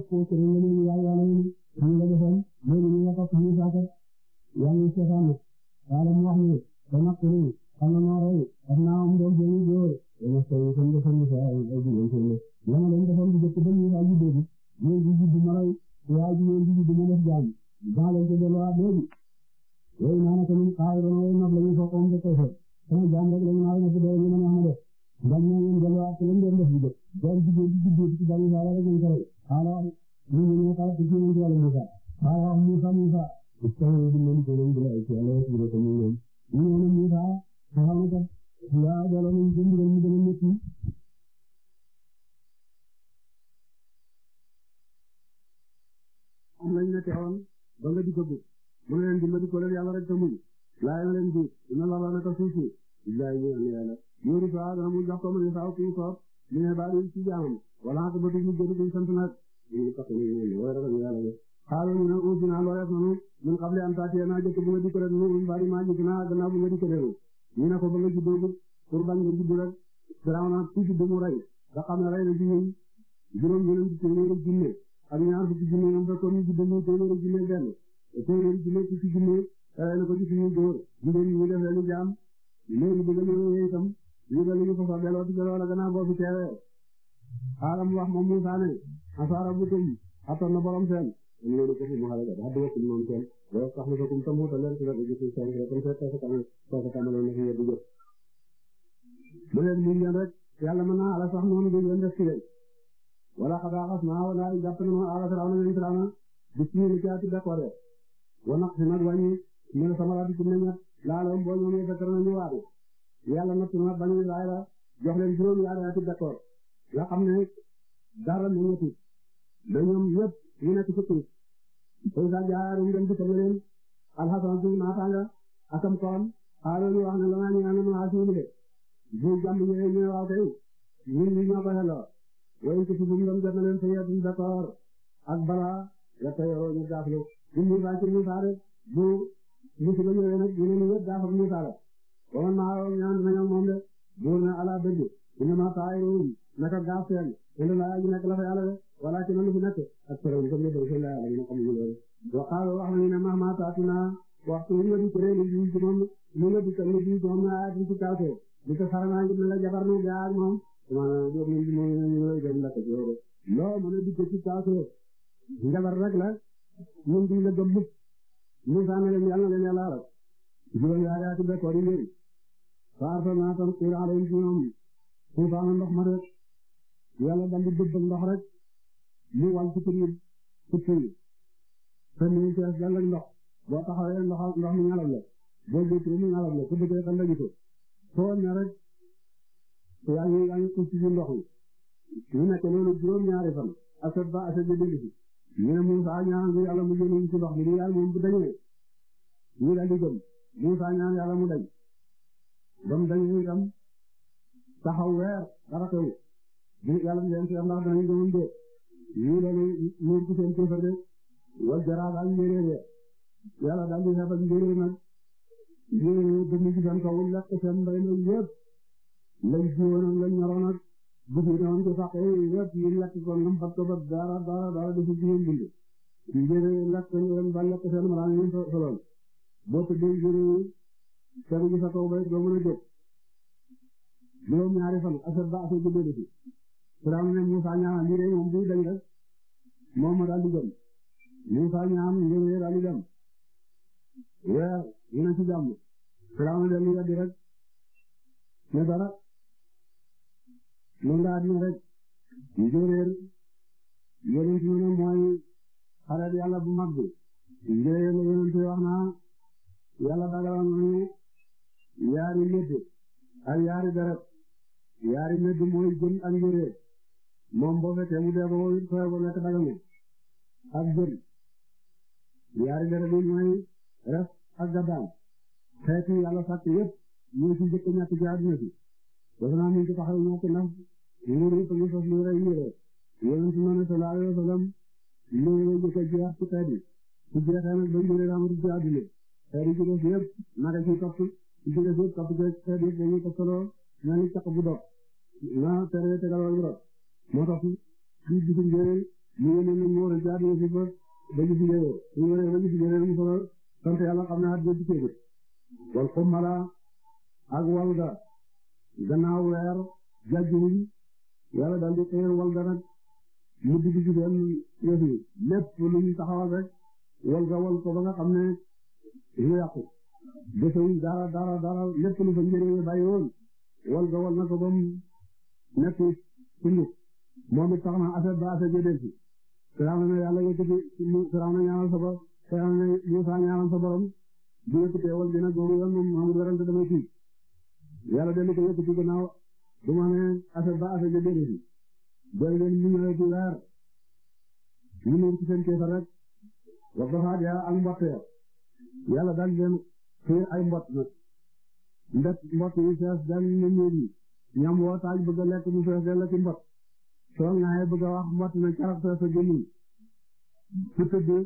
ko rabbukum attan na borom seen am loolu ko fi mu xale daa dëggakum moom seen loolu sax lafakum tamu ta leen si rek gis seen rek comme seet tasa tamit tasa tamit la nekk yeddu jëf bu leen muñ leen rek yàlla mën naa ala sax noonu bu leen def ci leen wala xadaaxas naa wala i jàpp na ma ala firaw na ñoom firaw na bismil ci ati d'accord rek wanax si nag wàññi mën samara di kum na ñett laaloom boo ñoomee fekkar nañu waadu yàlla natt na bañu raay la jox leen juróom yaari ati d'accord yoo xam ne dara mu ñetti ba ñoom yëpp ñu nekk ci tur. Faïda Diar ñu dem di tënk leen alxasan bi naataanga asam koom xaaral ñu wax ne la maa ñu naan maa suul de bu jàmm ñëwee ñu ne waaw kay ñun ñu ñoo ko xeloo waaye ci suñu doom jot na leen sa yàgg d'accord ak balaa la ko yoroo ñu gaaflu ñun ñu bàcc ñu saare bu ñu si ba ñëwee nag ñu ne ñu yëpp gaafam ñu saare ba man maa waroon ñaan nañoo moom de buur na ala dëgg ñu ne ma saa yu naka gaaf seen indi laa ñu nekk la wala ci loolu fi nekk ak wax nañu ne mahma taatuna waxtu ñu di tere ni ñu ci moom di tan di doom na ci kawte di ko farana ngi la jabar na gaag moom ma do ñu ñu ci kawte jabar rek la ñu di la gëm ñu saana leen yàlla leen yàlla rek juróom yaa yaa ci be ko faar fa na tan qira alayhi ñoom fu faana ndox ma rek yàlla dal di dëbbal ndox rek mu wàññi ci biir suuf si te mu ndox boo taxawee ndox mi ngalab la boo jiitu mu ngalab la ku bëggee fan la gisoo ne rek yaa ngi yaa ngi suuf ndox mi mu nekk loolu juróom-ñaari fan asad ba asad bi dindi si ñu ne Moussa ñaan bi yàlla mu génn ci ndox mi yàlla moom bu dañee ñu daal di gëm Moussa ñaan yàlla mu dañ ba mu dañee itam taxaw weer dara xew yàlla mu si am ndax danañ gëmum dee lii la ñuy ñëw ci seen tuufa de wal jaraaf ak njéeréer de yàlla daal di xeeb ak njéeréer nag njéeréer ba mu gisoon kaw lekk seen mbay mi yëpp lañ fi woon ak lañ ñoroon ak bu fi doon ko fàqee yëpp ñu lekk ko ngam bat ko bat dara dara dara defu ci ñoom bind njéeréer lekk leen ba lekk seen mbalaan yi soloon boo tëddee njéeréer seen gi sa kaw bay doo mën a jóg juróom ñaari fan asar ba asar bu dee Firawna ne Musaa ñaanal lii rek moom bii dañ rek moom moo daal di gëm di a ci jàmm rek ne dara moom daal di rek njéeréer yonent yi mooy xale yàlla bu mag bi njéeréer la wax naa yàlla dagaloon nañu yaari médd ak yaari garab yaari médd mooy jën ak moom boo fekkee mu dee ba moom it fooy ba nekk dagamul ak jël yaari deret yi mooy ref ak gaddaam xeetu yàlla sàkk yëpp ñoo ci njëkk ñàkk ci àdduna si dafa naa mun ci taxaw ñàkk ndax nguur yëpp ñu sos lu rey yére yonent noonu sallallahu alayhi wa sallam loolu la njëkk a jeex ci xeet yi su jeexee nag ba yére amatu ci àdduna xeet yi ci des yëpp naka ci topp ci des yëpp topp ci xeet yëpp dañuy toppaloo mel ni caq moo tax suuf si suñ jëlee ñu ngi leen ñu war a jaar ñu ba ba ñu si jëlee ñu ngi leen ba ñu si jëlee ñu solo yàlla xam naa dina ci tegu wal xummala ak walda gannaaw daal di xëyal walda nag mu digg ci benn lépp lu taxawal rek wal ko ba nga xam ne lu yàqu desewuñ dara dara dara lépp lu fa njëriñ bàyyi woon walga wal na ko ba mu nekk sunu moom it tax na affaire ba affaire jëlee si. Firawna ne yàlla yëkkati Firawna ñaanal sa borom Firawna ne Musaa ñaanal sa borom bu yëkkatee wal dina googu yoon moom amul werante damay fii yàlla dellu ko yëkkati gannaaw du ma ne affaire ba affaire jëlee si. jërëjëf ñu ngi lay fi weer ñu ngi ci seen keesal rek wax dafa ak yàlla ak mbott ya yàlla daal di leen xiir ay mbott nag ndax mbott yu fees daal di ñëw ñam woo taaj bëgg a lekk mu fees dell ci mbott. tool naa bëgg wax mot na caractère sa gémmiñ bu tëddee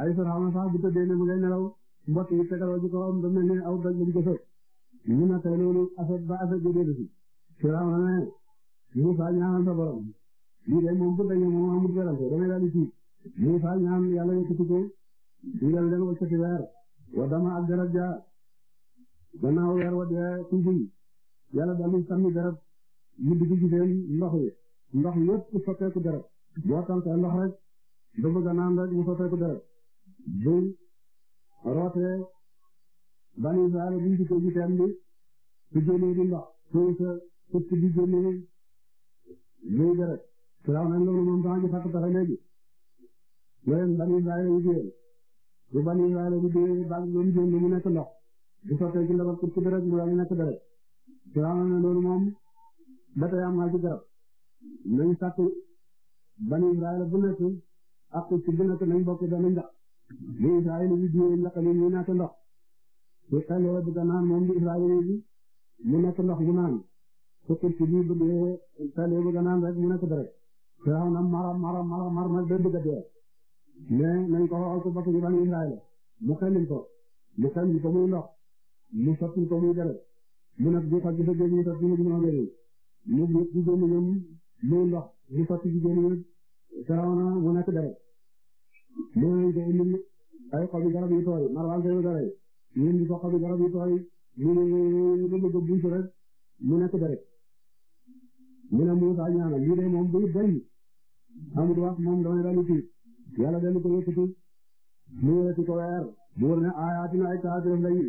ay soxna sax bu tëddee ne mu nelaw mbott yi tegaloo ci kawam ba mel ne aw doj lañ jëfee ñu na tey loolu ba affaire bi dee ci Firawna ne Muusaa ñaanal sa borom lii de moom bu dañoo moom amul werante damay daal di ci Muusaa ñaan yàlla yëkkati ko digal wa dama ak garab ja gannaaw weer wa dee tuuti yàlla daal di sàmmi garab yu dugg ci seen ndox yi ndox yëpp soppeeku deret boo tànkee ndox rek ba bëgg a naan deret buy rootee bani Israël buñ ci ko ci teen bi su di ndox suy sa suuf si di génnee luy deret Firaaw na loolu moom daa ci fàq pare léegi loolu bani Israël yu génn bu bani Israël bu génn bàgg ba mu ndox bu sottee ci ndox ak suuf deret mu nekk na loolu moom ba tey am naa ci nañ sàkk bani Israël bu nekk ak ci bu nekk nañ bokk benn ndax li Israël yi jiwee ndax li ñuy nekk ndox su xelee bëgg naan moom li Israël yi mu nekk ndox mu naan su xëcc bi bëggee xelee bëgg naan rek mu nekk dara xew na mara mara mara mar nag day bëgg a dee mais nañ ko waxal ko bokk ci bani Israël mu xelil ko mu xelil ko muy ndox mu sotti ko muy dara mu nekk bu ko gisee ñu sotti mu gën a wéy ñu ñu ñu luy ndox li sotti jigéen ñi Firawna mu nekk deret loolu day indi ay xobi garab yu tooy Marwan Seydou Dore ñu indi ko xobi garab yu tooy ñu ne ñu bëgg buus rek mu nekk deret mu ne Musa ñaana lii de moom bu doy amul wax moom damay dalu ci yàlla dellu ko yëkkati mu yëkkati ko weer mu war ne ayatina ay taat def lay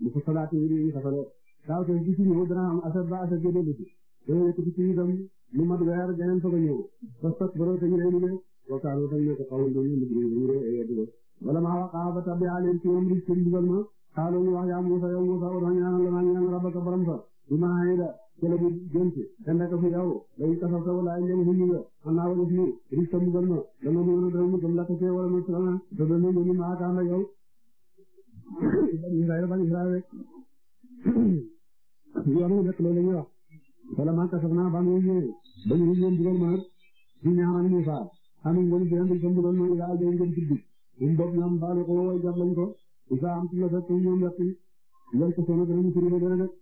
mu ko salaati yi ñu safalo taw te ci ñu dana am asar ba asar gëdëlu ci yëkkati ci itam lu mat weer geneen soog a ñëw fas fas borom te ñu lay liggéey waxtaanoo te ñu nekk xaw ma doon ñu liggéey eh, ba mu dee ay yàgg wala maa wax ah ba tabi aleen ci ñoom li ci dugal ma xaaloo ñu wax yaa Musa yow Musa oto ñaanal la maa ñaan rabba ka borom sa bi ma xëy da ci la bu jëm ci te nekk fi yow lay kasaf sa wala ay ndem fi ñu nga xam naa wala fii risque mbugal ma dama mu wala dama mu gëm lakk see wala mu sama te dama ñu ma akaan ak yow yow mu nekk loolu la ñuy wax wala maa kasaf naa ba mu ba ñu leen digal ma nag di ñaanal Moussa am nañ leen benn benn doon nañ laa leen gën tudd ñun bopp ñoom baale ko wooy jàpp lañ ko Moussa am ci la fekk ñoom yàq yal ko soxna danañ turi ba dana nag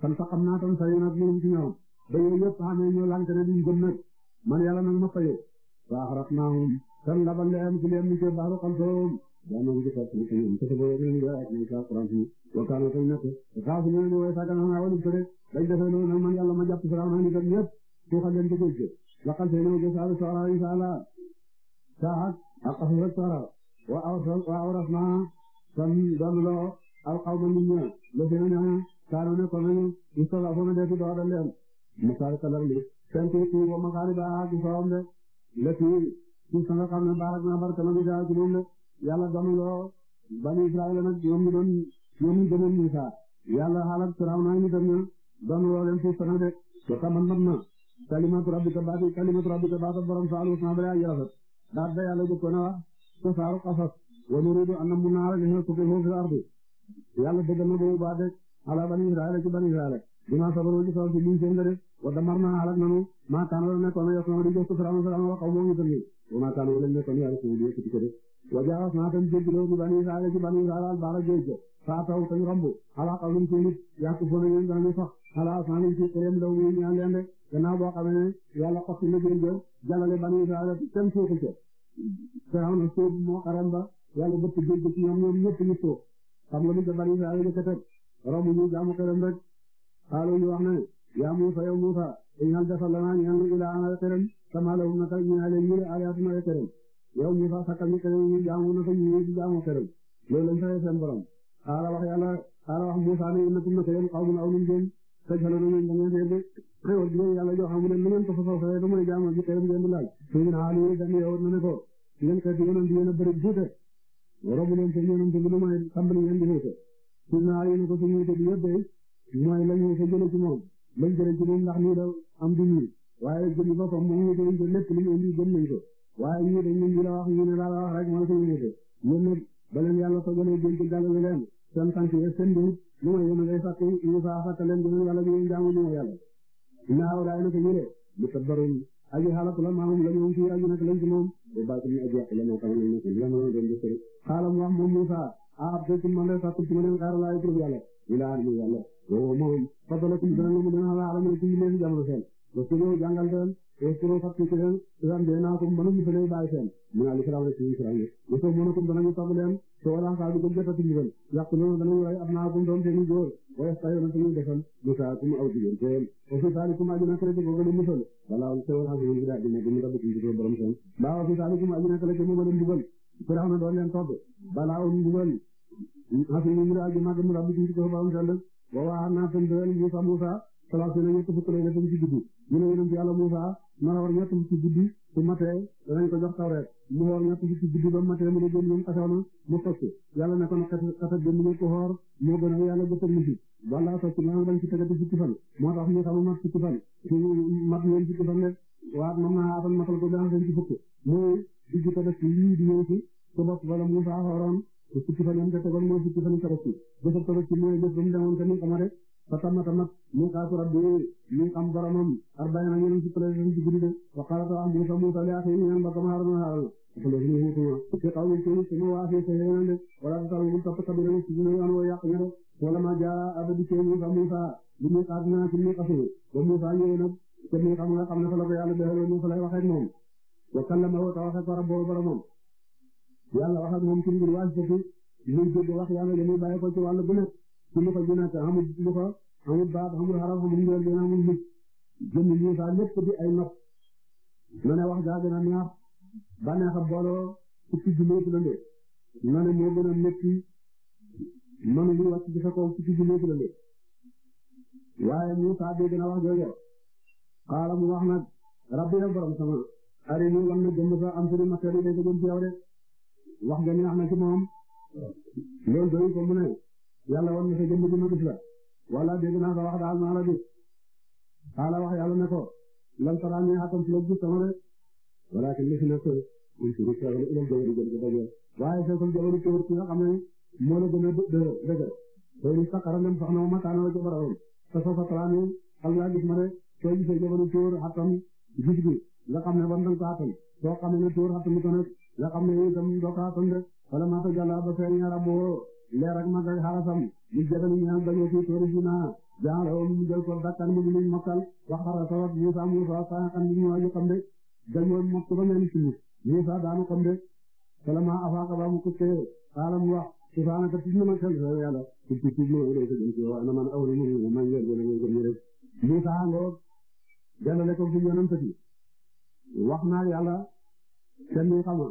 fan fa xam naa tam sa yoon ak ñoom ci ñoom ba yooyu yëpp xamee ñoo lante ne duñ gëm nag man yàlla kan labal leen ci leen ni ko baalu xam soom daa nag ci fekk ni ko ñoom te sa boobu ñu wakaano tañ nekk saafu ñoo ñu way saaga naa wali këré dañ defee noonu nag man yàlla ma jàpp Firawna ni kat ñëpp tuuxal leen ci géej gi laqal seen ma gësal soora insha Allah saak ak xasurat soora wa awras naa sam dolloo alqawma nit ña la seen ñaa kaano ne ko nañu istala fo na deeti doxadal leen masaari kalar li seen tii tii wa makaari baaxaak i soowam de la tii suuf sa nga xam ne baaxaak naa barka na bi daa ci moom de yàlla doon loo bani Israël nag ñoom ñu doon ñooñu gënoon Musa yàlla xaaral Firawna ñu dem na doon woo leen suuf sana de te sama nab na kalimatu rabbika baati kalimatu rabbika baata borom sa alusna bala ay rafet daat da yàlla jëkkoon na wax te saaru qasas wa nuridu an namunna ala tuqifu ardi yàlla dëggal na boobu baa de ala bani Israila ci bani Israila bima sabaru ci saw ci liñ seen wa damarna halak nanu ma kaan wala nekkoon yasna di jox ko Firawna Firawna wa qawmu ñu dem wa ma kaan wala nekkoon yàlla saa taw te ñu romb xalaat aw luñ ci nit yàqu fële yéen danañu sax xalaat maa ngi ci këram ndaw mi ñaan leen de gannaaw boo xamee ne yàlla xottu na jëm jëm jàllale bani Israël kenn suuxu ko te am na sóob moo xaram ba yàlla bëtt géej ci ñoom ñoom ñëpp ñu sóob xam nga lu ca bani Israël jëkk teg romb ñu jaamu këram rek xaalu ñu wax ne yaa Muusa yow Muusa ñal defal la naa ñaan lu ilaa ana këram sama la na ta ñaa leen ñu alaatuna këram yow Muusa sakkal ñu këram ñu jaamu na fa ñu jaamu këram loolu lañ fay seen borom xaala wax yàlla xaala wax Musaa ne innakum naka yéen qawmun awlum ngeen tajhaluuna ngeen da ngeen seede xéwal bi ngeen yàlla jox amu leen lu ngeen ko fasoo fee ba mooy jaamu bi na ne ko ngeen xeeti yonent yéen a bëri tuute robu leen seen yonent bi lu may tàmbali ngeen di xéete suñu xaali ne ko suñu xéete bi yëpp moom ndax lii da am du nii waaye jëli boppam moom ñu dañ ko lépp lu ñu indi gëm nañ ko waaye ñu dañ ñu la wax ñu rek mooy yàlla sogalee jël ci dalal leen seen tànk yëpp seen biir lu may yéen a ngay fàtte ñu faa fàtte leen dinañ yàlla dinañ jaamu ñu yàlla. daay na ko ñu ne lu ko bëri aji xaalatu la maamum la ñoom fii aji nag lañ ci moom. bu baax ñu aji wax la moom tamit ñu ngi ci jamono doon di sori. xaalam wax moom Moussa ah béykat man de fàtte ci ma leen xaaral la tur yàlla. ñu laa ah, ñu yàlla. waaw moom fàttalikum dana la mu dana la xaaral ma ne ci leen jamono seen. parce que e ko fakkitan ram de na ko mënuñu fele baay seen mu na li xalaw rek ci xalaw mo so mo na ko danañu tagu leen so wala xaal ko jotati ñu gën yàq ñu danañu ray am na ko doon te ñu góor way tayo na ñu defal ñu sa ko mu aw digeen te o fi taali kuma dina ko rek gogal mu sol wala so wala ko ñu da dina dina da ci do borom seen ba o fi taali kuma dina ko rek mo gën dugal xalaw na doon leen topp bala o dugal afi ñu da ji mag mu rabbi ci ko borom seen wa wa na tan doon ñu sa musa salatu na ñu ko ko le ci duggu mu ne yonent yàlla Muusaa na woor ñett ci guddi bu matee danañ ko jox tawreet mu woor ñett ci guddi ba mu ne gën ñoom xasoona mu tocc yàlla ne ko na xatat ba mu ne ko xoor moo gën a yàlla gësal mu si walla tocc nag dañ ci tegati fukki fan moo tax ñu xamu mat fukki fan su mat ñoom fukki fan rek waaw moom naa atal matal ko daan dañ ci fukk mooy digg tabaski yii di ñëw si sa bopp wala Muusaa xooroon fukki fan yam te tegoon mooy fukki fan tabaski gësal tabaski mooy gës ba mu demoon ka ni xama rek fatamatammat mu kaasu rabbi mu xam boromam arbaina ñeneen ci président ci guddi de wa qala ta Musa Musa li akhihi ñaan bakam de wala ta tawu top tabu Musa Musa li mu ba Musa ñëw na te mi xam nga xam na fa la ko yàlla defal mu fa lay wax ak moom wa kallama wa tawaxa ko rabbu boromam yàlla a ak moom ci ngir waaj ci ñu jëg wax yàlla li muy bàyyi ko ci wàllu bu lu ko jënaat amul lu ko amul baat amul xaraf amul njool gën amul nit jëm yi sa lépp di ay nopp ma ne wax jaa gën a neex ba neex a booloo fukki junneeku la ndee ma ne moo gën a métti manu li wàcc ci sa kaw fukki ndee waaye Muusaa dee gën a wax joojo xaala mu wax nag rabbi na borom sama ari ni na jëmm sa am suri materi day ko jëm ci yow wax nga neex na ci moom loolu doy ko mu ne yàlla wan na sa jëmb jëmb gis la wala dégg naa sa wax daal maa la gis wax yàlla ne lan saraan yi si la gis sama rek wala ke li fi nekk muy suru sa wala ilal jabaru jëm ko dajee waaye fekkul jabaru tóor ki nga xam ne moo la gën a dëgër loolu saqara dem sax na ma mataana la jabaram soo saraan yi xam laa gis ma rek soo gisee jabaru tóor xatam gis bi nga xam ne ban dang ko soo xam ne tóor xatam ko nag nga xam ne doo ko leer ak mag ak xarasam li jabali ñaan dañoo fi tóori ji naa jaaroo mu jël dakkan mu luñ mokkal wax xarasa ak Musa Musa saxan xam daanu xam de salama afaaka ba mu kuttee xaalam wax subhaanaka tudd na ma xel sa yàlla ci ci ci mo lay ci wa ana man awlu mu man ngeen gën ngeen gëm rek Musa ngoo jàllale ko ci ñoonam tati wax naa yàlla kenn xama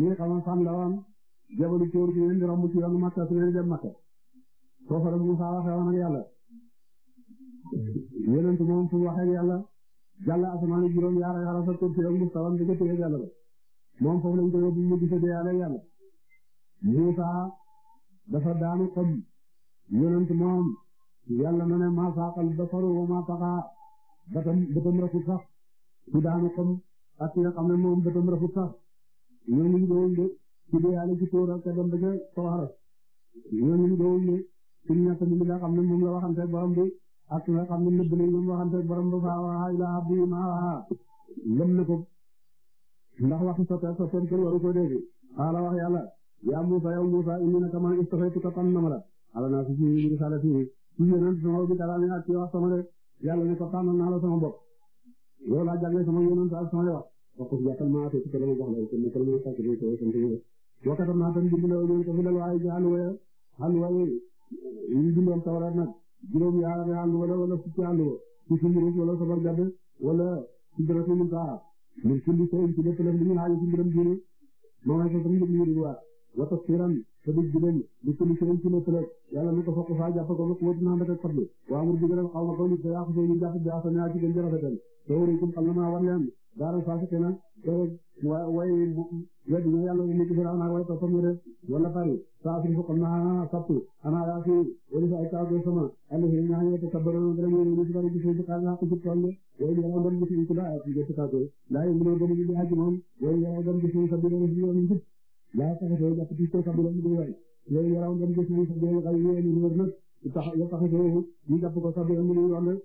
ñi xama fan la jabalu cóor ci leen di romb ci yoonu Makka su leen dem Makka foofa la Musaa waxee woon ak yàlla yonent moom fu waxee ak yàlla jàlla asamaan juróom yaara yaara sa tur ci yoonu Musaa di ko téye yàlla ba moom foofu lañ ko yóbbu mu gisee yàlla yàlla Musaa dafa daanu xam yonent moom yàlla na maa saaqal basaru wa maa taxaa bëtam bëtam rafut sax ku daanu xam ak ki moom bëtam rafut sax ñooñu doon de ci biir yàlla ci tóor ak ca dem ba ca Soxara ñooñu ñu doon ne suñu ñett mi nga xam ne moom la waxanteeg borom bi ak nga xam ne lépp léegi moom waxanteeg borom ba faa waxaa ilaa abdi maa waxaa lëm na ko ndax waxi soppeeku soppeeku kenn waru ko dégg xaala wax yàlla yaa Muusa yow Muusa indi na kama istafaytuka tànn na ma la ala naa si si risalati yi si yeneen sama bi kalaami ak ci wax sama de yàlla ne ko tànnal naa la sama bopp yow laa jàngee sama yeneen sa sama wax wax ko si jàppal maa fi ci kalamu jox la ko ne kalamu sàkk wa a tam bind na ñun itam lal waaye ci àlluwa la wala fukki àlluwa ci sumurus wala sabar jadd wala sidratu muntaha min kulli shay'in ci lépp li ñu xaaju ci mbiram diine moo ngay tam njub ñu waat wa tafsiran te du jubal li kulli shay'in ci lépp rek yàlla na ko fokk faa jàpp ko ko dina ndaka fadlu wa amur bi gënal xaw ma ko nit da yàqu ci ñu jàpp bi asana ci gën waaw waaye wet nga yàlla li ci gërëm naa waaye toppam rek wala fari saa fi fokkam naa topp ana yaa fi wala sa ay kaago sama ala fi ñaa ñëw te tabaroon dara ñu ñu ci bari ci ci xal naa ko ci tolle yow yàlla ngam ci ci laa ci ci kaago laa ñu ñu gënu di haji moom yow yàlla ngam ci ci sabbi ñu ñu ci laa ta ko jàpp ci ko sabbi ñu way yow yàlla ngam ci ci sabbi ñu xal ñu ñu ñu nak tax ya tax ñu ñu jàpp ko sabbi ñu ñu yoon rek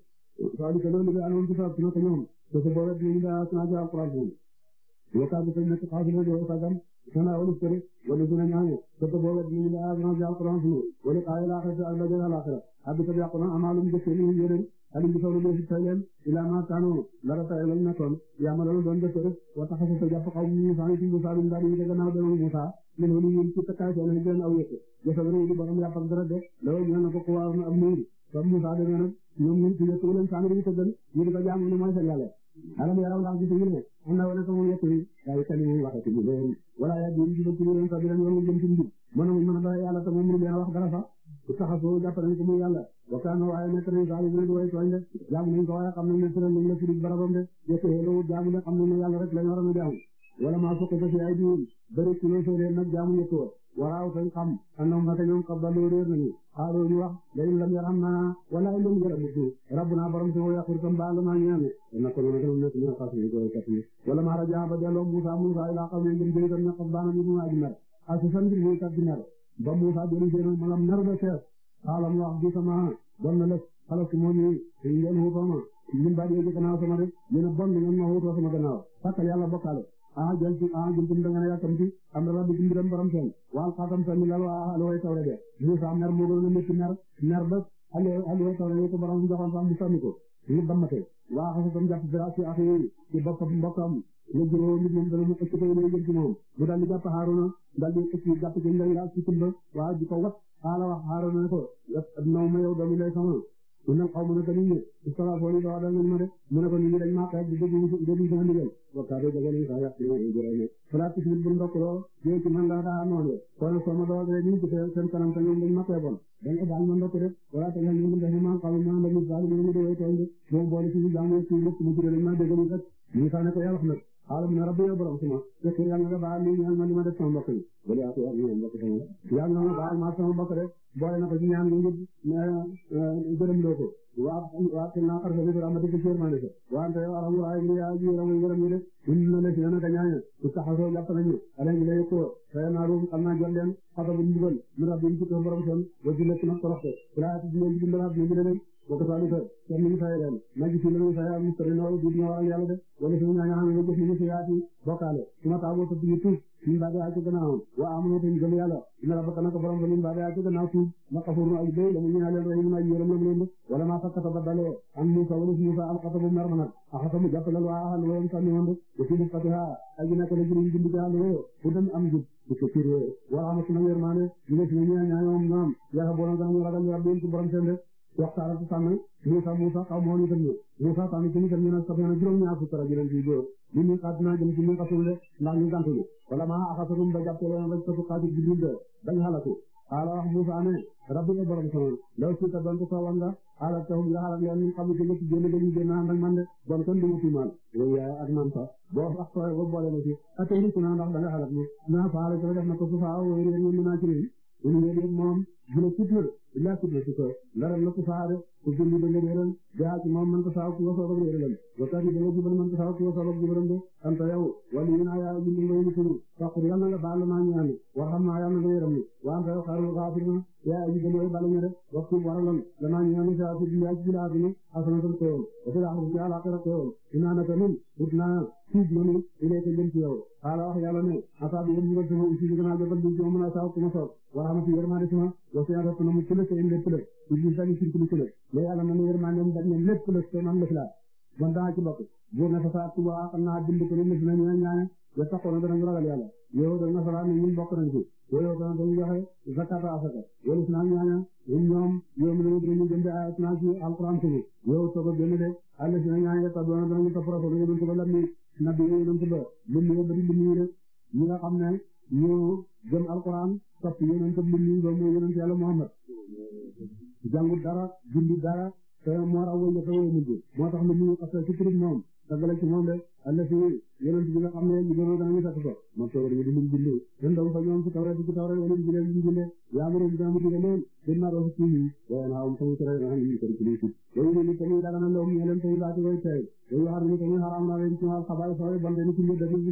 saa di ko ñu ñu anon ci fa ci ñoom te ko boole ñu da sa ja alquran وقالوا كنا تقابلوا له فقام كما اول فريق ولكن نعم تتبوا من الاعظم في القران ولقاء الاخره الذين الاخره حد تبعقنا اعمالهم بشيء يرن هل بيقولوا له في التالين الى ما كانوا لا تعلمون كون يعملوا دون ذكر وتحسسوا جاف قوم ثاني في موسى بن داري كما دون موسى من هو يمسك تكاثر من او يكتب يصبروا بهم يا فقدر لو ان قوا امني فموسى دون يوم من يقولون ثاني في تدل يرجع من ما شاء الله alam yaraw ndax gisuñu ne am na wala sama yett yi ay kali muy waxati bu leen wala yaa jëm ci bëgg leen sax di leen yoonu jëm ci mbir mënamuñ mën a dara yàlla te moom mënu leen wax dara sax su taxasoo jàpp yàlla waxtaan waaye nekk nañ sax ñu di way tooñ de jaamu ko waaye xam ne sëral nañ la ci barabam de jotee loolu jaamu de xam ne yàlla rek lañ war a jaamu wala maa fokk ko ci ay diwum bëri ci loo soo leen nag jaamu ñett woon waraaw fañ xam annahum naka ñoom qabbalu réer nañu xaaloo ñu wax la in lam yarhamna wala in lam yarhamna rabbuna borom soo yaqur kam baal ma ñu amee na ko na gëna nekk ñu xass ñu ko katti wala ma raja ba delloo Musa Musa ila qawmi ngir jëri tam ñaqab baana ñu waaji mer asusam ngir ñu kat mer ba Musa jëri jëri malam nar ba seet xaalam wax bi sama bon na lëf xalaat moo ñu ngeen hu fama ñu baal ñu gënaaw sama rek ñu bon ñu ma hu sama gënaaw sakkal yàlla bokkaale ah jël ci ah jël ci da nga ne yàkkamti am na la bi ci mbiram borom seen wal xatam sa mi lal waa alway tawre de ñu sa mer moo gën a métti mer mer ba ale alway tawre ko borom joxoon sax mu sànni ko ñu dammate waa xasatam jàpp dara ci axi yi ci bopp mbokkam la juróo mi moom dana mu ëcc ko lay jël ci moom mu daldi jàpp Haaruna daldi ëcc jàpp ci ndey la ci waa di ko wat xaala wax Haaruna ko inna xaw ma ne que ni istalaafoo ni doxal nañ ma de mu ne ko nit ñi dañ maa di déglu di déglu sama ndigal waxtaanee jafe nañ sax yàq li ma indiréer. pratique bi bu ndokkuloo yooyu ci man laa daa amoon de kon soo ma doon rek ñu gisee seen kanam te ñoom dañ ma xeeboon da nga baal ma ndokk rek wala te nga a xamal ne ñu baal ma ne ñu doyoo tool bi moom boole ci xaaral mu ne rabbi suma fekk baal lii ñaan ma ma def sama mbokk yi wala ak ak ñaan mbokk nga baal ma sama mbokk rek boole na ko ci ñaan ngi gërëm loo ko waa waa te naa xar sa bi dara ma dëgg cër maa ne sa wante yow alhamdulilah ni yaa ñu ramu ngërëm ñu def ñu na la ci na dañañu ku taxaso jàpp nañu ala ñu lay ko tay na ru xam naa jël leen xata bu ndigal mu rabbi ci borom son wajilatu na ko raxé ila ci ñu ndigal rabbi ñu leen ko faali fa te ñu fay leen nag ci lañu fay am ko no di ñu wal yàlla de wala ci ñaan ñaan ñu jëf ci yaati bokkaale suma taabo to di tuuf ñu baade ak gannaaw wa amono te gëm yàlla dina la bakkana ko borom ko ñu baade ak gannaaw tuuf ma xafuru ay bay dañu ñaan leen ma yërëm leen leen wala ma fakka tabadalo am ñu fa wala ñu fa al qatabu marmanat ahasamu jappal wa ahal wa sami wand ci ci fatiha ay na ko ñu ñu bindu yàlla wo fu dem am jub ci ko a wa amatu na yermane ñu ñu ñaan ñaan ñoom ñoom ya borom gam ñu ragal waxtaan ak sànn Muusaa Muusaa xaw ma woon itam ñu Muusaa sànn ci nitam ñu nag safiana juróom-ñaar fukk ak yeneen fii góor ñu ñu xaat dinaa jëm ci ñu xatul le ndax ñu gàntulu wala maa axasatum ba jàppee leen rek satu xaati Jibril de dañ xalaku ala wax Muusaa ne rabbi nga borom sama ndaw si ta donte sa wanga ala taxum nga xalak leen ñu xamu ci ñëpp génn dañu génn ànd ak man de bon kon duma tuumaal yow yaay ak man sax boo sax sooy ba boole ma ci atayni ku naa ndax da nga xalak ñu naa faala ci def na ko su faa wéy réer ñu mën naa ci réer ñu réer yëpp moom bu la ci ñàkk a dégg ko nar a nëkk faa de ubbi li bëgg a jëloon gaa ci moom man ko saaw ku ko soobal jëloon waxtaan bi dana jubal man ko saaw ku ko soobal jëloon de sant yow wala ñu naa yaa ñu ngi ñu sunu toq bi yàlla nga baal maa ñu amee wax xam naa yàlla nga yërëm na yaa ñu gën a bala ñu rek waxtu waraloon damaa ñu amee saa si yaa ci laa ni asana tam teewul ba fi laa xam ci àllaaxira teewul dinaa naka min ut naa siib ma ni ilay te jëm ci yow xaala wax yàlla ne asaab yéen ñu sama usi ñu gënaa jabal bi ci a ma soob wala ma ci yërmaa des ma na mu tële mais yàlla moom yërmandeem daj na lépp la seen am lëf la man daa ci bokk jéem a fasaat subaa xam naa bind ko a dina a ñaan ya taxoon danañ a yàlla yow da nga salaam ñun bokk nañ ci yow da nga joxe zakata asaka yow islam ñaan ñoom ñoom ñu ñu jënd ay islam ci alquran ci yow sogo benn de alla dina ñaan ya taxoon danañ ko propo ñu ko la mi nabi ñu ñu ko lu ñu bari lu ñu ñi nga xam ne ñu gëm alquran sax ñu ñu ko lu ñu do mo yonent jàngul dara bindu dara te moo raw woon nga te woon tax lu ñu xasee ci turub moom dagale ci moom de àll ci yonent bi nga a ne ñu gënoon danañu fekk ko moom toogal nga di lim bindee yaa ngi doon jaamu ci leen gën naa doon ci yi waaye naa am sama tawra yoo xam ne ñu ko ci ñu ci yooyu ñu tamit daga na law ñu leen tay baatu way tay yooyu xar ñu tamit haram na leen ci xabaay saway ni ci ñu dëgg ñu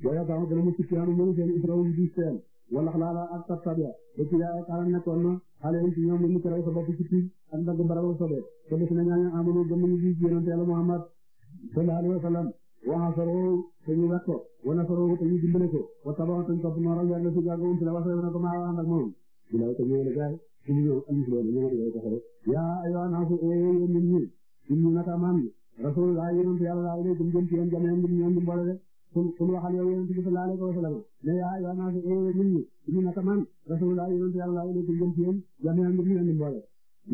noonu mu ci ci anu mu seen israw di seen wala xalaala ak tattabiya ba ci daa xaaral nekkoon na xale yi ci ñoom ñu ko raw sa bopp ci tiib ak dagg barabu sobe te def na ñaañu amanu gëm ñu ji yonente Yàlla Muhammad sallallahu alayhi wa sallam a asaro te ñu wet ko wa nasaro te ñu dimbale ko wa tabax tañ topp nooram weer la si gàggoon ci la wasa na maa ànd moom ci la ko ñëwale gaay ci ñu ñëw am loolu ñu ngi lay ko xare yaa ee eh, yéen nit ñi ñu naka maam rasulullah yonente Yàlla la ñu ñu kum kum waxal yow yonent bi sallallahu alayhi wa sallam ne yaa yaa naa fi nit ñi ñu naka man rasulullah yonent yàlla laa ilaykum jëm ci yéen jami'an bi ñu leen boole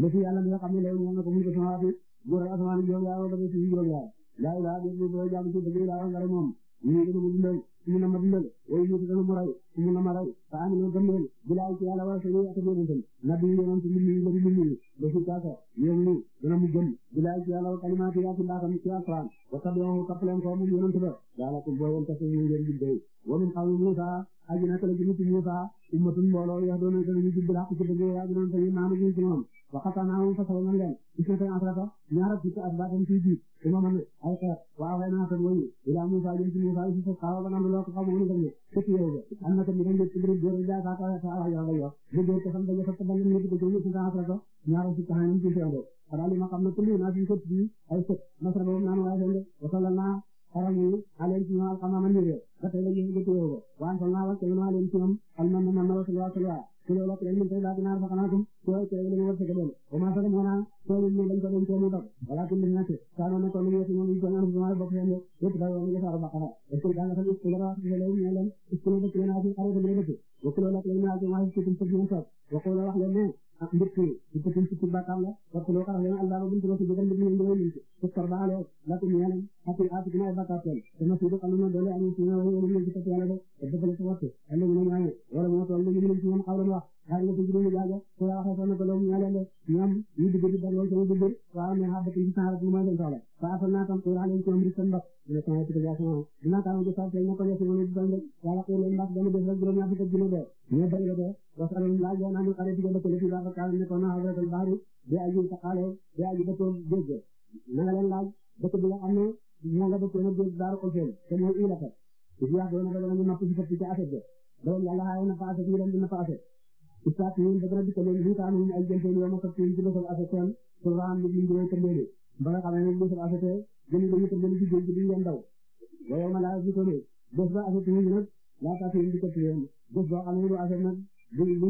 lépp yàlla mi nga xam ne lay moom na ko mu ko sama fi góor asamaan juróom yaar wala ba si juróom yaar laa ilaa bi bu jàmm ci dëgg laa nga moom ñu ngi leen di leen ñu nama di leen waaye ñu ngi leen mu ray ñu nama ray te am na gëm leen bilaay ci yàlla wala suñuy atumé nañ leen nabi yi yonent nit ñi la di nit ñi ba si kaasa yow nii dana mu gëm bilaay ci yàlla wa kalimaati yaa ci mbaaxam ci alquran wa tabi'u kappaleen ko mu yonent ba daala ko booyoon kase ñu ngeen di day wa min xawmi Muusa aji nekk la ci nit Muusa ummatun mbooloo yax doon nañ ko ñu jubbil xaq ci dëgg yaa gi noon tañu maama gi ci moom waxasaanaawam fasoo nañ leen isnatay asrata ñaara fukki at baatam ci jiit imaman ay xeer waaw way naa tan wayu ila Musa jëm ci Musa yi sa xawa banam loo ko xamu ñu gënne ci yow ga am na tamit dañ ci bëri góor ja ka ka sa ala yow yow bu góor ko sam dañu fa tan ñu ko jëm ci asrata ñaara fukki hanam ci yow ga xalali ma xam na kullu naa fi ko ci ay sët masra bo naan way sen wa sallallahu xaral ñu alal ci ñoom xam naa man de ba tey la ñuy gëstu woo ko waaye xam naa wax dëgg yàlla ci ñoom almal na man na wax dëgg yàlla waaw ci loolu wax dëgg yàlla tey daal dinaa la fa xanaa tum ci wàllu ceeb bi la ñu war a fekk loolu. bu ma fekk mu naan tool yi ñu dañ ko doon ceeb mu dog voilà ci mbir nag saa noonu tool yi yëpp ñoom ñu doon am sama bopp seen yëpp daal yoo xam ne dafa war a baax a baax est-ce que daanaka ñu ci la wax dëgg yàlla ñu leen est-ce que ñu dëkk leen ak arrêté bi dëkk wa kuloo lak leen naa ci maa ci tum fëgg ñu toog wa kuloo wax leen ne ak mbir ci di ko ci baatam la parce que lo ka reena allah bu ñu ci bëggal li ñu ngi ci ko tarbaalo la ko ñaan ak ak dina baatam dama ci doxal na doole am ci na wala ñu ci tax yàlla do dafa la ko wax wala mo ñaan wala mo tollu ñu ñu ci woon xawlan wax xar nga ko juróomi jaaga soo waxee sax ne ko loolu ñoo leen de ñoom ñu dugg di daloo sama dugg waaw mais xar dëkk yi sax rek mooy leen soxla waaw fan naa tam suuraa leen ci am seen bopp le temps ci ga sama dina taw ko sax ñu ko def ñu di dalé yàlla ko leen ndax dañu def rek juróom ñaar fukk ak juróom de ñu dal la de wax alam la ja nañu xare ci ko ci ba ka ne ko na hadratul bahru bi ayu taqale bi ayu dëkk dégg na nga leen laaj dëkk bi nga xam ne ñoo nga dëkk na dégg daaru ko feel te mooy ilata ci wax do na ko ñu napp ci ci afet de doon yàlla haye na faase ñu leen dina faase Ustaz ñun dëgg la dikka leen xiitaan ñun ay jënteen yoo ma ko ci ci bësal affecté programme bi ñu doon tëmbale ba nga xam ne bësal affecté jëni dañu tëmbale ci jëj bi duñ leen daw waaye ma laa ci ko bés ba affecté ñu nag laa tax ñu dikka ci yéen bés boo xam ne lu affecté nag bu bu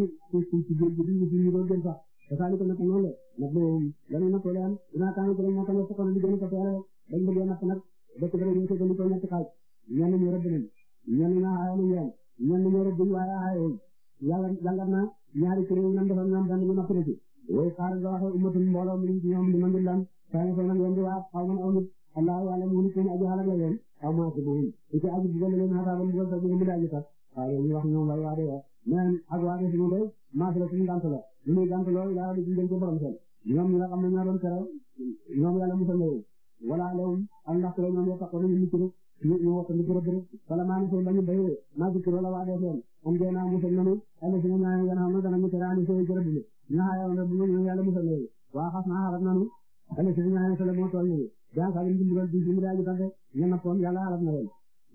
ci ci jëj bi duñ ci ñu doon gën sax te sax ko nak noonu la nak moom lañu nak ko leen dina taanu ko mo tax ko ko di gën ko téré dañ bëgg nak nak dëkk dara ñu ko dañ ko ñett xaaj ñen ñu rëbb leen ñen na hayu ñen ñen ñu rëbb waaye hayu yàlla dangal na ñaari kuréel yi ñu def ak ñoom daan nañu noppi ci way xaar nga waxee ummatul mbooloo mi ci ñoom li ma ngir lan saa ñu soxla ngeen di waat xaw ma aw nit allahu alam mu nit ñi aji xalak la leen xaw ma ci leen ci aji digal leen xataa ba digal sax mu daal di sax waaye ñu wax ñoom way waade wax naan ak waade suñu bay maas la suñu gànt la li muy gànt loolu laa di jël ko borom seen ñoom ñi nga xam ne ñoo doon teral ñoom yàlla musal leen wala lawum ak ndax la ñoom ya tax ñu ñu ci ñu wax ñu ci rek wala ma ni seen bañu bay ma ci la waade seen am ngeen a musal nanu ala suñu ñaan ngeen xam ne dana musal ani sey ci rabbi ñu haayoon rabbi ñu yàlla musal nanu waa xas naa xarab nanu ala suñu ñaan sala mo toll ni daan ka ñu ndigal di ñu daaju tante ñu na ko yàlla xarab na leen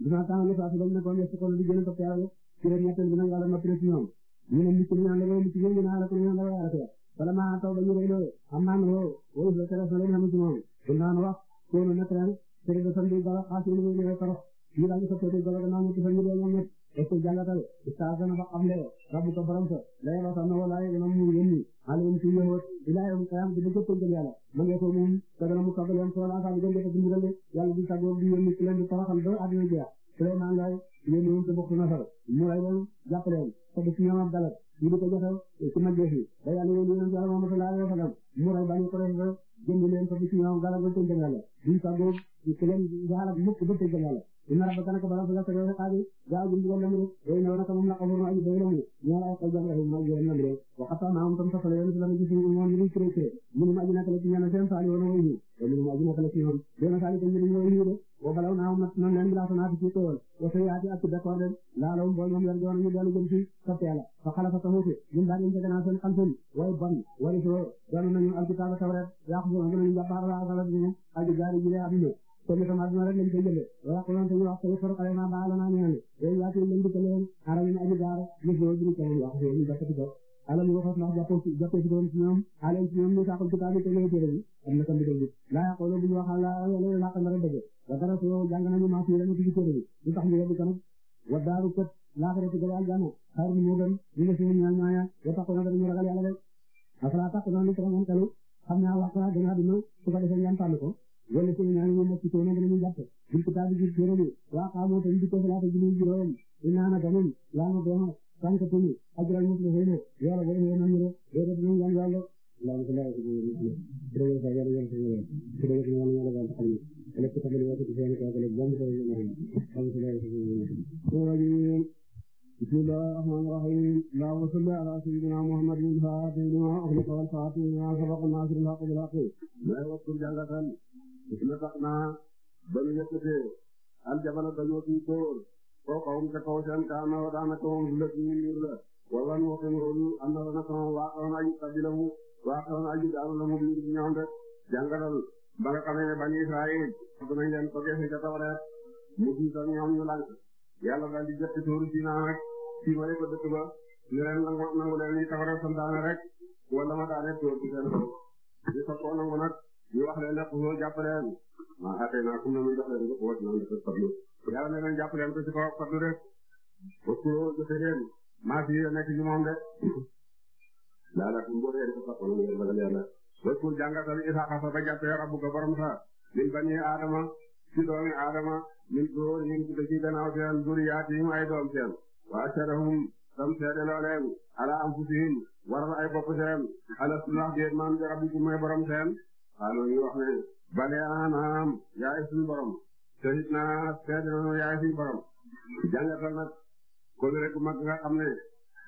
dina tan lu fa su dañ ko nekk ko di gën ko yàlla ci rek ñettal bi na yàlla ma press ñoom ñu ne nit ñaan la ñu ci ñu na la ko ñu la wala ko wala ma taw ba ñu rek loolu am na lo wo la tele fa leen xam ci moom dina wax ko na nakran ci rek sam di dara xaasi ñu ñu ko ñu la ñu ko ko dara na ñu ci fa ñu ñet est-ce que jàngatal saa gën a ba xamle rabbu ko borom sa lay wax na walaay dina mu yónni alayhim ci yowat ilaa yawm qiyam dina ko tëggal yàlla ma nga ko moom te dana mu tàggal leen soo laataa bi gën defa dimbal de yàlla di tàggoo di yónni ci leen di toroxal ba àddina jeex Souleymane lay yónni woon ci bokk nasar mu lay doon jàpp leen te di ci ñoom ab dalat ñu di ko joxe ci majjee fi da yàlla yónni woon ci Muhammad sallallahu alayhi wa sallam mu lay bàyyi ko def jënd leen te di ci ñoom dalat ba tëggal yàlla duñ tàggoo ci leen jaarat mukk ba tëggal yàlla inna rabbaka naka bala fuga sagay xadi gaa gum digal lamre day no naka mum naqamur na day lamre ñoo lay xal jam rahim ma yeen lamre wa qata ma am tam tafal yeen lam ci ñu ñoo ñu ci ci mun na sali ñu ñoo wi do wa na am da ko den la law bol mom yar doon ñu dalu gëm ci sa tela fa khala fa tamuti ñun daal ñu gëna seen xam seen way ban wala ci doon nañu alkitaaba tawrat yaqbu ñu ñu jabar la ala ñu aji gaari ji te li tam àdduna rek lañ koy jëlee wax ko ñu wax ko faru xalena baalana ñaan yow yaa ngi leen di leen aramin abi dar ñu jëw bi ko wax ko ñu dafa ci do ala ñu wax na jàppoo ci jàppoo ci doon ci ñoom ala ci ñoom ñu saxal kitaab te ñu jëlee am na tam di dégg la yaqulu bu ñu wax la la la xam rek dëgg wa dara so jàng nañu ma fi lañu ci jëlee lu tax ñu yobbu kanam wa daru kat la xare ci galal jamu xar ñu gën ñu la ci ñu ñaaya ya taxona dañu ragal yàlla rek afala taxona li ko xam na wax na dina dina ko defal ñaan tànn aljabala dañoo fi góor koo xawum ka kaw seen kaa na daanaka moom du la fi niir la wala nu waxin loolu am na la naka moom waaxoon aji kabilamu waaxoon aji daanu la mu biir ñoom rek jàngalal ba nga xamee ne bani Israël danañ leen ko gese ca Tawreet mu diisal ñoom ñu lànk yàlla daal di jot ci tuuru Sinaa rek fii ma ne ko dëkk ba ñu leen nangu nangu leen li Tawreet santaane rek wala ma daane tuur ci seen kaw li ko nangu nag ñu wax leen rek ñu jàpp leen ah xasee naa comme ni muy jox leen rek woote naa leen ko fadlu yàlla na leen jàpp leen ko ci kaw fadlu rek ba kilo joxe leen maa fi nekk ci moom de daanaka mbooleel ko fàq wala ngeen bëgg yàlla ba fa ba jàppee rabbu ko borom sa min bani Adama ci doomi Adama min góor ñun ci ci gannaaw seen zuriyaatihim ay doom seen wa ashadahum tam seede looleen ala anfusihim waral ay bopp seen ala sulax bi man rabbikum mooy borom seen xaaloo yi wax ne bale anaam yaay suñu borom te it naa seede na yaay suñu borom jàngatal nag kon rek mag nga ne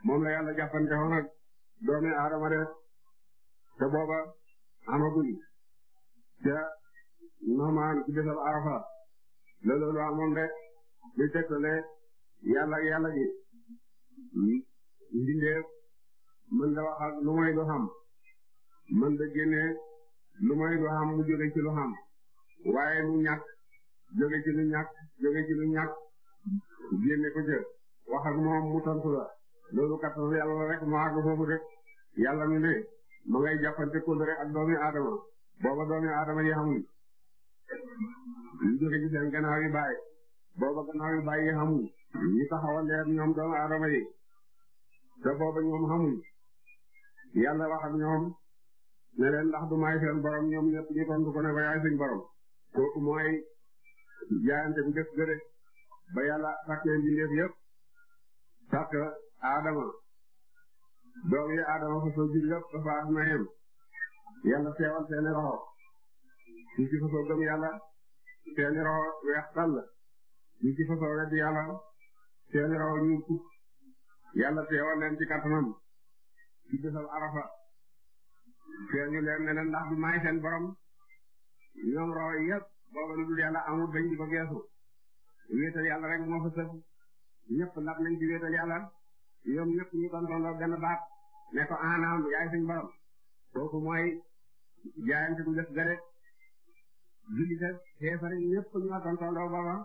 moom la yàlla jàppante woon ak doomi aadama de te booba amagul te nomaan ci bésab arafa la loolu amoon de li tegtale yàlla yàlla gi ndindeef mën da wax ak lu moy lu xam mën da génnee lu may lu xam mu jóge ci lu xam waaye lu ñàkk jóge ci lu ñàkk jóge ci lu ñàkk génne ko ca wax ak moom mu tontu la loolu kattan yàlla rek mu àgg foofu rek yàlla mi de ma ngay jàppante kóllëre ak doomi aadama booba doomi aadama yi xamul ñu jóge ci seen gannaaw yi bàyyi booba gannaaw yi bàyyi xamul ñu taxawandeer ñoom doomi aadama yi te booba ñoom xamul yàlla wax ñoom ne leen ndax may seen borom ñoom ñëpp ñu tontu ko ne ko yaay suñ mooy jaayante bu njëkk gëre ba yàlla sàkkee mbindeef yëpp sàkk Adama doom yi Adama fa soo jur yëpp dafa aduna yem yàlla teewal seeni roxo ñu ci fa soo gëm yàlla seeni roxo weex tàll ñu ci fa soo wedd yàlla seeni roxo ñu kukk yàlla teewal leen ci kattanam ci bisal arafa feer ñu leen ne leen ndax seen borom ñoom raw yëpp booba lu dul yàlla amul bañ di ko geesu wéetal yàlla rek moo fa sëf ñëpp lab nañ ci wéetal yàlla ñoom ñëpp ñu tontoondoo benn baat ne ko anaam ah, yaay suñ borom kooku mooy jaayante du def gare julli te xeefari ñëpp ñoo tontoondoo booba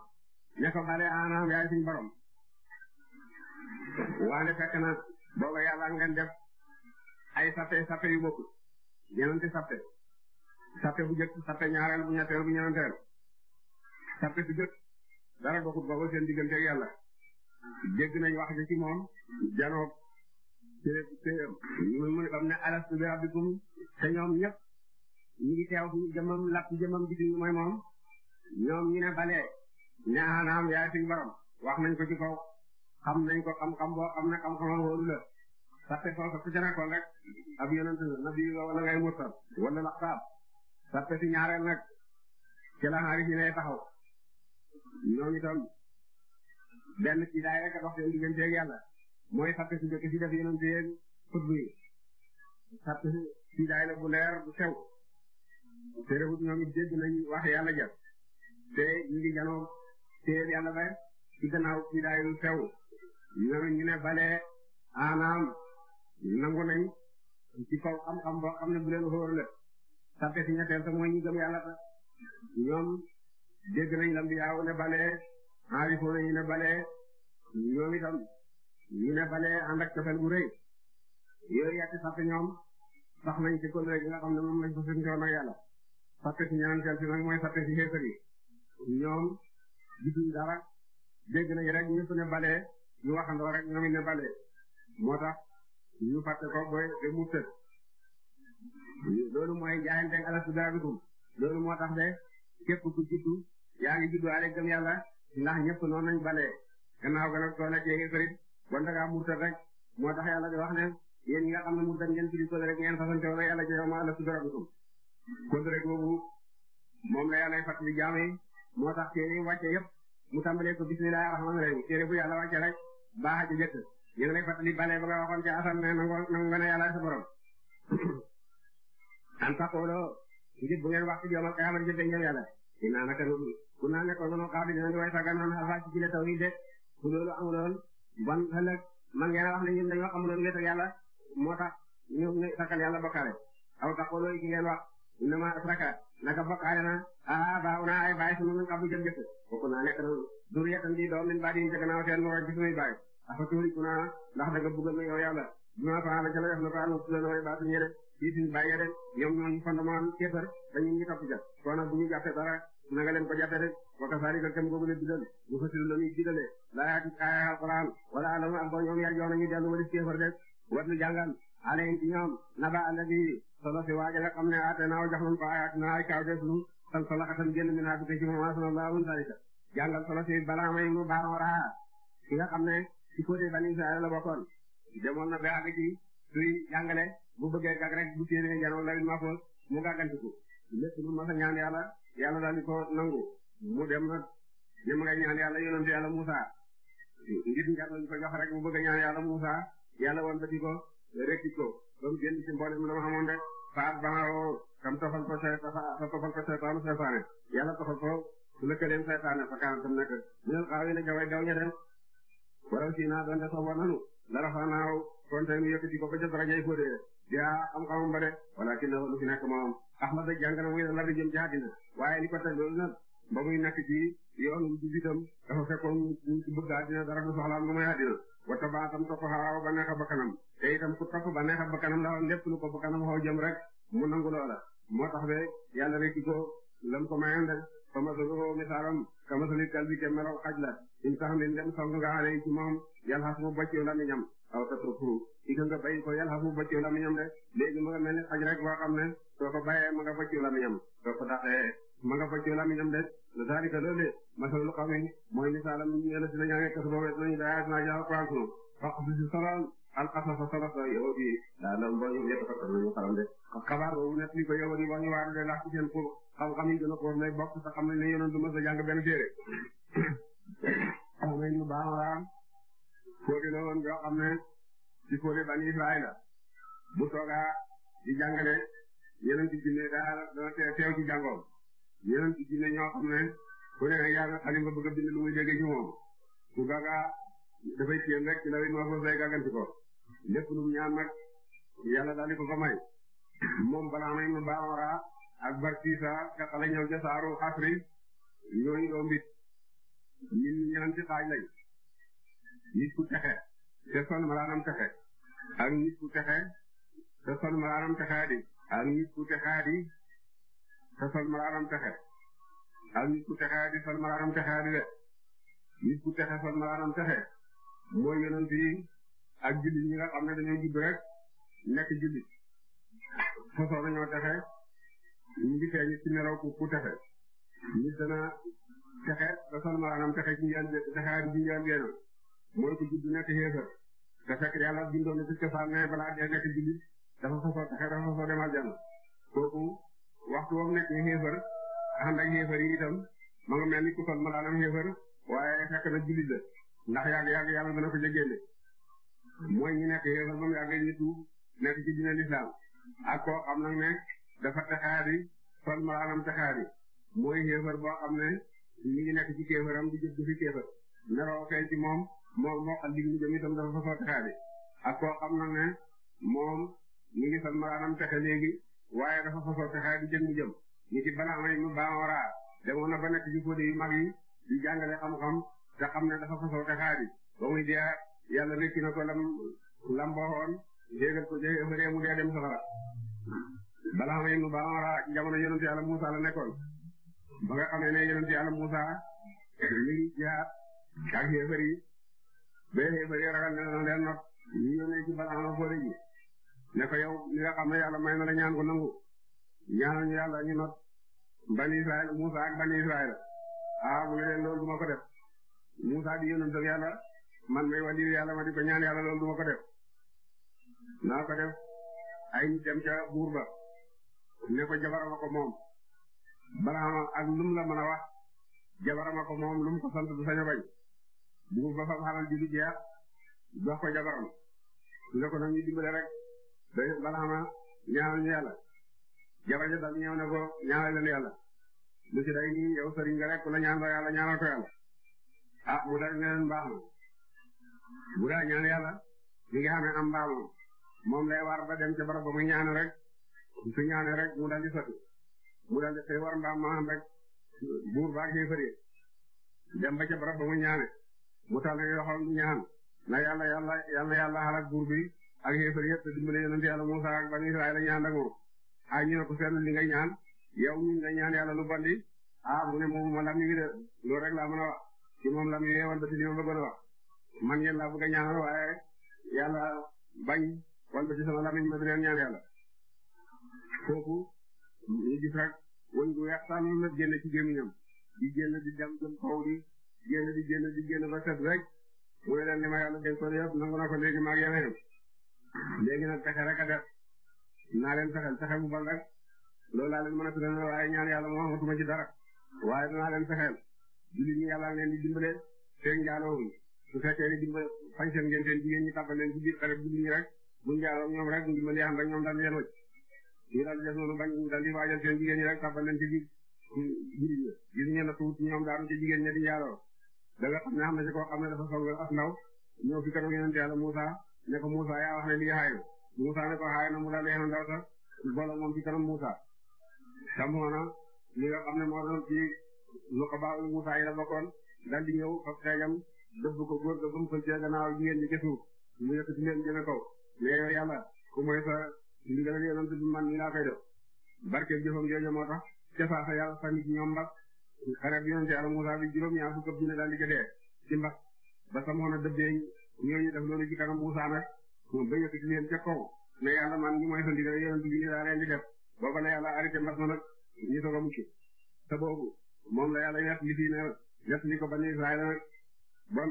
ne ko bale anaam ah, yaay suñ borom waane fekk na booba yàlla ngeen def ay sape sape yu bokkut ñemente sappe sappe bu jëkk sappe ñaareel bu ñetteel bu ñeenteel sappe bu jëkk dara doxut ba ba seen diggante ak yàlla dégg nañ wax ci moom janoog te te mu mu bam ne alastu bi rabbikum te ñoom ñëpp ñu ngi teew suñu jëmam lapp jëmam bi duñu mooy moom ñoom ñu ne balee ne anaam yaay suñu borom wax nañ ko ci kaw xam nañ ko xam-xam boo xam ne xam-xamal wóolu la sàppe soosa ku ca nekkoon rek ab yonent nabi nga wala ngay mursal wala laxtaab si ñaareel nag ci si ne taxaw ñooñu tam ci daay rek a mooy sàppe si jëkk si def yonent yéen xutbu yi daay la bu leer bu sew te rewut ñoom it dégg nañ wax yàlla jëf te ñu ngi janoo téer yàlla ci daay lu sew ñoom ñu ne balee nangu nañ ci kaw xam-xam boo xam ne bu leen xóorle sàppe si ñetteel sa mooy ñi gëm yàlla ta ñoom dégg nañ lam bi yaaw ne balee aarifoo nañu ne balee ñoom itam ñu ne balee ànd ak cofeel bu rëy yooyu yàtti sax nañ ci kóllëre gi nga xam ne moom lañ fa sëntoon ak yàlla sàppe si ñeenteel si nag mooy sàppe si xéefar yi ñoom gisuñ dara dégg nañ rek ñëpp ne balee ñu waxandoo rek ñoom it ne balee moo tax ñu fàtte ko booy de mu tëdd loolu mooy jaayante ak alastu daabikum loolu moo tax de képp ku juddu yaa ngi juddu ale gëm yàlla ndax ñëpp noonu lañ balee gannaaw ga nag soo nekkee nga xarit bon dangaa murtat rek moo tax yàlla di wax ne yéen ñi nga xam ne murtat ngeen firi ko rek ngeen fasante wala yàlla ci yow ma alastu daabikum kon rek boobu moom la yàlla fàttali jaam yi moo tax téere wàcce yëpp mu tàmbalee ko bismillahir rahmanir rahim téere bu yàlla wàcce rek baax a jëkk ñu ngi lay fàttali bale ba nga waxoon ne nangu nangu ne yàlla sa borom an taqoolo ngir bu ngeen wax ci joomal kay xamal jëfe ngeen yàlla dinaa naka nun ku naa nekkoon noonu xaw di dinañu way saganoon alfa ci jile taw yi de bu loolu amuloon bon ëllëg man ngeen a wax ne ñun dañoo xamuloon wéetal yàlla moo tax ñu sakkal yàlla bokkaale aw taqoolo ci ngeen wax inama asraka naka bokkaale na a baaw naa ay baay sunu min xabu jëm jëf bokku naa nekk noonu duriyatan di doom min di ñu ca gannaaw dafa tuuri naa ndax da nga bëggal na yow yàlla dinaa faa la ca la def na ko àll su la looy baatu ñëwee rek fii suñu bàyyee rek ñoom ñooñu fondement keesar dañu ñu topp ja kon nag bu ñu jàppee dara na nga leen ko jàppee rek wa kasaalika kam googu la bidal ñu fasilu la ñuy bidalee laayaati aaya wala alamu ak ba ñoom yar jox nañu dellu walis keesar rek war lu jàngal aleen ci ñoom naba alladi solo si waaja nga xam ne aate naaw jox nañ ko ayaat na ay kaaw def lu tan solo xatan génn min haa bi te ci moom asana laa un salika ci côté Bani Israël la bokkoon demoon na ba àgg ci suy jàngale bu bëggee gàgg rek bu téere njëriñ wala ma ko mu gàggantiku lépp lu mas a ñaan yàlla yàlla daal di ko mu dem nag ni ma ngay ñaan yàlla yonent yàlla Musa ngir njëriñ lañ ko jox rek bu a ñaan yàlla Musa yàlla wan bëgg ko rekki ko ba mu génn ci mboolem dama xamoon rek faat kam tofal ko sa tofal ko seytaanu seytaane yàlla tofal ko lëkkaleem seytaane fa kaanam tam nekk ñu ne xaaw yi la waraw si naa donte sooboon nanu la rafaa naaw kon tey nu yëkkati ko ba ca darajay fóode jaa am xamam ba de walakin na lu fi nekk moom axla da jàng na muy la ri jëm ci àddina waaye li ko teg loolu ba muy nekk ci yoonu jub itam dafa fekkoon ñu bëgg àddina dara du soxlaam lu wata ba tam topp xaaw ba neex a bakkanam te itam ku topp ba neex a bakkanam la lépp lu ko bakkanam xaw rek mu nangu loola moo tax be yàlla rek ko lam ko mayoon de fa masalu ko misaalam ka masali kalbi ke melow xaj la in sax min dem song nga alay ci moom yal xas mu bocciw la mi ñam aw tatruku i ka nga bàyyi ko yal xas mu bocciw la mi ñam de léegi ma nga mel ni xaj rek boo xam ne soo ko bàyyee ma nga bocciw la mi ñam soo ko daqee ma nga bocciw la mi ñam de la zalika loole masalul qawmi mooy misaalam ñeela dina ñaange kasu boobu dinañu dayaat naa jaxa quran sunu fa xasi si salaan alxasasa xam-xam yi gën a foofu lay jàng benn téere xam nañ lu baax la fóode la woon nga xam ne ci fóode bani Israayla bu soogaa di jàngale yeneen ci jinne teew ci jàngoom yeneen ci jinne ñoo xam ne ku ne yàlla xalim nga bëgg a bind lu muy dégg ci moom ku gaga dafay téem rek ci lawit ma foofu lay gàgganti ko lépp lu mu ñaan nag yàlla fa may moom balaa may nu baawara ak barkiisa ka xale ñëw ca saaru xasri ñooñu doo mbit ñun ñeenti xaaj lañ nit ku texe te son malaanam texe ak nit ku texe te son malaanam texaadi ak nit ku texaadi te malaanam texe ak nit ku texe son malaanam texe mooy yonent yi ak jullit ñi nga xam ne dañoo judd nekk jullit sosoo nañoo texe ñu ngi feeñ ci melaw ku texe nit dana texe ba sol maanaam judd nekk xéefar te fekk yàlla bindoon ci cosaan ne balaa dee nekk jullit dafa sosoo texe dafa sosoo demal jàmm kooku waxtu wam nekk xéefar ànd ak xéefar yi itam ma nga mel ni ku sol maanaam xéefar waaye fekk na jullit la ndax yàgg yàgg yàlla dana ko jëggeene mooy ñu nekk yéefar ba mu yàgg ñu tuub nekk ci dina lislaam ak koo xam nag ne dafa taxaari sol malaanam taxaari mooy yéefar boo xam ne ñu ngi nekk ci kéefaram di jëf fi kéefar neroo feeñ ci moom moom moo xam li ñu jëm itam dafa fasoo taxaari ak koo xam nag ne moom ñu ngi sol malaanam taxe léegi waaye dafa fasoo taxaari jëm mu jëm ñu ci banaamay mu baawaraa demoon na ba nekk ci fóode yu mag yi di jàngale xam-xam te xam ne dafa fasoo taxaari ba yàlla ki na ko lam lam waxoon jéegal ko jëye mu dee dem safara balaa xam ne nu la nekkoon ba nga xamee ne yonent yàlla Musa mi ngi jihaat ak xeefar yi a xeefar yi ragal ne na ne ko yow li nga xam ne yàlla may na la ñaan ko nangu ñaanal ñu yàlla ñu not bani Israël Musa ak bani Israël ah Musa di yonent ak yàlla man may waliyu yàlla ma di ko ñaan yàlla loolu duma ko def naa ko def ay ñu dem ca buur ba ne ko jabarama ko moom baraama ak lum la mën a wax jabarama ko moom lum ko sant du sañ a buur ba fam xalal ji du jeex ko jabaram ne ko nag ñu dimbale rek da baraama ñaanal ñu yàlla jabar ja dal ñëw ne ko ñaanal leen yàlla lu ci day nii yow sëriñ nga rek la ñaan la yàlla ñaanal ko yàlla ah mu dal ne leen baax na bu daa ñaan yàlla mi nga xam am mbaamu moom lay war ba dem ca barab ba mu ñaan rek su ñaane rek mu dal di sotti mu dal di xëy war mbaam ma am ba ca barab mu ñaane mu tal na ñaan na yàlla yàlla yàlla yàlla xalak buur bi ak xéefari yëpp te dimbale yonent yàlla Musa ak bani Israayil la ñaan ak moom a ñu li nga ñaan yow ñu ñaan yàlla lu bandi ah mu ne moom ma lam de loolu rek laa mën a wax moom lam yi ba ci ma bëggoon a wax man ngeen laa bëgg waaye yàlla bañ wal ba ci sama lamiñ ma di leen ñaan yàlla kooku ñu gis rek wëñ gu weex tànn génn ci gémmiñam di génn di dem jëm kaw di génn di génn di génn ba set rek mu leen li ma yàlla na leen fexeel pexe bu bon rek loolu laa leen mën a tuddee waaye ñaan di dimbale seen njaaloo su fekkee ne dimbal fay seen ngeen seen jigéen ñi tàbbal leen ci biir xarab bi rek buñ jaaroo ñoom rek ndimbal yi xam rek ñoom daal di leen daal di def noonu bañ daal di ñi rek tàbbal leen ci biir jur gi di jaaroo da nga xam ne xam ne ci koo xam ne dafa songal as ndaw ñëw fi kanam yonent Yàlla Musa ne Musa yaa wax ne lii na Musa ne ko xaay na mu daal di yéen ndaw sax boole moom ci kanam Musa samoona li nga xam ne moo doon ci lu ko daal di ñëw dëbb ko góor ga ba mu fël ca gannaaw jigéen ñi ci suuf mu yëkkati leen jëme kaw ne yow yàlla ku mooy sa ndigal ak yonent bi man ni laa koy def barke jëfam jooju moo tax ca faafa yàlla sànni ci ñoom mbax xare bi yonent yàlla Musaa bi juróom ñaar fukk dina daal di ko dee ci mbax ba samoon a dëbbee ñooñu def loolu ci kanam Musaa nag ba yëkkati leen ca kaw ne yàlla man ñu mooy sa ndigal ak yonent bi ni laa leen di def booba la yàlla arrêté mbax ma nag ñu soog a mucc te boobu moom la yàlla yet li fii ne yet li ko bani Israël nag bon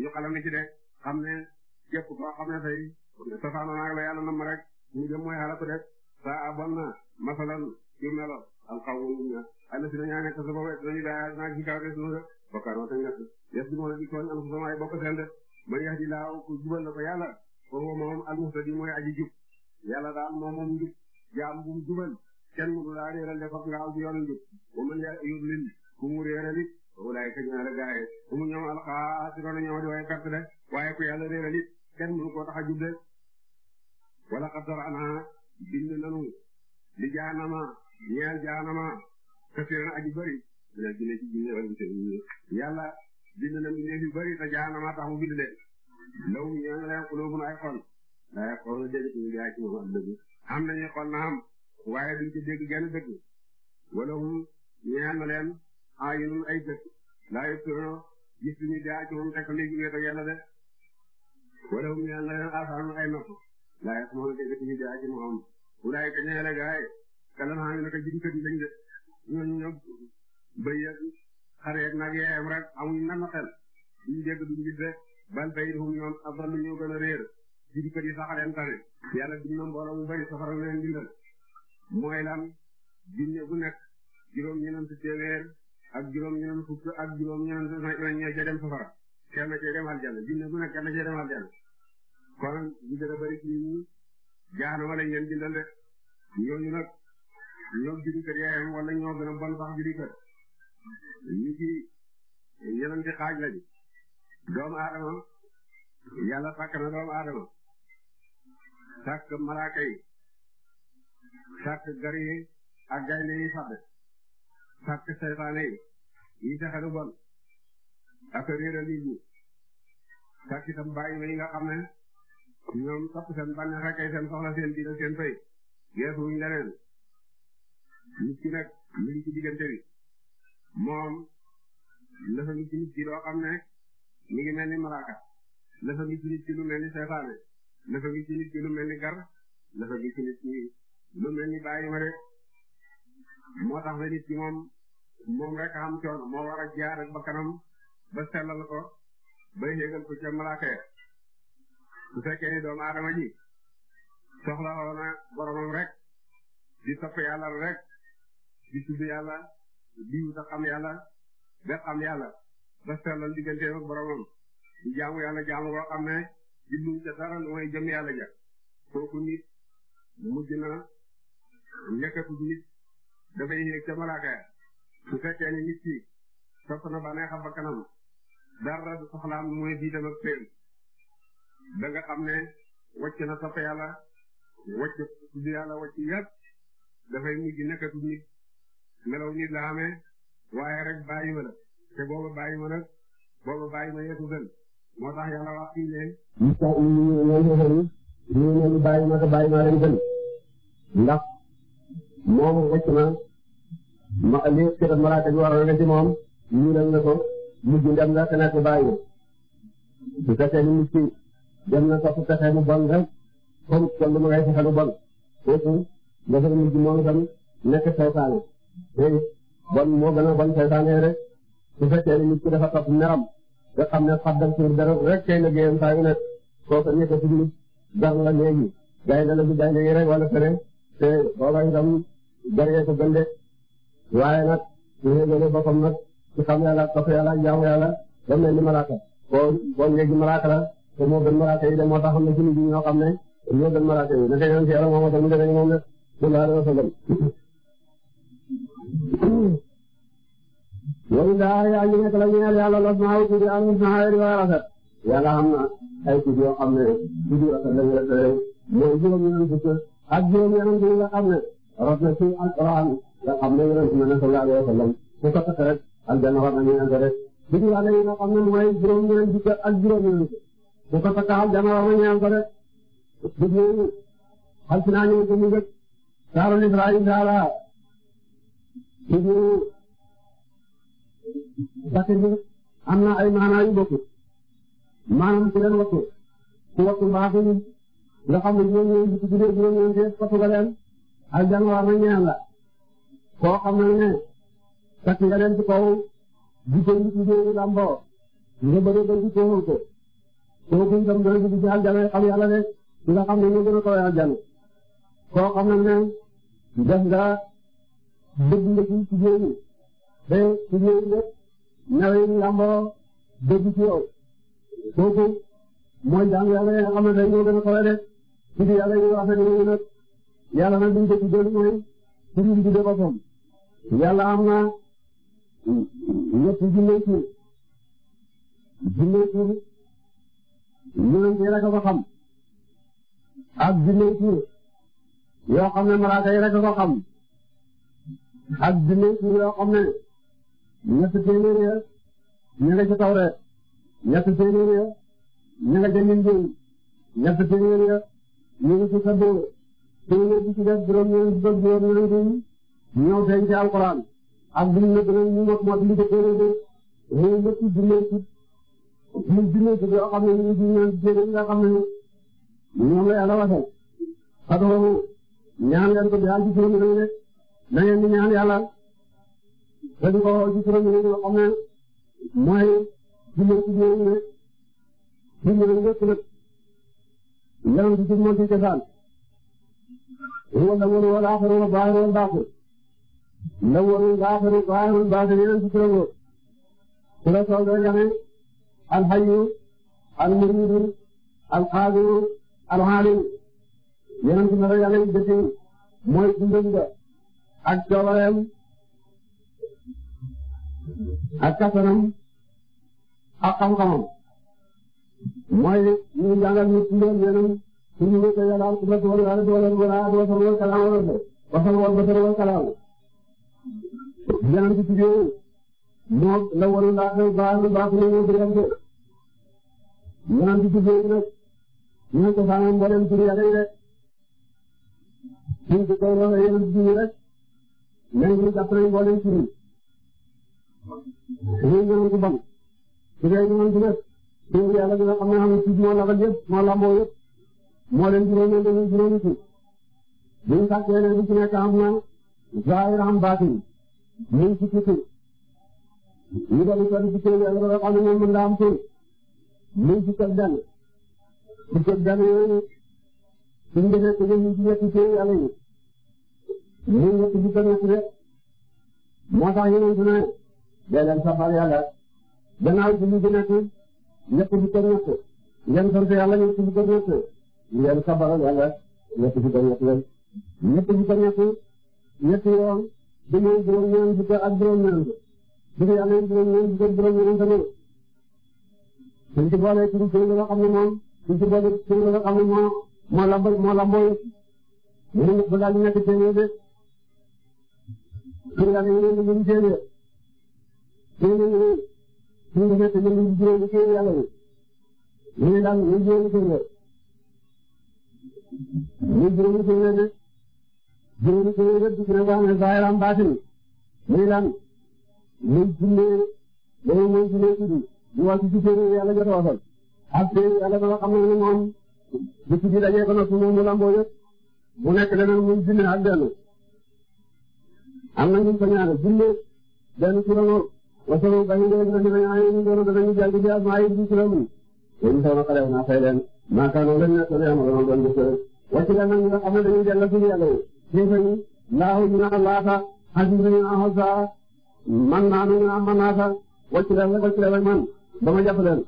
ñu xala nga ci de xam ne képp koo xam ne tey safaano naag la yàlla nam rek mu jëm mooy xalaku de saa bon na ci melo al xawmu na alla si nañaa nekk sa bopp dañu daa naag si kaw des na bakkaar wata ngas di moo la di tooñ am bokk seen de man yax di laaw ku jubal la ko yàlla foofu moom al muhtadi mooy aji jub yàlla daal moom moom njub jaam bu jubal kenn mu du laa réeral de fop nga aw ci yoonu njub wa man yudlil ku walaay ka ñaare gaay mu ñoom alxaasirona ñoom di waaye perte de waaye ku yàlla réeral it kenn mënu koo tax a jub wala xasar ana bind nanu li jaanama ñeel jaanama kasiran aji bëri dina dina ci jinne wala yàlla bind na tax mu bind leen law ñeel na leen xulóobun ay xol laaye xol na dégg suñu gaay ci moom ak dëgg am nañu xol na am waaye ci dégg genn dëgg wala ñeel na leen ayunun ay bët laa yëpp tërono gis duñu jaa ci moom teg ko léegi wéet de wala mu ñaan la leen ay nopp laa yëpp moom dégg duñu jaa ci moom wulaay ka ñaale gaay kalam xam ne ko jigkat yi lañ de ñooñu ñoo bëy ak nag yaayam rek amuñu nan xel duñu dégg duñu de bal bayhum ñoom abdallu ñoo gën a réer jigkat yi sax leen tane yàlla duñu mbooloo mu bari safara leen dindal mooy lan jinne bu nekk juróom ñeneen téeméer ak juróom-ñeent fukk ak juróom-ñeent ña safara kenn ca dem aljanna jinne bu nekk kenn ca kon ñu gën a bari ci ñi jaanama lañ leen bindal de ñooñu nag ñoom judikat yaayam wala ñoo gën a bon sax judikat xaaj lañu doomu aadama yàlla sàkk na doomu aadama sàkk malaaka yi gari ak gaynde yi fàdde sàkk saytaane yi yi tax lu bon ak réeral nit ñi sàkk itam nga xam ne ñoom topp seen bànneex ak ay soxla seen diina seen fay geesu wuñ leneen nit ki nag mu ngi diggante bi moom lëfa ngi ci nit loo xam ne mi ngi mel ni malaaka lëfa ngi ci nit ki lu mel ni saytaane lëfa ngi ci nit lu mel ni gar lëfa ngi ci nit lu mel ni bàyyi ma de moo tax ba nit ki moom moom rek xam coono moo war a ba kanam ba sellal ko ba yéegal ko ca malaaka ya su fekkee ni doomu aadama ji soxla woon boromam rek di topp yàlla rek di tudd yàlla di wut a xam yàlla ba xam digganteem boromam di jaamu yàlla jaamu koo xam ne di luñ dara lu mooy jëm yàlla ja kooku nit mujj na nekkatul nit dafay yéeg ca malaaka ya su fekkee ne nit ki topp na banee xam ba kanam dara du soxlaam mooy diitam ak seen da xam ne wacc na topp wacc tudd wacc yëpp dafay mujj nekkatu nit melaw nit la amee rek bàyyi ma la te booba moo tax yàlla wax fii ne musta um ñuñu ñu ne lu bàyyi ma te bàyyi ma leen gën ndax moom wacc na ma lii ci def malaaka bi waroon na ci moom ñu dem na ko mujj dem na te nekk bàyyi bu fekkee ni nit ki dem na topp pexe mu bon rek comme kon lu ma ngay fexe lu bon kooku dafa mujj moom itam nekk seytaane te bon a bon seytaane rek su fekkee ni nit ki dafa topp meram nga xam ne xaddal suur dara rek kay liggéeyam saa yu nekk kooku nekk si nit gar la léegi gaynde la bi gaynde yi rek wala fere te booba itam gar yee ko gën waaye nag su yéegalee boppam nag ci xam yàlla topp yàlla jaamu yàlla dem leen di malaaka boo boo njëg malaaka la te moo gën malaaka yi de moo tax xam ne ci nit ñoo xam ne ñoo gën malaaka yi naka yoon ci yàlla moom itam mu demee moom la sallallahu alayhi wa sallam. loolu daal yaa ngi nekk la ñu ne yàlla los naa tuuti am na saa yële waa rafet yàlla xam na ay tuuti yoo xam ne tuuti rafet la ñu rafetee mooy juróom-ñaar fukk ak juróom-ñaar nga xam ne rafet ci alquran nga xam ne yonent bi sallallahu alayhi wa sallam ku ko takk rek aljanna war nañu yàgg rek bi ñu wàllee nga xam nañu yàgg rek bi ñu xam si naa ñëw ba mu njëkk saaru am na ay maanaa yu bokkul maanaam ku leen ku wattu mbaaxu nga xam ne juróom-ñeent fukk juróom-ñeent fottu nga leen aljanna war nañu yàgg la koo xam ne takk nga leen ci kaw gisee nit ñi lamboo nga bëgg a gis teewul ko kooku itam dana dugg ci aljana xam yàlla rek nga xam ne ñoo gën a kawe aljana koo xam ne def nga dëgg nga ci jigéen ñi te jigéen ñi rek nawet yi lamboo dëgg ci yow kooku mooy jàng yàlla yi nga xam ne day ñoo gën a kawe rek ci yàlla yi wax ne dañoo gën a yàlla nag duñ ko ci jëli mooy ci biir bi de boppam yàlla am na ñetti junne tur junne tur yonent yi rek a ko xam ak junne tur yoo xam ne malaaka yi rek a ko xam ak junne tur yoo xam ne ñetti téeméer ya ñu nga ci tawreet ñetti téeméer ya ñu nga ci Injiil ñetti téeméer ya ñu nga ci Sabuur téeméer bi ci def juróom-ñeent fukk ak juróom-ñeent mu ñëw feeñ ci alxuraan ak ne dinañ ñu ngot moo dindi ko téere de réew lépp dinañ ci ñu dinañ ci yoo xam ne ñu ngi ñaan téere nga xam ñoom la yàlla waxee xadoo ñaan leen ko daal ci juróomi réew rek na ngeen di ñaan yàlla dañ ko ci juróomi réew yoo xam ne ne dinañ lépp nag yàlla di ci monti ci daal wala wala wala aaxiru wala baaxiru wala nawwarul zaahiru zaahirul baatin yeneen fukki la wóor su la soobee nga alxayu almuriidu alqaadiru alxaalim yeneen fukki la yàlla jëkk mooy dundam ga ak coobareem ak kattanam mooy ñu jàngal ñu tuddee yeneen suñu yàlla alxames wala wala wala wala wala ñaar ci jigéen moom la waroon daa xew baax na baax na ñëw bëgg ko ñaar ci jigéen nag ñoo ko faana mboolem tur yàlla yi rek suñ ko koy waxee yéen ci jigéen rek ñaar ñu jàpp nañ mboolem tur yi. ñoom ñoo ko bañ su dee ñoo ko def tur yàlla dina xam ne xam ci moo labal leen juróomi dañuy juróomi tur buñ nekk am muy ci kii ñu dellu sori ci kër yàlla ba xam ne moom mën naa am kër muy ci kër gan ci kër gan yooyu suñ defee ko ñu ci ñetti kër yàlla yi muy ñetti ci kër yàlla rek moo tax yéen a ngi ne day dem safar yàlla gannaaw ci ñu ci nekk ñetti ci kër ñett ngeen sant yàlla ñetti ci kër ñett ngeen sabaral yàlla ñetti ci kër ñett ñetti ci kër ñett ñetti yoon dañuy juróom-ñeent fukk ak juróom-ñeent dafa yàlla juróom-ñeent fukk ak juróom-ñeent tamit dañ ci boole tur tur nga xam ne moom dañ ci boole tur nga xam ne moo moo lambo moo lambo yëpp yéen a ngi ko daal di nekk téeméer de tur yàlla yéen a ngi leen di téeméer yéen a ngi leen tur nga nekk yéen a ngi juróomi téeméer yàlla bi yéen a daal ñu juróomi téeméer ñu juróomi téeméer de. jëwri jëwri rek dugg na ko amee zaahiram baatin muy lan junnee day mooy junnee tuddu di wax ci téere yàlla jot a wasal ak téere yàlla ba nga xam ne moom bu ci dajee ko noppi moom mu lamboo yëpp mu nekk leneen muy junne ak benn am na ñu ko ñaare junne benn kilo wasawu ba ñu doon dinañu ñu doon danañu jàng ci asmaa yi di kilo mu ñu sama xale naa fay leen maa kaanoo lañ nekk ne am doon doon gis wàcc leen nag kéeféri laahu ñu naan laata xasiisa ñu naan xosaa man naanu ñu naan manaasa wacc leen rek wacc leen rek man ba ma jàpp leen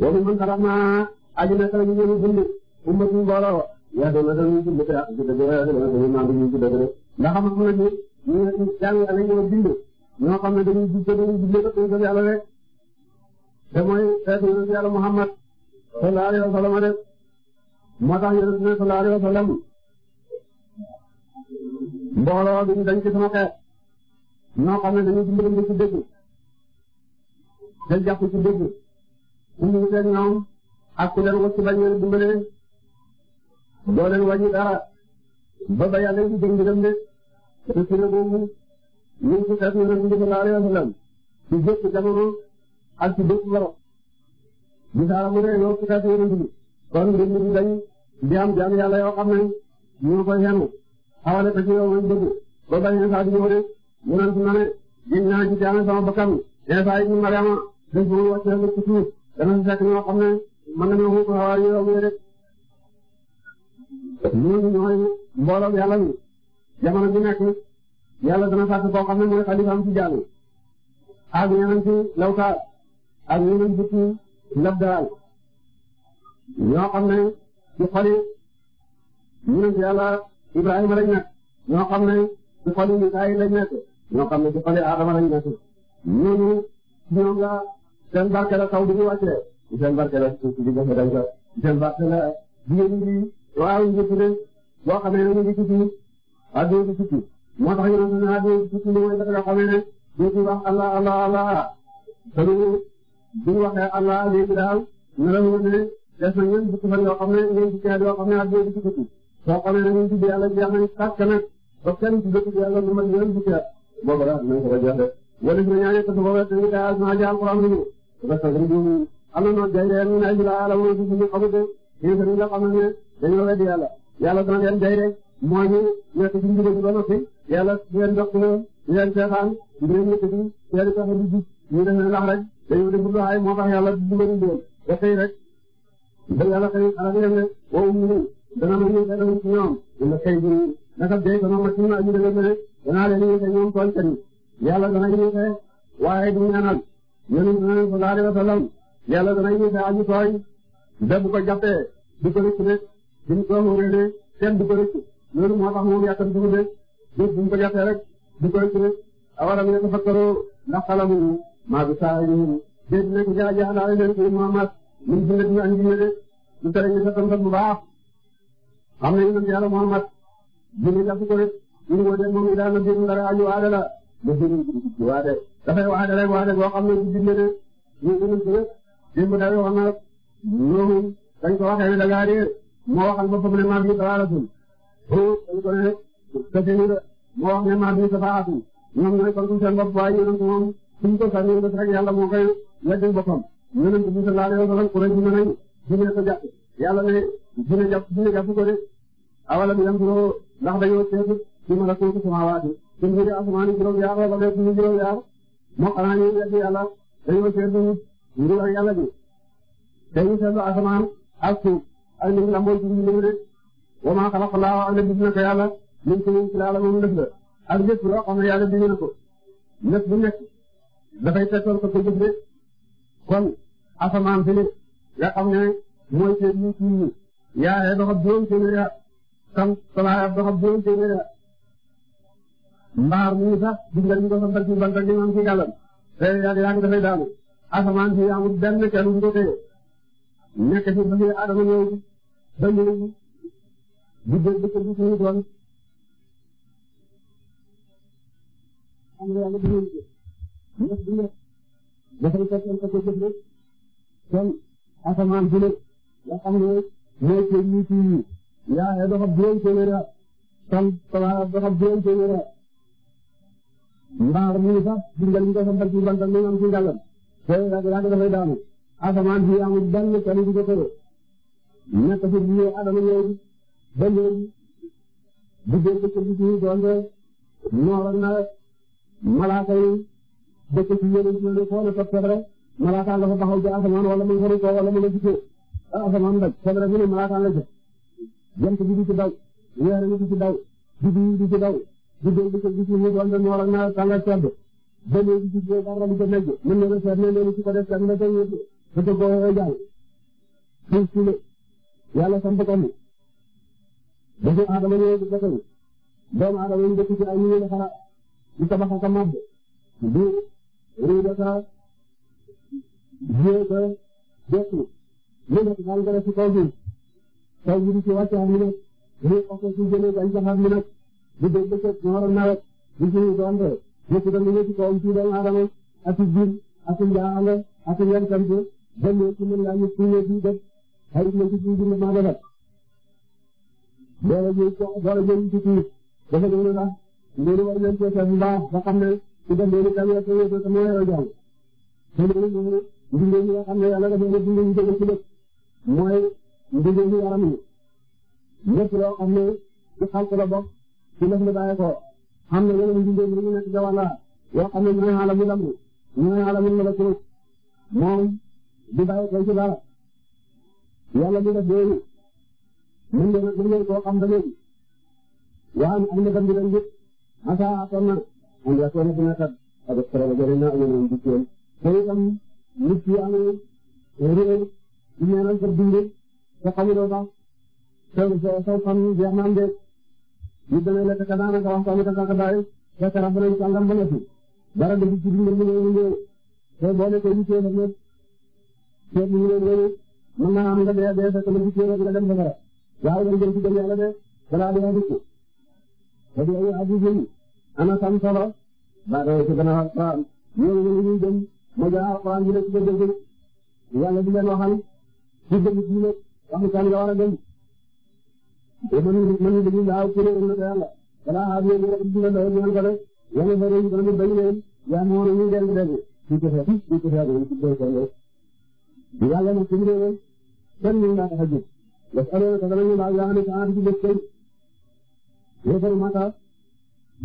woomi man xarax naa aji nekk la ñu ñëw sumbi ummatu mbooloo yaadoo la dañuy sumbi te ci dëgg dañuy naan duñu ci dëgg de ndax xam nga ni ñu jàng yàlla ñoo bind ñoo xam ne dañuy jub te dañuy jublee ko dañu yàlla rek te mooy xeetu yonent yàlla Muhammad sallallahu alayhi wa sallam moo tax yonent sallallahu alayhi wa sallam mbooloo bi ñu dañ ci sama xeet ñoo xam ne dañuy dimbali ci dëgg te jàpp ci dëgg ku ñu seen ñoom ak ku leen wut ci bañ leen dimbale ba ba yàlla yi jëm diram ci xeet yonent bi sallallahu alayhi wa sallam ci jëkk jamono di am jaam yoo xam ne ñoo koy xawale ko ci yow lañ dëgg na saa di ñëw de yonent na ne giñ sama bakkan Isa ibn Maryama bés bu mu wàccee lu ci suuf dana si ne mën nañoo xuuf xawaar yi yow rek ñooñu ñooy mbooloo yàlla bi jamono bi nekk yàlla dana sàkk koo xam ne mooy xalifaam ci jaami ak yeneen ci lawtaar ak yeneen ci ci labdaal ñoo xam ne ci xoli yonent yàlla Ibrahima lañ nekk ñoo xam ne ci xoli Musaa yi lañ nekk ñoo xam ne ci xoli Adama lañ nekk ñooñu ñoo nga seen barke la taw bi ñu wàccee seen barke la suuf bi nga dañ ko seen barke la jigéen ñi waaw ñu tudde boo xamee ne ñu ngi tukki àdduna di tukki moo tax ñu doon ne àdduna di tukki mooy dafa nga xamee ne dootu wax Allah Allah Allah te du bu ñu waxee Allah daal ne la ñu ne des na ñeent fukki fan yoo xam ne ñeent fukki at yoo xam ne àdduna di tukki soo xoolee dañuy tuddee yàlla jeex nañu tàkk nag ba kenn ci dëkk yàlla lu mel yoon bi ci at boobu daal nañ ko ko jeex de wala ñu ñaanee ko boobu dañuy kay asmaa ji alquran ñu dafa rek ñu am na noonu jay rek ñu ne ñu la ala wala ñu ñu xamul de ñu ñu la xam ne dañu weddi yàlla yàlla dana leen jay rek moo ñu nekk ci mbir ba noppi yàlla ngeen dox ñu leen seetaan ngeen nekk ci seen pexe di gis ñu def ne ndax rek dañu def lu xay moo tax yàlla dimbali leen ba tey rek ba yàlla xëy xalaat ngeen ne wow ñu dana ma ñëw dana ci ñoom dana kay bu naka dee dana ma ci ñu ñu dëgg ne danaa leen ñëw te ñoom tool kan yàlla dana ñëw te waaye du ñaanal yonent bi sallallahu alayhi wa sallam yàlla dana ñëw te añu tooy da bu ko jàppee du ko rëcc rek bu mu ko wóoree kenn du ko rëcc loolu moo tax moom yàttam dugub rek bés bu mu ko jàppee rek du ko rëcc rek awaram ne ko fakkaroo ndax xalamu maa bi saa yi bés nekk jaajaalaale leen ko Muhammad ñu bind ñu andi ñu de ñu tere ñu sa bu baax am na yonent Yàlla Muhammad jënd daf koy indi woote moom it daal na jënd dara aju waade la ne ci biir leneen ñu gën a jënd jënd dara wax na ñoom dañ ko waxee ne da ngaa réer moo waxal boppam ne maa bii safaaratul xëy dañ ko ne kese nii la moo wax ne maa bii safaaratul ñoom ñooy kon seen bopp waaye yonent moom suñ ko sànni ba rek yàlla moo koy weddil boppam yonent bi sallallahu alayhi wa sallam kuréel gi mën nañu dina ko jàpp ko de awalam yanzuru ndax dañoo seetlu ci malakuutu samaawaati ci mbiri asamaan yi juróom-ñaar wala lépp ñu moo xanaa ñu nekk yàlla dañoo seetlu mbiri ak yàlla asamaan ak suuf ak li ñu amoon wa maa xalaqa laahu ne na ko yàlla liñ ko ci moom def la ak lépp loo xam ne na ko lépp nekk dafay tegtoon ko ko jëf kon asamaan fi nga xam ne mooy seetlu ci yaa ngi doxal juróom-ñaar sam sama doxam juróom téeméer mbaar mu sax digal ñu ko santal ci banta li moom ci gàllam te yàgg yàgg dafay daanu asamaan si amul benn kenn bu ko téye nekk ci ba fi adama ñëw ba ñëw bu jël bu ko suñu doon am na yàlla duñu ñu dafay fekkee ko jëf rek ne nga ne mooy ci ñu yaa ngi doxal juróom téeméer a sant a mbaar mi sax dimbali ñu ko sampal ci bantam ñu am ci ngàllam tey yaa ngi dafay daanu asamaan bi amul benn kàddu gi ko tëjee nekk na malaaka yi dëkk ci yeneen ci yeneen foo na topp rek malaaka la fa asamaan wala mu ngi ko wala mu ngi asamaan rek rek mu ne malaaka la jëf jant bi du ci daw weer wi du ci daw biddi yi du ci daw biddew bi ko gis ñu doon de noor ak naa tànga sedd bële bi ci dee dara lu ko nekk mën na seet ne loolu ci ko def seen ndeke yëpp da ko koo jaay suuf si la yàlla samp ko ni dafa aadama ñëw ci dëkk bi doomu aadama ñu dëkk ci ay ñu la xara ñu tabax ko màbb du ruu daka jée ko dekk lu nekk daal nga def ci kaw suuf taw bi di ci wàcce am nag ñu xas a ci jëlee gàncax ak nag bu dee bëccëg ñu war a nawet ñu ci doon de ñu ci doon ñëw ci kawam ci doomu aadama ak ci biir ak ci njaaxale ak ci yan sant ba ñëw ci mën laa ñu suñu di def xëy na ci suñu dund maa defar. loolu ñuy jox loolu ñuy ci kii dafa doon la loolu war nañ cee seet mbaa ba xam ne su dem loolu tamit ak yooyu tamit moo yore jàng te loolu moom dund yi nga xam ne yàlla dafa nekk dund yu jóge ci lépp mooy. ndigal yi yaram yi lépp loo xam ne ci xalq la bokk ci lëf la bàyyi ko xam ne yeneen ndigal yi ñu nekk jawala yoo xam ne ñooy xalamul amru ko ci dara yàlla du def yooyu mën ngeen a mën ngeen koo xam ba léegi waaw am na tam di leen gis asaa asoon na am na solo dina kat ak keroog jëriñ naa am na lu ñu gis yéen. te itam nit yi amee te xamuloo sax teewlu sa sa fan yu jeex na am de ñu demee lekk ka daanaka a ko amita kàq daay fekk rafet nañu sangam ba nekk dara dugg ci biir mbir mi ñëw te boo nekkee ñu teewlu ñëpp ñëpp ñu leen gën mën naa am dee balaa di wax dëkk te di ay aji ana sam solo ba dee ci gannaaw ak ñoom ñoo ñuy dem ma jaar alquran yi la ci gëj a gëj yàlla di leen waxal ci gëj gi nag amul kan nga war a dem te man man mii dañuy daaw kuréel na ko yàlla balaa xam ne moom dina doon ñaan ko rek yàlla fa doon gën a bañ leen yaa ma war a ñuy dellu dégg suñ ko fekk suñ ko fekk ñu tuddee ko rek yàlla nag suñ demee kenn ñu naan xaj it parce que loolu dana ñu laaj yaa ne saa di ci bés tey yëfër Maka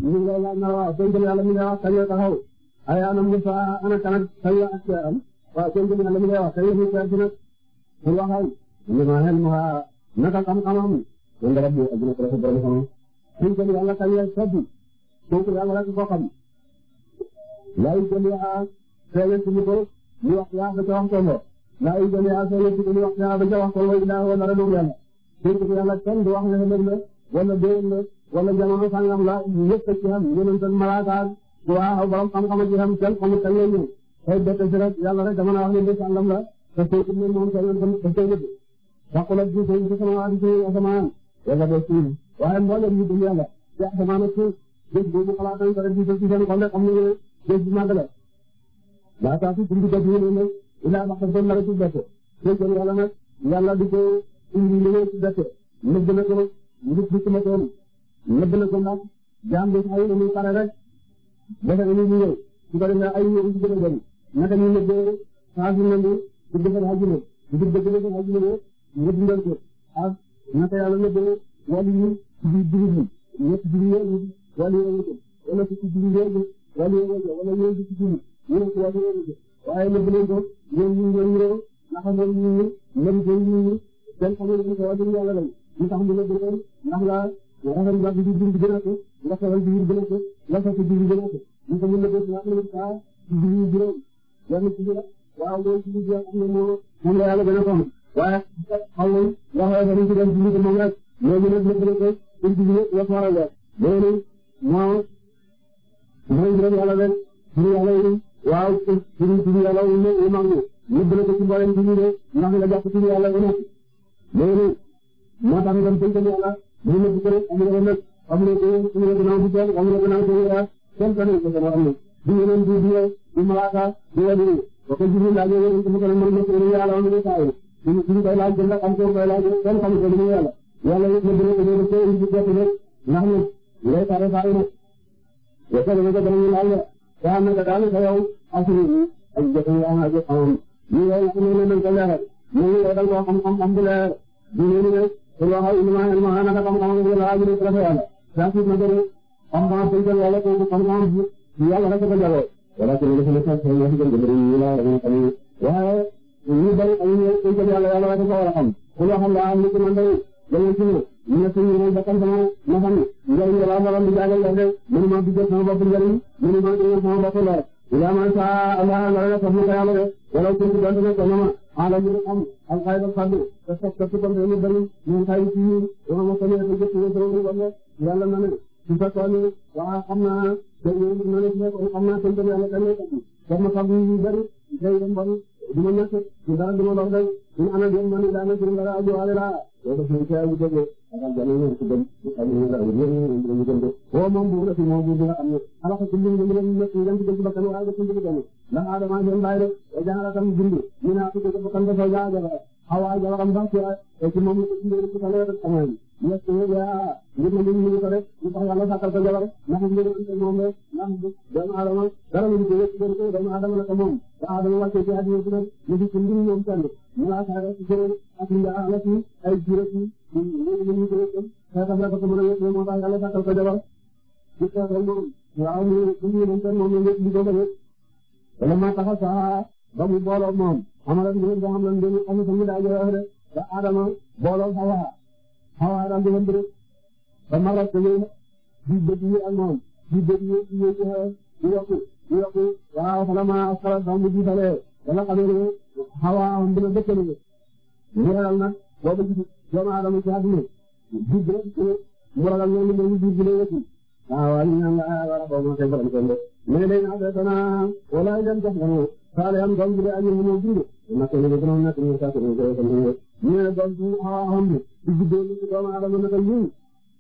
ñu ngi lay laaj na waaw sëñ bi yàlla mi ngi wax kañ la taxaw ay anam nga saa ana kanam kañ la ak seeram waaw sëñ bi yàlla mi ngi lay wax kañ la ñu seet si nag pour waxal ñu ma xel ma naka xam-xamam man dara bu ajuna ko dafa borom xam suñ ko yàlla kan ya sabbi ko ko yàlla ko xam la yu jëli a sele ci ko ñu wax ya ba wax ko lo la yu jëli a sele ci ko ñu wax ya ba wax ko lo ila wa dara du yàlla suñ ko yàlla kan du wax ne lëg la wala déen la wala jamono sangam la yëpp ci xam ñu tan malaaka du wax borom xam-xam ci xam tel ko mu tan ñu tay bette ci rek yàlla rek dama na wax ni sangam la te ko ñu moom tan tan ko daqul ak jiite yi ci sama waa di ci asamaan yàlla def ci waaye mboolem yi du yàlla ci asamaan ak suuf bés boobu xalaat nañ ko rek jiite ci seen xol rek am na bés bu màgg la laataa si dund dëkk yi ne ilaa ba xam doon la ci dëkk te jëm yàlla nag yàlla di ko indi lu ne ci dëkk nëbb na ko nit bi sama tool nëbb na ko nag jaam bi ay ñu pare rek dafa ñu ñëw su ko defee ay ñu ci gën a dem naka ñu nëbbee saa si nangu ci dëkk ak ajjuma ci dëkk ak ajjuma nga dundal ko ak naka yàlla nga bëgg wàllu ñu ci biir dugub bi ñett bi ñu yëngu wàllu yëngu ko wala ci ci biir yëngu wàllu yëngu ko wala yëngu ci dugub yëngu ko wàllu yëngu ko waaye nga bëgg ko ñoom ñu ngi leen réew naka nga ñu ñu mën ko ñu ñu seen xamal ñu ko wàllu yàlla lañ ñu tax mu nga bëggoon ndax laa rafet ba bi dugub bi gën a ko nga sawal dugub gën a ko nga sa ci dugub gën a ko ñu ko mën a def naka lañ saa ci dugub bi réew yàlla ci la waaw loolu ci dugub bi am na moo moom la yàlla gën a ko waaye xaw ma waxee ba ñu ci dem jiitu moom rek léegi nag léegi nag pour jiitu yëpp yëpp waral la loolu moo mooy juróom yàlla rek jiitu yàlla yi waaw jiitu yàlla wu ñu wu mag ñu ñu bële ko ci mboolem jiitu de ndax nga jàpp jiitu yàlla wu nekk loolu moo tax ñu dem jiitu yàlla ñu nekk ko rek amul ko nag amul ko amul ko naaw bu toog amul ko naaw bu yàlla kenn ku nekk ko sama am na du yeneen du du du malaaka du wàllu ba ko jiitu laajee yéen a ngi ko mën a mën a mën a yàlla am na saa yi. ñu ñu koy laaj jël nag am ko koy laaj kenn xamu ko lu muy yàlla yàlla yëpp la gën a gën a ko indi bopp rek ndax ñu ngay pare faaw rek ya ko dañu ko dañu laaj te am na daal sa yow asri yi ak jot yi am ak am ñu ngay ñu ñu leen ko leeral ñu ngi lay dal ko xam xam xam bu leer ñu leen ne ko lo xaw ilma ilma na ka xam xam ko laaj ni trafa yàlla sa ci na gëru am ba sey ko yàlla ko ko xam yàlla rek ko jaloo wala ko lu ko sa sa ñu ko gëru ñu la waaye ñu bëri ay ay jëm yàlla yàlla rek a xam ku loo xam daa am lu ci mën day dañuy jiw ñett yi mooy bakkan sama ma xam njëriñ la borom bi jàngal def de mënuma di jël sama bopp njëriñ mënuma di jël sama bopp lor ila man saa allah nga rek mu ko yàlla de wala ko ci donte ko ñama ala ñu am al khayda fadu te sax te ko ñu bëri ñu xay ci wala mo ko ñu jëf ñu borom wala yàlla na ne su fekkoon waa xam naa dañu na ne ko xam naa ko yàlla kan ne ko sama xam ñu bëri day dem bon duma nekk ci dara duma dox rek ñu ana ngeen man daa nekk ci dara aju waale laa loolu suñu caa yu jógee ak jàmm ñu ci dem ak ñu la ñu ñu dem de woo moom bu rek moom bu dina am ne ala ko ci ñu ñu leen nekk ngeen ci dem bakkan waaye ci ñu dem ndax adama seen baay rek e jaara tam bindu ñu naa ko ci bakkan dafa jaaga xawaay jabaram sax ci ci moom ñu ko tale rek xamoon yes ya ñu ñu ñu ko rek ñu tax yàlla sàkkal ko jabar ndax ñu ko moom rek ndax doomu aadama dara ñu ko ci ko doomu aadama la ko moom ba aadama wàcce ci àddina bi nag ñu di ci mbir ñoom sell ñu la saara ci jëre ak ñu ala ci ay juré ci ñu ñu ñu ko ko sa ta la ko mo rek mo tax yàlla sàkkal ko jabar ci ko rek moom waaw ñu ñu ñu ko moom ñu ko ko rek dama taxa sa ba mu booloo moom amala bi nga xam ne dañuy am suñu daal di wax de ba Adama booloo Hawa Hawa daal di leen bëri ba Maroc dañuy di bëgg yi ak moom di bëgg yi di yëngu xew yokku di yokku waaw xalamaa asfalat ba mu jiitalee wala xam Hawa am dina dëkkale ñu. ñu ragal nag boobu gis doomu Adama ci àdduna a di ko mais léegi nag dana walaay dem jox nga mu saa leen doom bi de ak nak ñu gëna nak ñu sax ñu gëna ñu ñu doon ñu xam ci doon ñu doomu adama nak ñu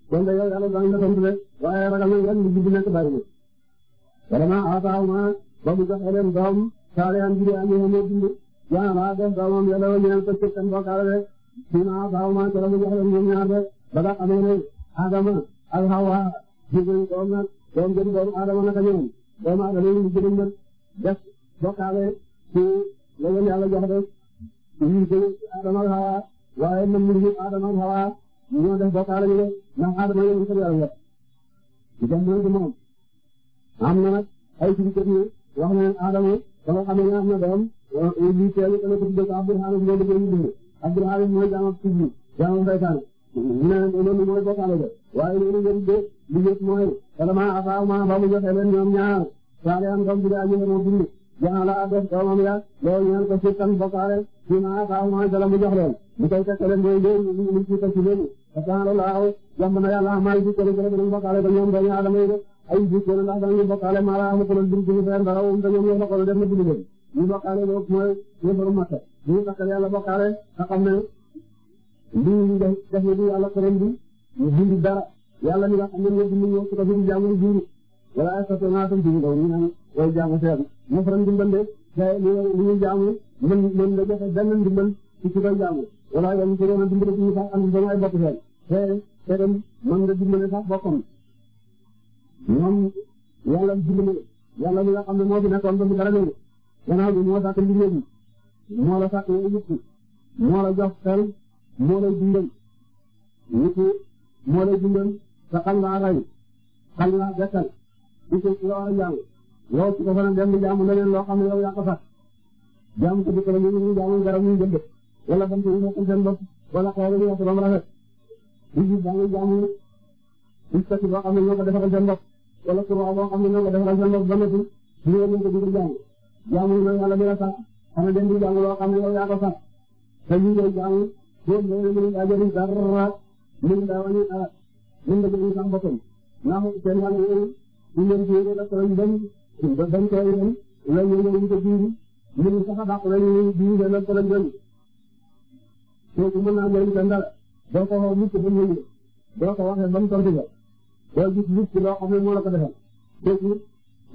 kon da yow yàlla dañ la sant rek waaye ragal nañ ren ñu nekk bari na vraiment ataaw ma ba mu jox leen doom saale am jiri am ñu dund ya ma def doomam yàlla wa ñaan ko ci tan bokkaale rek ci ma ataaw ma ko mu jox leen ñu ñaar rek ba nga xamee ne adama al hawa jigéen doom nag doom jëri doomu adama nak ñoom doomu adama ñu jëriñ nag def bokkaale ci la leen yàlla jox rek ñu jël Adama ak Hawa waaye man mi ngi Adama ak Hawa ñoo def bokkaale ñu de ndax Adama yéen ñu ko yàlla wax ñu dem nañ ci moom am na nag ay ci biir yu wax ne Adama dafa xam ne am na doom lii teel a ko tuddee ko Abdul Halim moo liggéey ñu dund Abdul Halim mooy jaamu tudd jaamu saytaan ñu ne loolu mooy bokkaale de waaye loolu ngeen de liggéey mooy vraiment affaire ma ba mu joxe leen ñoom ñaar saa leen comme bi daa joxe moom dund jaala def doomam ya loo ñaan ko ci tan bokkaale ci ma xaaw ma dala mu jox leen mu koy tekkale mooy léegi ñu ñu ci ci leen subhana allah yomb na yàlla ma ci ko ko dañu bokkaale ko ñoom dañu adama yi ay ci ko ndax dañu bokkaale ma la ko lu dul fer dara um dañu ñu ko def na dul leen ñu bokkaale do mooy ñu borom makka ñu takkal yàlla bokkaale nga xam ne li ñu def def ni yàlla ko rendi ñu bind dara yàlla ni nga xam ne ñu bind ñu ko ko jaamu juri wala asatuna tan bind ñu way jaamu seet mu faral ndimbal de gaay li ñuy jaamu mën mën la joxe benn ndimbal ci ci koy jaamu wala yow ñu ko doon dimbali ci ñu sax am dañu ay bopp seen te te dem mën nga dimbali sax bokkam ñoom yàlla dimbali yàlla mi nga xam ne moo fi nekkoon ba mu dara ñëw gannaaw bi moo sàkk mbir yi moo la sàkk yow yëpp moo la jox xel moo lay dundal yëpp moo lay dundal sa xal laa rey xal laa dekkal ci ko ci la war a jaamu yow su ko fa dem di jaamu leneen loo xam ne yow yaa ko sax jaamu ko dikko ñu ñu jaamu garab ñu jënd wala bant yi nekkul seen bopp wala xeer yi wax ba mu rafet di gis daa ngay jaamu istati boo xam ne ñoo ko defaral seen bopp wala kurwa boo xam ne ñoo ko defaral seen bopp ba noppi di ñëw ñu ko di ko jaamu jaamu na yàlla bi la sax xana dem di jaamu loo xam ne yow yaa ko sax te ñu ngay jaamu boobu loolu mënu daa jëriñ dara mënu daa wàññi dara mënu daa jëriñ sax boppam naa seen yàlla yooyu ñu leen ci yëre la ko ñu ba bañ koy ren weñ yi ñëw ñu ko jiw ñu ngi sax a baax weñ yi jiw ñu ko lañ jënd kooku mën naa jëriñ seen dara doo ko wax nit ki ba mu yëngu doo ko waxee ba mu tontu ba doo gis nit ki loo xam ne moo la ko defal kooku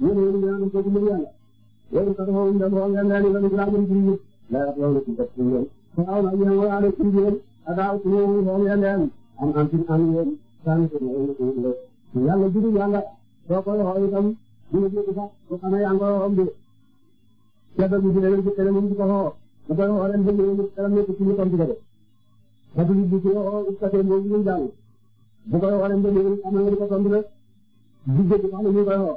yéen a yéen a ngi kooku mën yàlla loolu sax foofu ñu dem foofu yàlla naa ne dañu laa jëm ci ñun lay wax loolu ci def ci ñoom faaw na ñu war a def ci ñoom ak aw ci ñoom foofu yàlla yàlla am am ci am yéen saa ni ko yàlla jubul yàlla doo koy wax itam ñu ngi ci sax ba xam ne yaa ngi koy waxoon de ceeb bi ci leneen ci leneen ñu ngi ko xoo ba koy waxoon ren jëm ñu ngi xelam nekk ci ñu tontu ko de ba du ñu ci waxoo iskate mooy ñu jàng bu koy waxoon ren jëm ñu ngi xam ne ko tontu rek du jëg sax ñu ngi koy xoo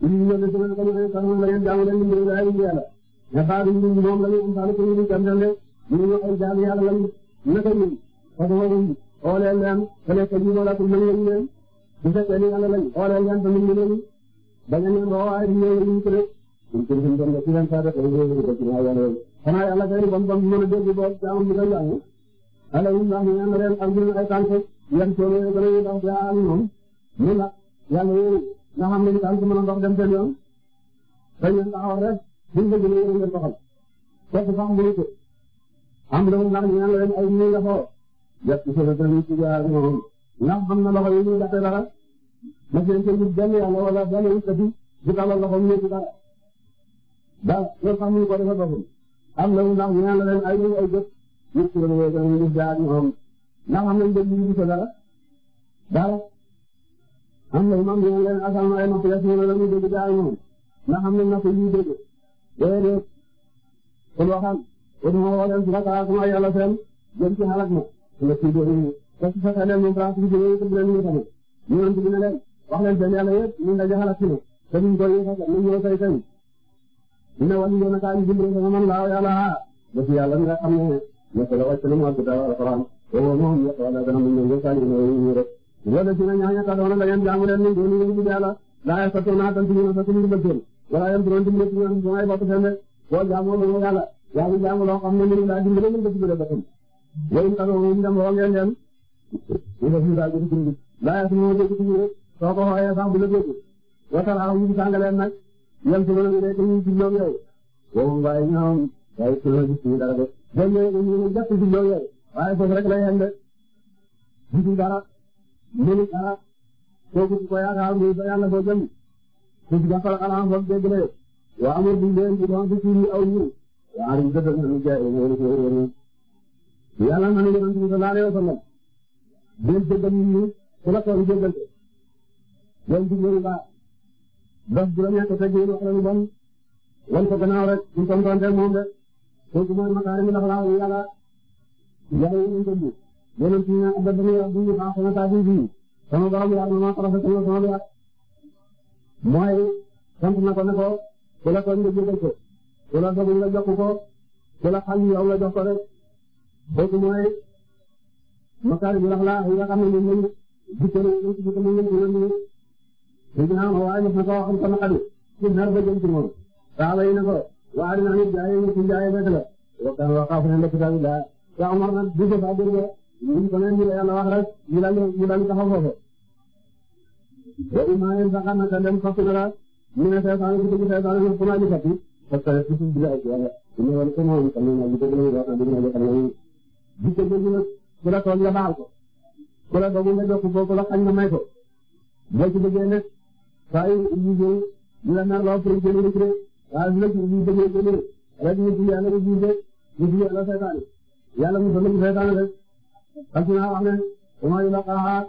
ñu ngi ñëw de semaine ko ñu ngi sax moom la ngeen jàng leen ñu ngi ay ñu yàlla nga baa du ñu moom la ñu am sax ko ñu jam jam de ñu ngi ay jàng yàlla lañu naka ñu parce que ñu xoolee leen te nekk ñu wala ko mën leen bu fekkee ni yàlla lañ xoolal yan ba mu ngi leen bañ a ñëw ba waaye du ñëw ñu ko def ñu ko ñu dem ba ci leen saa def ay yéen ko a yi wax ñu am yi ko lay dox jaa la yàlla yooyu nga xam ne tànk mën a dox dem seen yoon dañ leen taxaw rek buñ ko jëlee ngeen doxal fekk sax mu ko am na ndax ñu am ren ay ñu nga foo yàq ci sa bëgg ñu ci jaar moom ndax am na loxo yi ñuy jàppee dara na seen kër yi benn yàlla wala benn yëkkati bu tàllal loxo mu yëkku dara ba loolu sax mu ko defal boppam am na ndax ñu naan la am na imam ñu naan leen asal ay nopp am nañ nopp yu dégg déedéet kon waxal kon moo seen jëm ci xalaat ma nga ci dégg te su fekkee ne moom France bi jëlee yëpp dinañ ñu xamul ñu naan dina leen wax leen seen yàlla yëpp ñu ngi lay jaxal ak suñu te duñ koy yëngu ñu ñëw tey tey ñu ne wàllu yoon kaa ñu dimbali sama man laaw yàlla ah ba si yàlla nga xam ne nekk la wàcc na mu àgg daaw alxuraan te boobu moom ñett wala dana mu ñëw saa ñu ñëw ñu rek. loolu dina ñaaña ka doon la ngeen jaamu leen ñu doon ñu ngi yàlla laaya sa toona tan ñu na sa ñu bëgg doon wala yam doon dimbali ñu ñu ay bokk seen boo jaamoo lu yàlla yaa ngi jaamu loo xam ne ñu la dimbali ñu bëgg doon yow ka doon ñu dem woo ngeen leen ñu def ñu daal di dund laajal suñu mën a déglu rek soo ko xoolee sax bu la déglu waxtaan ak yu tàngalee nag yem si mën a déglu ñu ci ñoom yooyu. boobu waaye ñoom waaye ci loolu gis ñu dara de. ñoom ñooy ñu ngi jàpp ci ñoom yooyu waaye foofu rek lay yem de gisul dara mënu dara kooku ko yaakaar muy ba yàlla soo jëm su ci jàppal xalaat foofu dégg la waa amul bi leen di doon ci suñu aw ñun waaye ñu dëgg ñu jaay ñu yàlla na ñu doon ci sallallahu alayhi wa sallam bul jéggal nit ñi ku la tooñ jéggal ko loolu jublu lu baax dox bu la ñàkk a teggin wax la lu bon wan ko gannaaw rek ñu tontonteel moom rek kooku mooy makaari mi ndax laa wu yàlla yàlla yéen a ngi ko ji yéen a ngi fi ñu naan dëgg yàlla bu ñu baax ji sama borom yàlla na ma ko rafetlu na ko ko la tooñ nga jéggal ko ku ko la xam yow la jox ko rek mooy. Makaari bu laxlaa yi nga xam ne moom lañ dikkee moom lañ dikkee moom lañ gën a nuyu. léegi nag waaye mos na koo xam sama xarit ci nar ba jëm ci moom. saaba yi na ko waa dinaa nit jaay yi ci jaay rek la. waxtaan waa xaafu nañ la kitaab yi daal. waaw Omar nag bu dee saa dégg nga ñu ko leen ñu la yàlla wax rek ñu daal ñu daal taxaw foofu. léegi maa ngi leen sax xam ne que dem foofu dara ñu ne saa yu bëgg saa yu bëgg naa di fàttali. parce que suuf bi la ak yàlla. ñu ne woon que moom tamit ñu dëgg la ñu wax dëgg la ñu xam ne ñu. ku la tooñ nga baal ko ku la dogu nga la xañ nga may ko boo ci bëggee nekk saa yu jugee ñu la nar loo pour jëlee rek de waaye nag ñu bëggee jëlee rek ñu ci yàlla rek ñu jugee ñu ci yàlla seetaane mu bëgg seetaane rek xam si naa wax ne wa yu la xaaxaat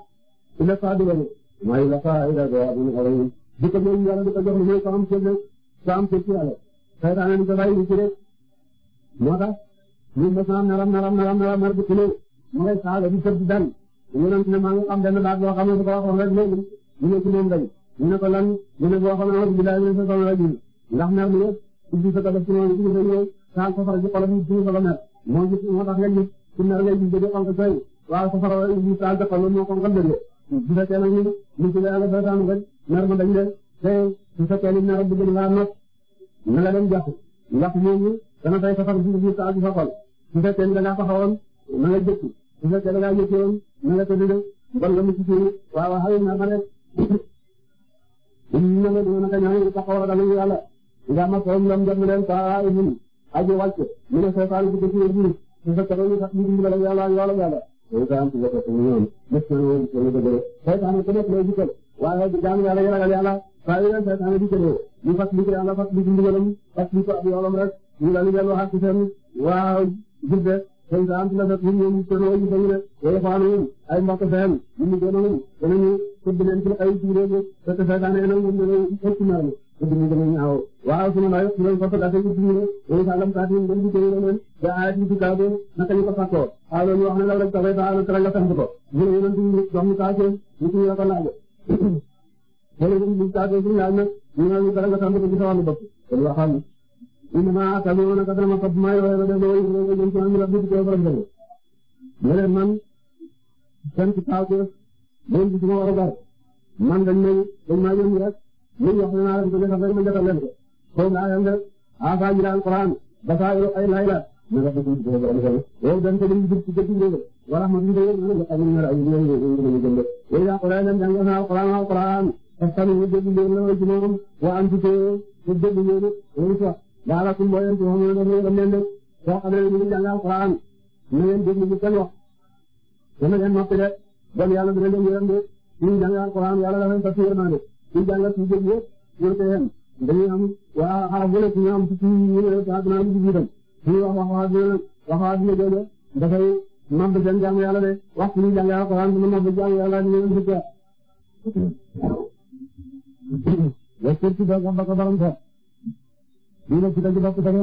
illa saabirun wa yu la xaaxaat illa saabirun alayhi di ko jël yàlla di ko jox lu muy saam cëb rek saam cëb ci yàlla seetaane di ko bàyyi ci rek moo tax ñu mës naa naram naram naram naram nar bi ci léegi mooy saa la di sëb di benn ñu ne maa ngi xam benn baat boo xam ne bu ko waxoon rek léegi ñu ne ci moom lañ ñu ne ko lan ñu ne boo xam ne awuzu billaahi mina shaytaani rajiim ndax mer mu ne ubbi sa def ci moom ci sa ñëw saa safara ci xolam ci sa mer moo gis moo tax nga gis ci mer ngay gis dëgg xonk tey waaw safara ubbi saa defal moo ko nga dëgg bu fekkee nag ñu ñu ci la nga seetaan rek mer ma dañ de te bu fekkee ni mer bu gën laa not na la dem jàpp ndax moomu dana fay safar bi ubbi saa di sa xol bu fekkee ni da ngaa ko xawoon na nga jëkk su fekkee da ngaa yëkkëwoon na nga tëdd de bon nga mucc ci waaw xëy na ma rek na nga dina naka ñaan taxawal dalu yàlla nga ma soom lam jam leen saa ihim aji wàcc mu ne seetaan bu dëkk yi su fekkee da nga sax ñu dimbal ak yàlla yoola yàlla seetaan su fekkee ñu ñoom def na woon ci la dëgg seetaan ko def lay jikkal waaye di jaamu yàlla yàlla yàlla saa yu leen seetaan di jëlee ñu fas li ko yàlla fas li dimbalam fas li ko ab yoolam rek ñu la ñu dellu xaar ci seen waa jubbe tey daa am ci la jot ñun ñooñu seen wàllu a wala ay mbokk fayam ñu ngi gën a ñëw danañu ay jiw rek te te fay daanee nag ñun dañoo ëpp ñaar la tëdd ñu gën a ñaaw waaw su ma laajoo su ma ko fekk affaire yu jiw la loolu saa lam saa si ñun dañ ko jëlee leen ba aay ci dugub bi naka ñu ko fàttoo waaw loolu wax na la rek dafay baax na dara nga fent ko ñu ne yéen a ngi dox ñu saa seen ñu ci ñu la ko laaj loolu ñu saa seen suñu laaj nag ñu ne ñu dara inna saloo naka dama ko may way da loy loy jëm ci am rabbi ko borom dal mo leen man sant taw ko leen ci sama wara gar man dañ may dañ ma yëm rek ñu wax na la ko defal ma defal leen ko ko la yam rek asa jira alquran basairu ay layla na rabbi ko borom dal yow dañ ko dañ jëm ci jëm rek wala ma ñu dañ la ko ñu ra ay ñu ñu jëm rek yow ya quran dañ nga na alquran alquran taxalu jëm leen la ci moom wa antu ko jëm leen daal ak mboolem ci moom la ñu leen de soo xam ne ñu ngi jàngal Alxuraan na ngeen déglu ñu seen wax dana leen noppi de bon yàlla dina leen yërëm de ñu jàngal Alxuraan yàlla dafa leen fas yërmande ñu jàngal suñu dégg yëpp ñu ko yem dañuy am waa xaraf bu nekk ñu am ci ñu ne sax dina am ci jiitam suñu wax wax wax dina wax wax dina jooju dafay màbb seen jàng yàlla de wax suñu jàngal Alxuraan dina màbb jàng yàlla dina leen dugg lii la ci dëgg bopp dëgg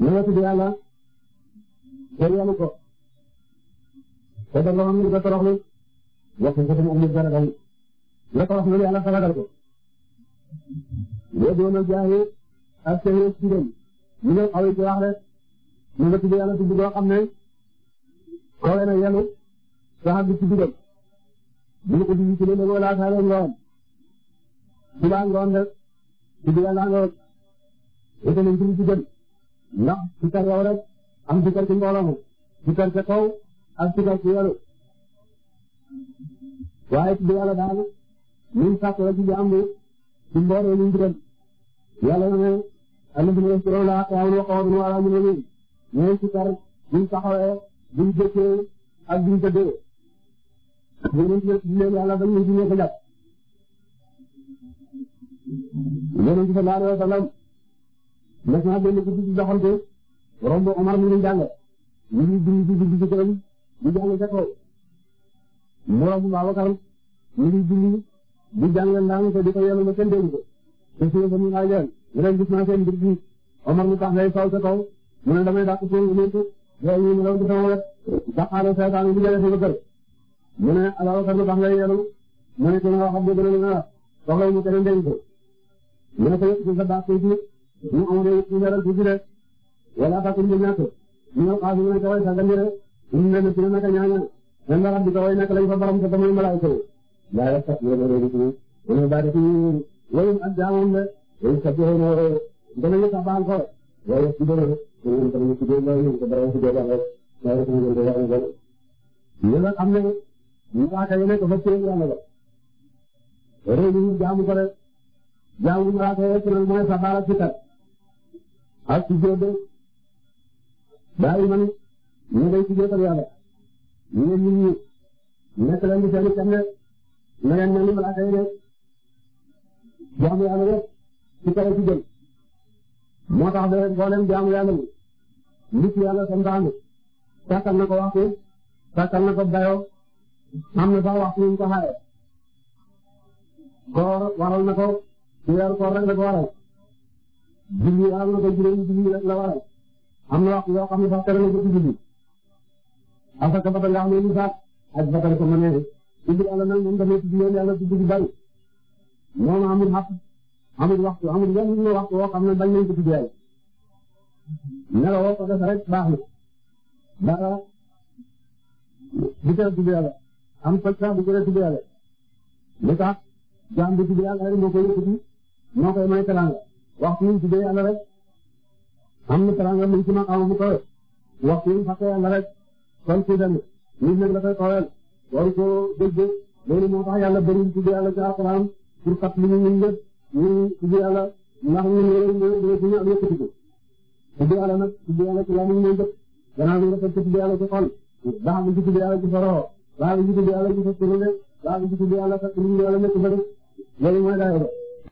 ñu nga tudd yàlla te yàlla ko te danga xam ne da toroxlu wax ko sama umur dara day la toroxlu yàlla sabagal ko boo doon jaaxi ak seen ci dem ñu ne aw ci wax rek ñu nga tudd yàlla tudd boo xam ne kawe na yàlla ci dugam bu ko di ci le wala sa la ngoon subaa tudd yàlla nga wute nañ ci ci gën ndax sikar am sikar ci mbooloo ca kaw ak sikar ci yaru waaye tudd yàlla daal ñun sàkk la ci jàmbu ci mbooloo ñu ci gën yàlla na ne alladina yaskuruna aqwaman ak buñ tëddee bu ñu leen yàlla bañ ñu ci ñoo ko jàpp yonent bi sallallahu alayhi wa sallam def naa benn guddi di doxante romb Omar mu ngi jàng ñu ngi dund ci guddi ci këram di jàng ca kaw mu romb Babacar mu ngi dund di jàng ndànk te di ko yellu ba kenn dégg ko te suñu fa ñu laaj leen ñu leen gis naa seen mbir bi Omar mu tax ngay saw ca kaw mu ne damay dàq seen nekk yooyu ñu ngi doon di sama wet daqaale seetaan bu jëlee sama kër mu ne Ababacar mu tax ngay yellu mu ne ko nga xam ne gën a gën a soxla mu kenn dégg ko mu ne ko yëpp ci sa baax tuuti mu amoon yëpp ci leeral tuuti rek wala fa kuñ ñàkk ñu ne xaasi mu ne ko way sàggan di rek mu ne ci naka ñaana dan la rabbi ko way nak lañ fa borom ko tamay malaayka yi la ya sax ñu ne ko mu ne ba def ñu wayum ak jaamam de way sax ñu ne dana ñu tabal ko way ci doon ñu ko ñu ci doon ñu ko borom ci doon rek la ya ko ñu doon wax ko ñu la am ne ñu waaka yene ko fa ci yalla la reewu jaamu ko rek jaamu malaaka yëpp nag mooy saxaar ak sikkat ak ci jóobe bàyyi man ñu ngay ci jóotal yàlla ñu ngi nit ñi nekk leen di seen kenn na ngeen mel ni malaaka yi de jaamu yàlla yëpp ci kaw ci jëm moo tax de mboolem jaamu yàlla yi nit yàlla santaane sàkkal na ko waxtu sàkkal na ko dayoo am na sax waxtu ñu ko xaare koor waral na ko ci weeru koor rek la ko waral julli am na ko juróomi julli rek la waral am na wax yoo xam ne sax tere na ko ci julli asaka ba nga xam ne ni sax ak ba ko mënee julli yàlla nag moom dafay tudd yoon yàlla tudd bu bari moom amul xaq amul waxtu amul yenn waxtu woo xam ne bañ nañ ko tudd yàlla nela woo ko def rek baax na dara bu tee tudd yàlla am ko sax bu jëlee tudd yàlla li tax jaam bi tudd yàlla rek moo koy yëkkati moo koy may teraanga waxtu yi tuddee yàlla rek am na teraanga mu ci ma aw mu kawe waxtu yi fàtte yàlla rek kon ci dem nit nag la koy kaweel waru ko dégg loolu moo tax yàlla bëri tuddee yàlla ci alxuraan pour fat li ñu ñun ñëpp ñu tuddee yàlla ndax ñun loolu mooy dina ci ñu am yëkkatiku tuddee yàlla nag tuddee yàlla ci la mu ñëw jëpp gannaaw bi nga fekk tuddee yàlla ci xol baax bi ci tuddee yàlla ci faroo baax bi ci tuddee yàlla ci sa turune baax bi ci tuddee yàlla sa turune yàlla nekk fa rek loolu mooy daayira